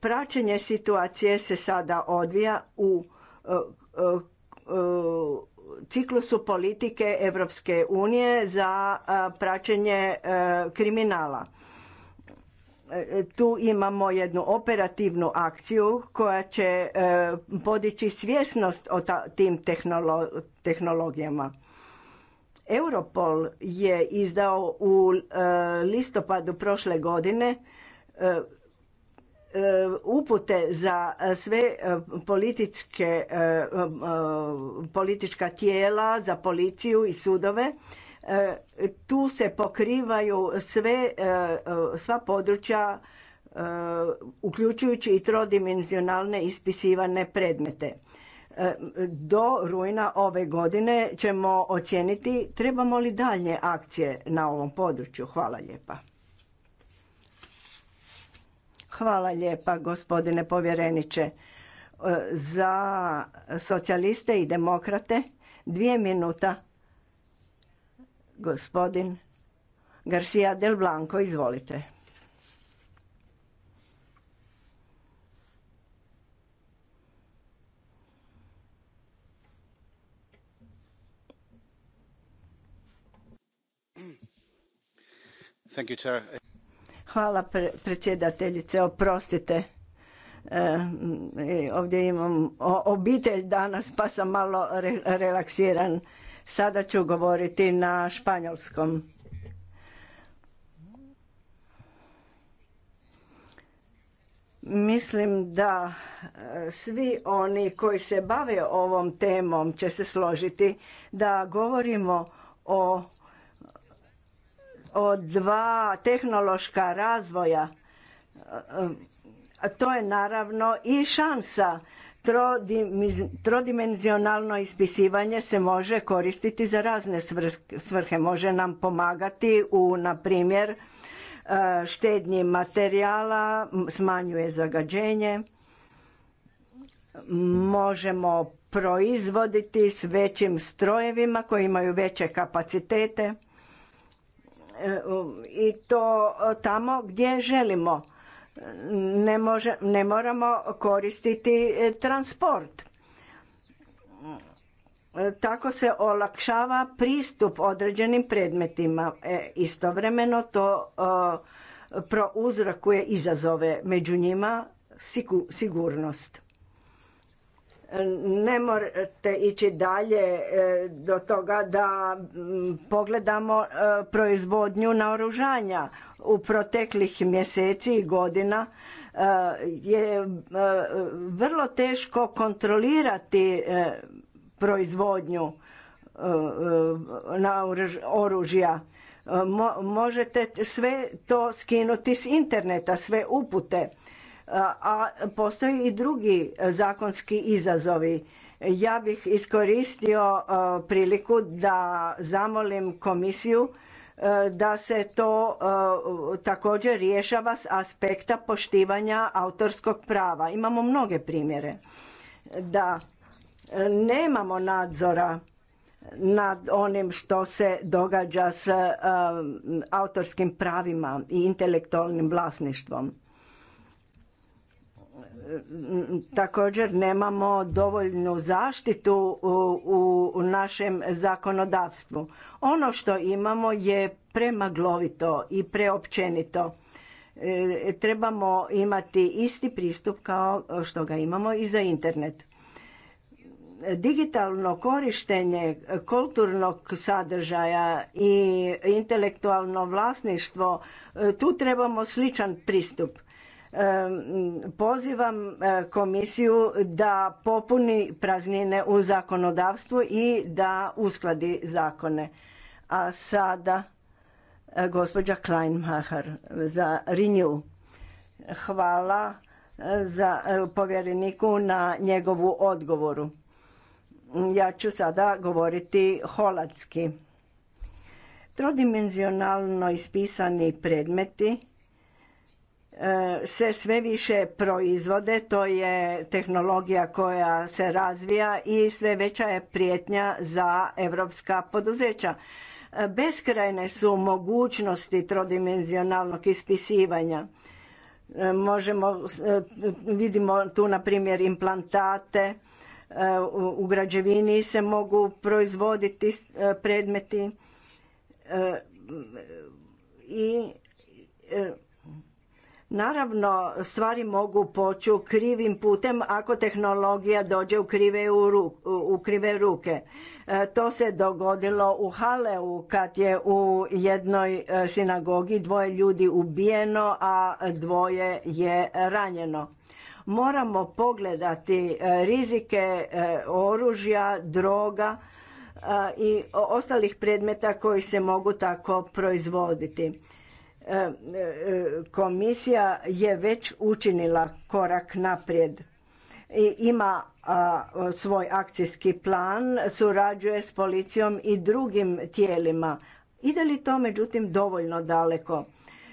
Praćenje situacije se sada odvija u ciklusu politike Europske unije za praćenje kriminala. E, tu imamo jednu operativnu akciju koja će e, podići svjesnost o tim tehnologijama. Europol je izdao u e, listopadu prošle godine E, upute za e, sve e, političke, politička tijela, za policiju i sudove. Tu se pokrivaju sve, sva područja uključujući i trodimenzionalne ispisivane predmete. Do rujna ove godine ćemo ocijeniti trebamo li dalje akcije na ovom području. Hvala lijepa. Hvala lijepa gospodine povjereniče. E, za socijaliste i demokrate dvije minuta gospodin Garcia del Blanco, izvolite. Thank you, Hvala predsjedateljice, oprostite. E, mm, ovdje imam obitelj danas pa sam malo relaksiran. Sada ću govoriti na španjolskom. Mislim da e, svi oni koji se bave ovom temom će se složiti da govorimo o od dva tehnološka razvoja. To je naravno i šansa. Trodimenzionalno ispisivanje se može koristiti za razne svrhe. Može nam pomagati u, na primjer, e, štednji materijala, smanjuje zagađenje. Možemo proizvoditi s većim strojevima koji imaju veće kapacitete. E, i to tamo gdje želimo. Ne, ne moramo koristiti e, transport. E, tako se olakšava pristup određenim predmetima. Istovremeno to prouzrokuje izazove među njima sigurnost ne morate ići dalje e, do toga da pogledamo e, proizvodnju naoružanja. U proteklih mjeseci i godina e, je vrlo teško kontrolirati proizvodnju na oružja. Možete sve to skinuti s interneta, sve upute a postoje i drugi zakonski izazovi. Ja bih iskoristio e, priliku da zamolim komisiju e, da se to e, također rješava s aspekta poštivanja autorskog prava. Imamo mnoge primjere da nemamo nadzora nad onim što se događa s autorskim pravima i intelektualnim vlasništvom također nemamo dovoljnu zaštitu u, našem zakonodavstvu. Ono što imamo je premaglovito i preopćenito. E, trebamo imati isti pristup kao što ga imamo i za internet. Digitalno korištenje kulturnog sadržaja i intelektualno vlasništvo, e, tu trebamo sličan pristup Pozivam e, komisiju da popuni praznine u zakonodavstvu i da uskladi zakone. A sada e, gospođa Kleinmacher za Renew. Hvala e, za povjereniku na njegovu odgovoru. Ja ću sada govoriti holatski. Trodimenzionalno ispisani predmeti se sve više proizvode, to je tehnologija koja se razvija i sve veća je prijetnja za europska poduzeća. Beskrajne su mogućnosti trodimenzionalnog ispisivanja. Možemo, vidimo tu na primjer implantate, u građevini se mogu proizvoditi predmeti i Naravno, stvari mogu poći krivim putem ako tehnologija dođe u krive, u krive ruke. E, to se dogodilo u Haleu kad je u jednoj e, sinagogi dvoje ljudi ubijeno, a dvoje je ranjeno. Moramo pogledati e, rizike oružja, droga i ostalih predmeta koji se mogu tako proizvoditi Komisija je već učinila korak naprijed i ima svoj akcijski plan, surađuje s policijom i drugim tijelima. Ide li to međutim dovoljno daleko?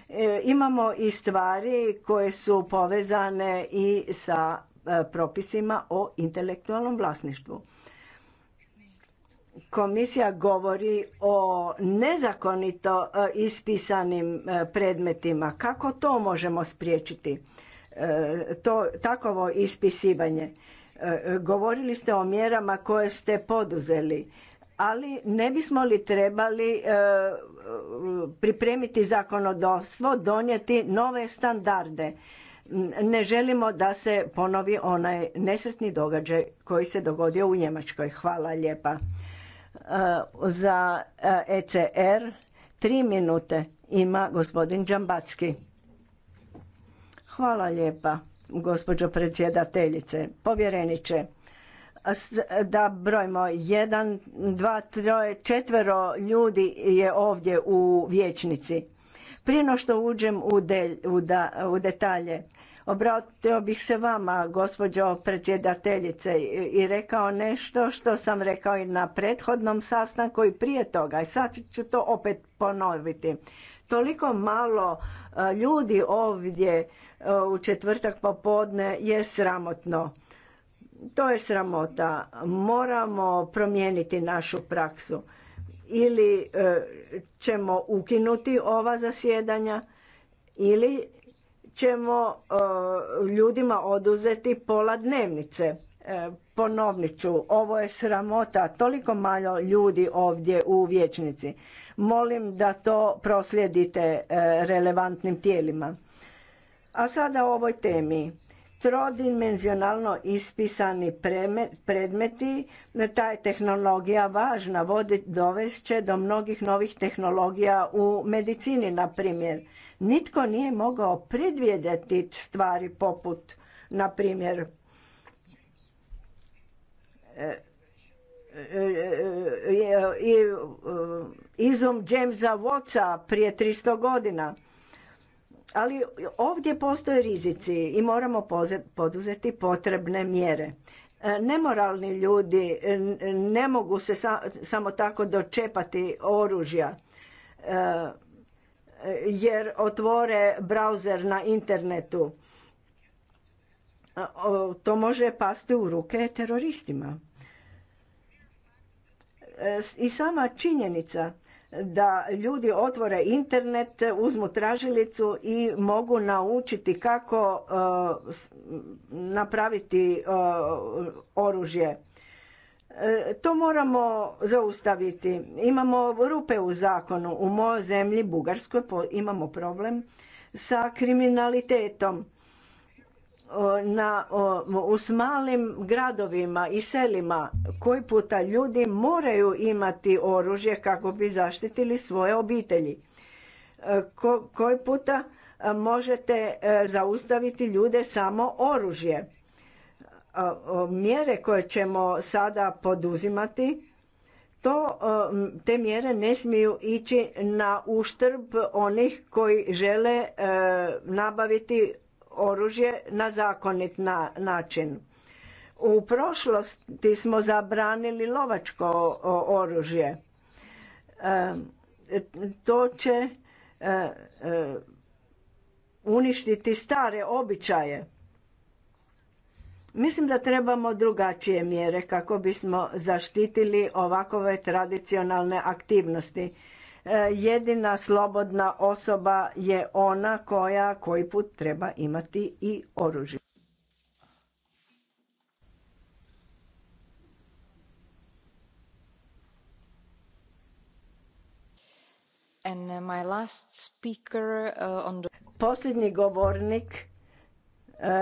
E, imamo i stvari koje su povezane i sa e, propisima o intelektualnom vlasništvu komisija govori o nezakonito e, ispisanim e, predmetima. Kako to možemo spriječiti? E, to, takovo ispisivanje. Govorili ste o mjerama koje ste poduzeli, ali ne bismo li trebali pripremiti zakonodavstvo, donijeti nove standarde? Ne želimo da se ponovi onaj nesretni događaj koji se dogodio u Njemačkoj. Hvala lijepa. E, za ECR e tri minute ima gospodin Džambacki. Hvala lijepa, gospođo predsjedateljice. Povjereniče, da brojimo, jedan, dva, troje, četvero ljudi je ovdje u vijećnici. Prije no što uđem u detalje, Obratio bih se vama, gospođo predsjedateljice, i rekao nešto što sam rekao i na prethodnom sastanku i prije toga. I sad ću to opet ponoviti. Toliko malo e, ljudi ovdje e, u četvrtak popodne je sramotno. To je sramota. Moramo promijeniti našu praksu. Ili e, ćemo ukinuti ova zasjedanja ili ćemo e, ljudima oduzeti pola dnevnice. E, Ponovnit ovo je sramota, toliko malo ljudi ovdje u vječnici. Molim da to proslijedite e, relevantnim tijelima. A sada o ovoj temi. Trodimenzionalno ispisani predmeti, ta je tehnologija važna, vodi, dovest će do mnogih novih tehnologija u medicini, na primjer Nitko nije mogao predvidjeti stvari poput, na primjer, e, e, e, izum Jamesa Wattsa prije 300 godina. Ali ovdje postoje rizici i moramo poduzeti potrebne mjere. Nemoralni ljudi ne mogu se samo tako dočepati oružja jer otvore browser na internetu. To može pasti u ruke teroristima. E, I sama činjenica da ljudi otvore internet, uzmu tražilicu i mogu naučiti kako e, napraviti e, oružje E, to moramo zaustaviti. Imamo rupe u zakonu. U mojoj zemlji, Bugarskoj, imamo problem sa kriminalitetom. Na, u malim gradovima i selima koji puta ljudi moraju imati oružje kako bi zaštitili svoje obitelji. E, ko, koji puta e, možete zaustaviti ljude samo oružje mjere koje ćemo sada poduzimati to te mjere ne smiju ići na uštrb onih koji žele e, nabaviti oružje na zakonit način. U prošlosti smo zabranili lovačko oružje. E, to će e, uništiti stare običaje Mislim da trebamo drugačije mjere kako bismo zaštitili ovakove tradicionalne aktivnosti. E, jedina slobodna osoba je ona koja koji put treba imati i oružje. And uh, uh, Posljednji govornik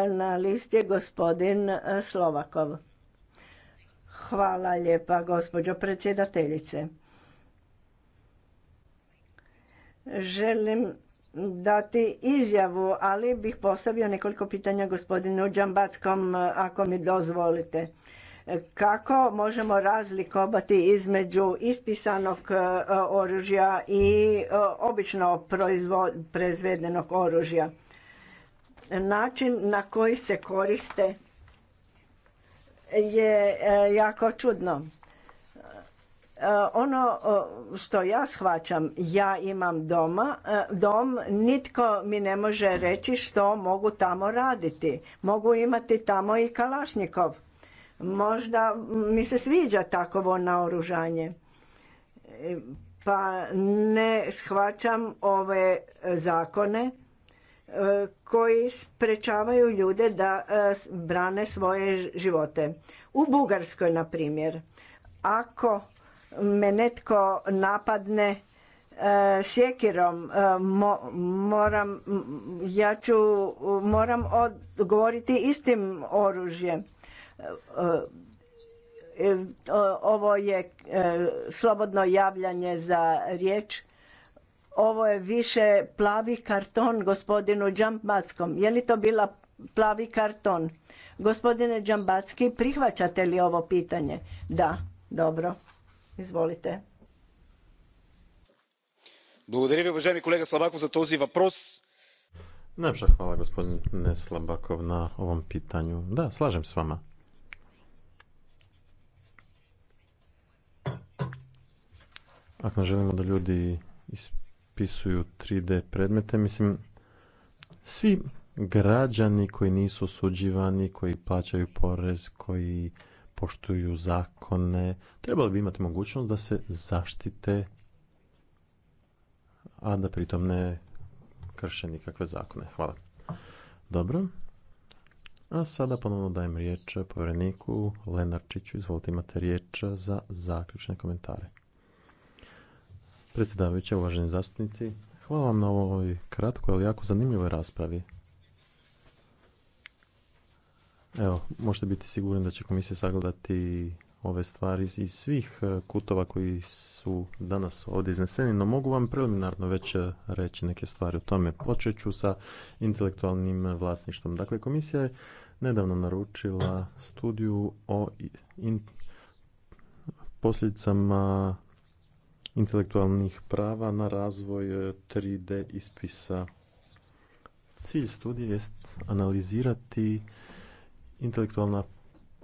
na list je gospodin e, Slovakov. Hvala lijepa, gospođo predsjedateljice. Želim dati izjavu, ali bih postavio nekoliko pitanja gospodinu Đambackom, e, ako mi dozvolite. Kako možemo razlikovati između ispisanog e, oružja i obično proizvedenog oružja? Način na koji se koriste je e, jako čudno. E, ono što ja shvaćam, ja imam doma, e, dom, nitko mi ne može reći što mogu tamo raditi. Mogu imati tamo i Kalašnikov. Možda mi se sviđa takovo naoružanje. Pa ne shvaćam ove zakone koji sprečavaju ljude da e, brane svoje živote. U Bugarskoj, na primjer, ako me netko napadne e, sjekirom, e, moram, ja ću, moram odgovoriti istim oružjem. Ovo je slobodno javljanje za riječ ovo je više plavi karton gospodinu Džambackom. Je li to bila plavi karton? Gospodine Džambacki, prihvaćate li ovo pitanje? Da, dobro. Izvolite. Благодаря ви, уважаеми колега Слабаков, за този въпрос. господин hvala gospodine Slabakov na ovom pitanju. Da, slažem s vama. Ako да da ljudi upisuju 3D predmete. Mislim, svi građani koji nisu osuđivani, koji plaćaju porez, koji poštuju zakone, trebali bi imati mogućnost da se zaštite, a da pritom ne krše nikakve zakone. Hvala. Dobro. A sada ponovno dajem riječ povjereniku Lenarčiću. Izvolite, imate riječ za zaključne komentare predsjedavajuća, uvaženi zastupnici. Hvala vam na ovoj kratkoj, ali jako zanimljivoj raspravi. Evo, možete biti sigurni da će komisija sagledati ove stvari iz svih e, kutova koji su danas ovdje izneseni, no mogu vam preliminarno već e, reći neke stvari o tome. Počet ću sa intelektualnim vlasništvom. Dakle, komisija je nedavno naručila studiju o posljedicama intelektualnih prava na razvoj 3D e, ispisa. Cilj studije jest analizirati intelektualna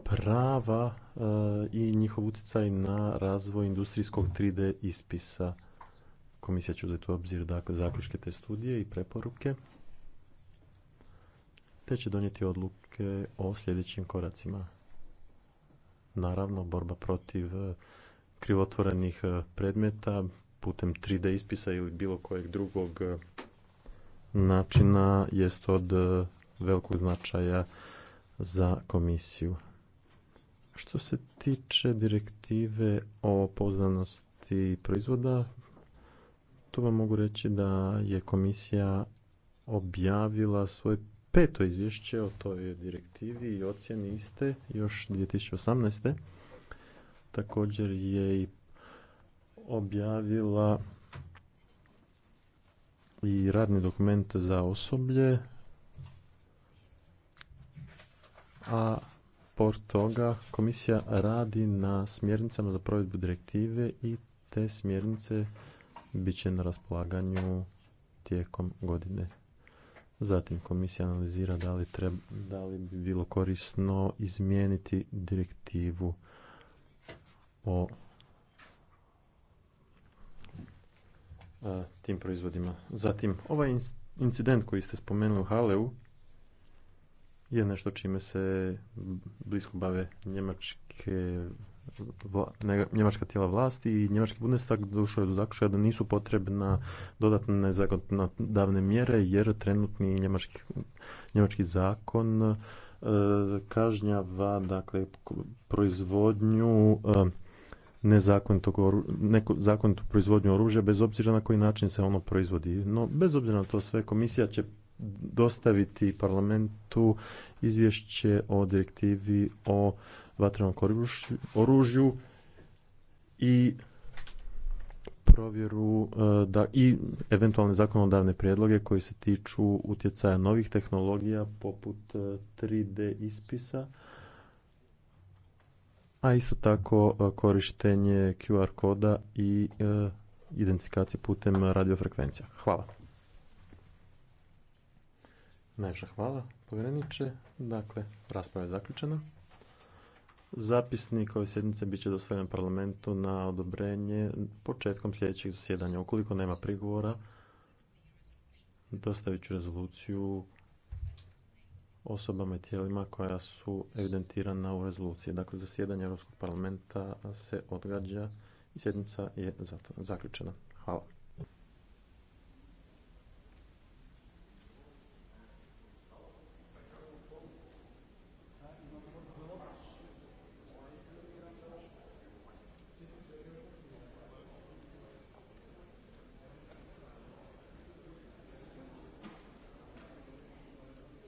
prava e, i njihov utjecaj na razvoj industrijskog 3D ispisa. Komisija će uzeti u obzir dakle, zaključke te studije i preporuke te će donijeti odluke o sljedećim koracima. Naravno, borba protiv e, krivotvorenih e, predmeta putem 3D ispisa ili bilo kojeg drugog e, načina jest od e, velikog značaja za komisiju. Što se tiče direktive o poznanosti proizvoda, tu vam mogu reći da je komisija objavila svoje peto izvješće o toj direktivi i ocjeni iste još 2018 također je i objavila i radni dokument za osoblje, a por toga komisija radi na smjernicama za provedbu direktive i te smjernice bit će na raspolaganju tijekom godine. Zatim komisija analizira da li, treba, da li bi bilo korisno izmijeniti direktivu o tim proizvodima. Zatim, ovaj incident koji ste spomenuli u Haleu je nešto čime se blisko bave njemačke njemačka tijela vlasti i njemački bundestag došao je do zakušaja da nisu potrebna dodatne zakonodavne mjere jer trenutni njemački, njemački zakon e, kažnjava dakle proizvodnju e, zakonitu proizvodnju oružja bez obzira na koji način se ono proizvodi. No, bez obzira na to sve, komisija će dostaviti parlamentu izvješće o direktivi o vatrenom oružju i provjeru e, da i eventualne zakonodavne prijedloge koji se tiču utjecaja novih tehnologija poput 3D e, ispisa a isto tako e, korištenje QR koda i e, identifikacije putem radiofrekvencija. Hvala. Najviše hvala, povjereniče. Dakle, rasprava je zaključena. Zapisnik ove sjednice bit će dostavljen parlamentu na odobrenje početkom sljedećeg zasjedanja. Ukoliko nema prigovora, dostavit ću rezoluciju osobama i tijelima koja su evidentirana u rezoluciji. Dakle, zasjedanje Europskog parlamenta se odgađa i sjednica je zaključena. Hvala.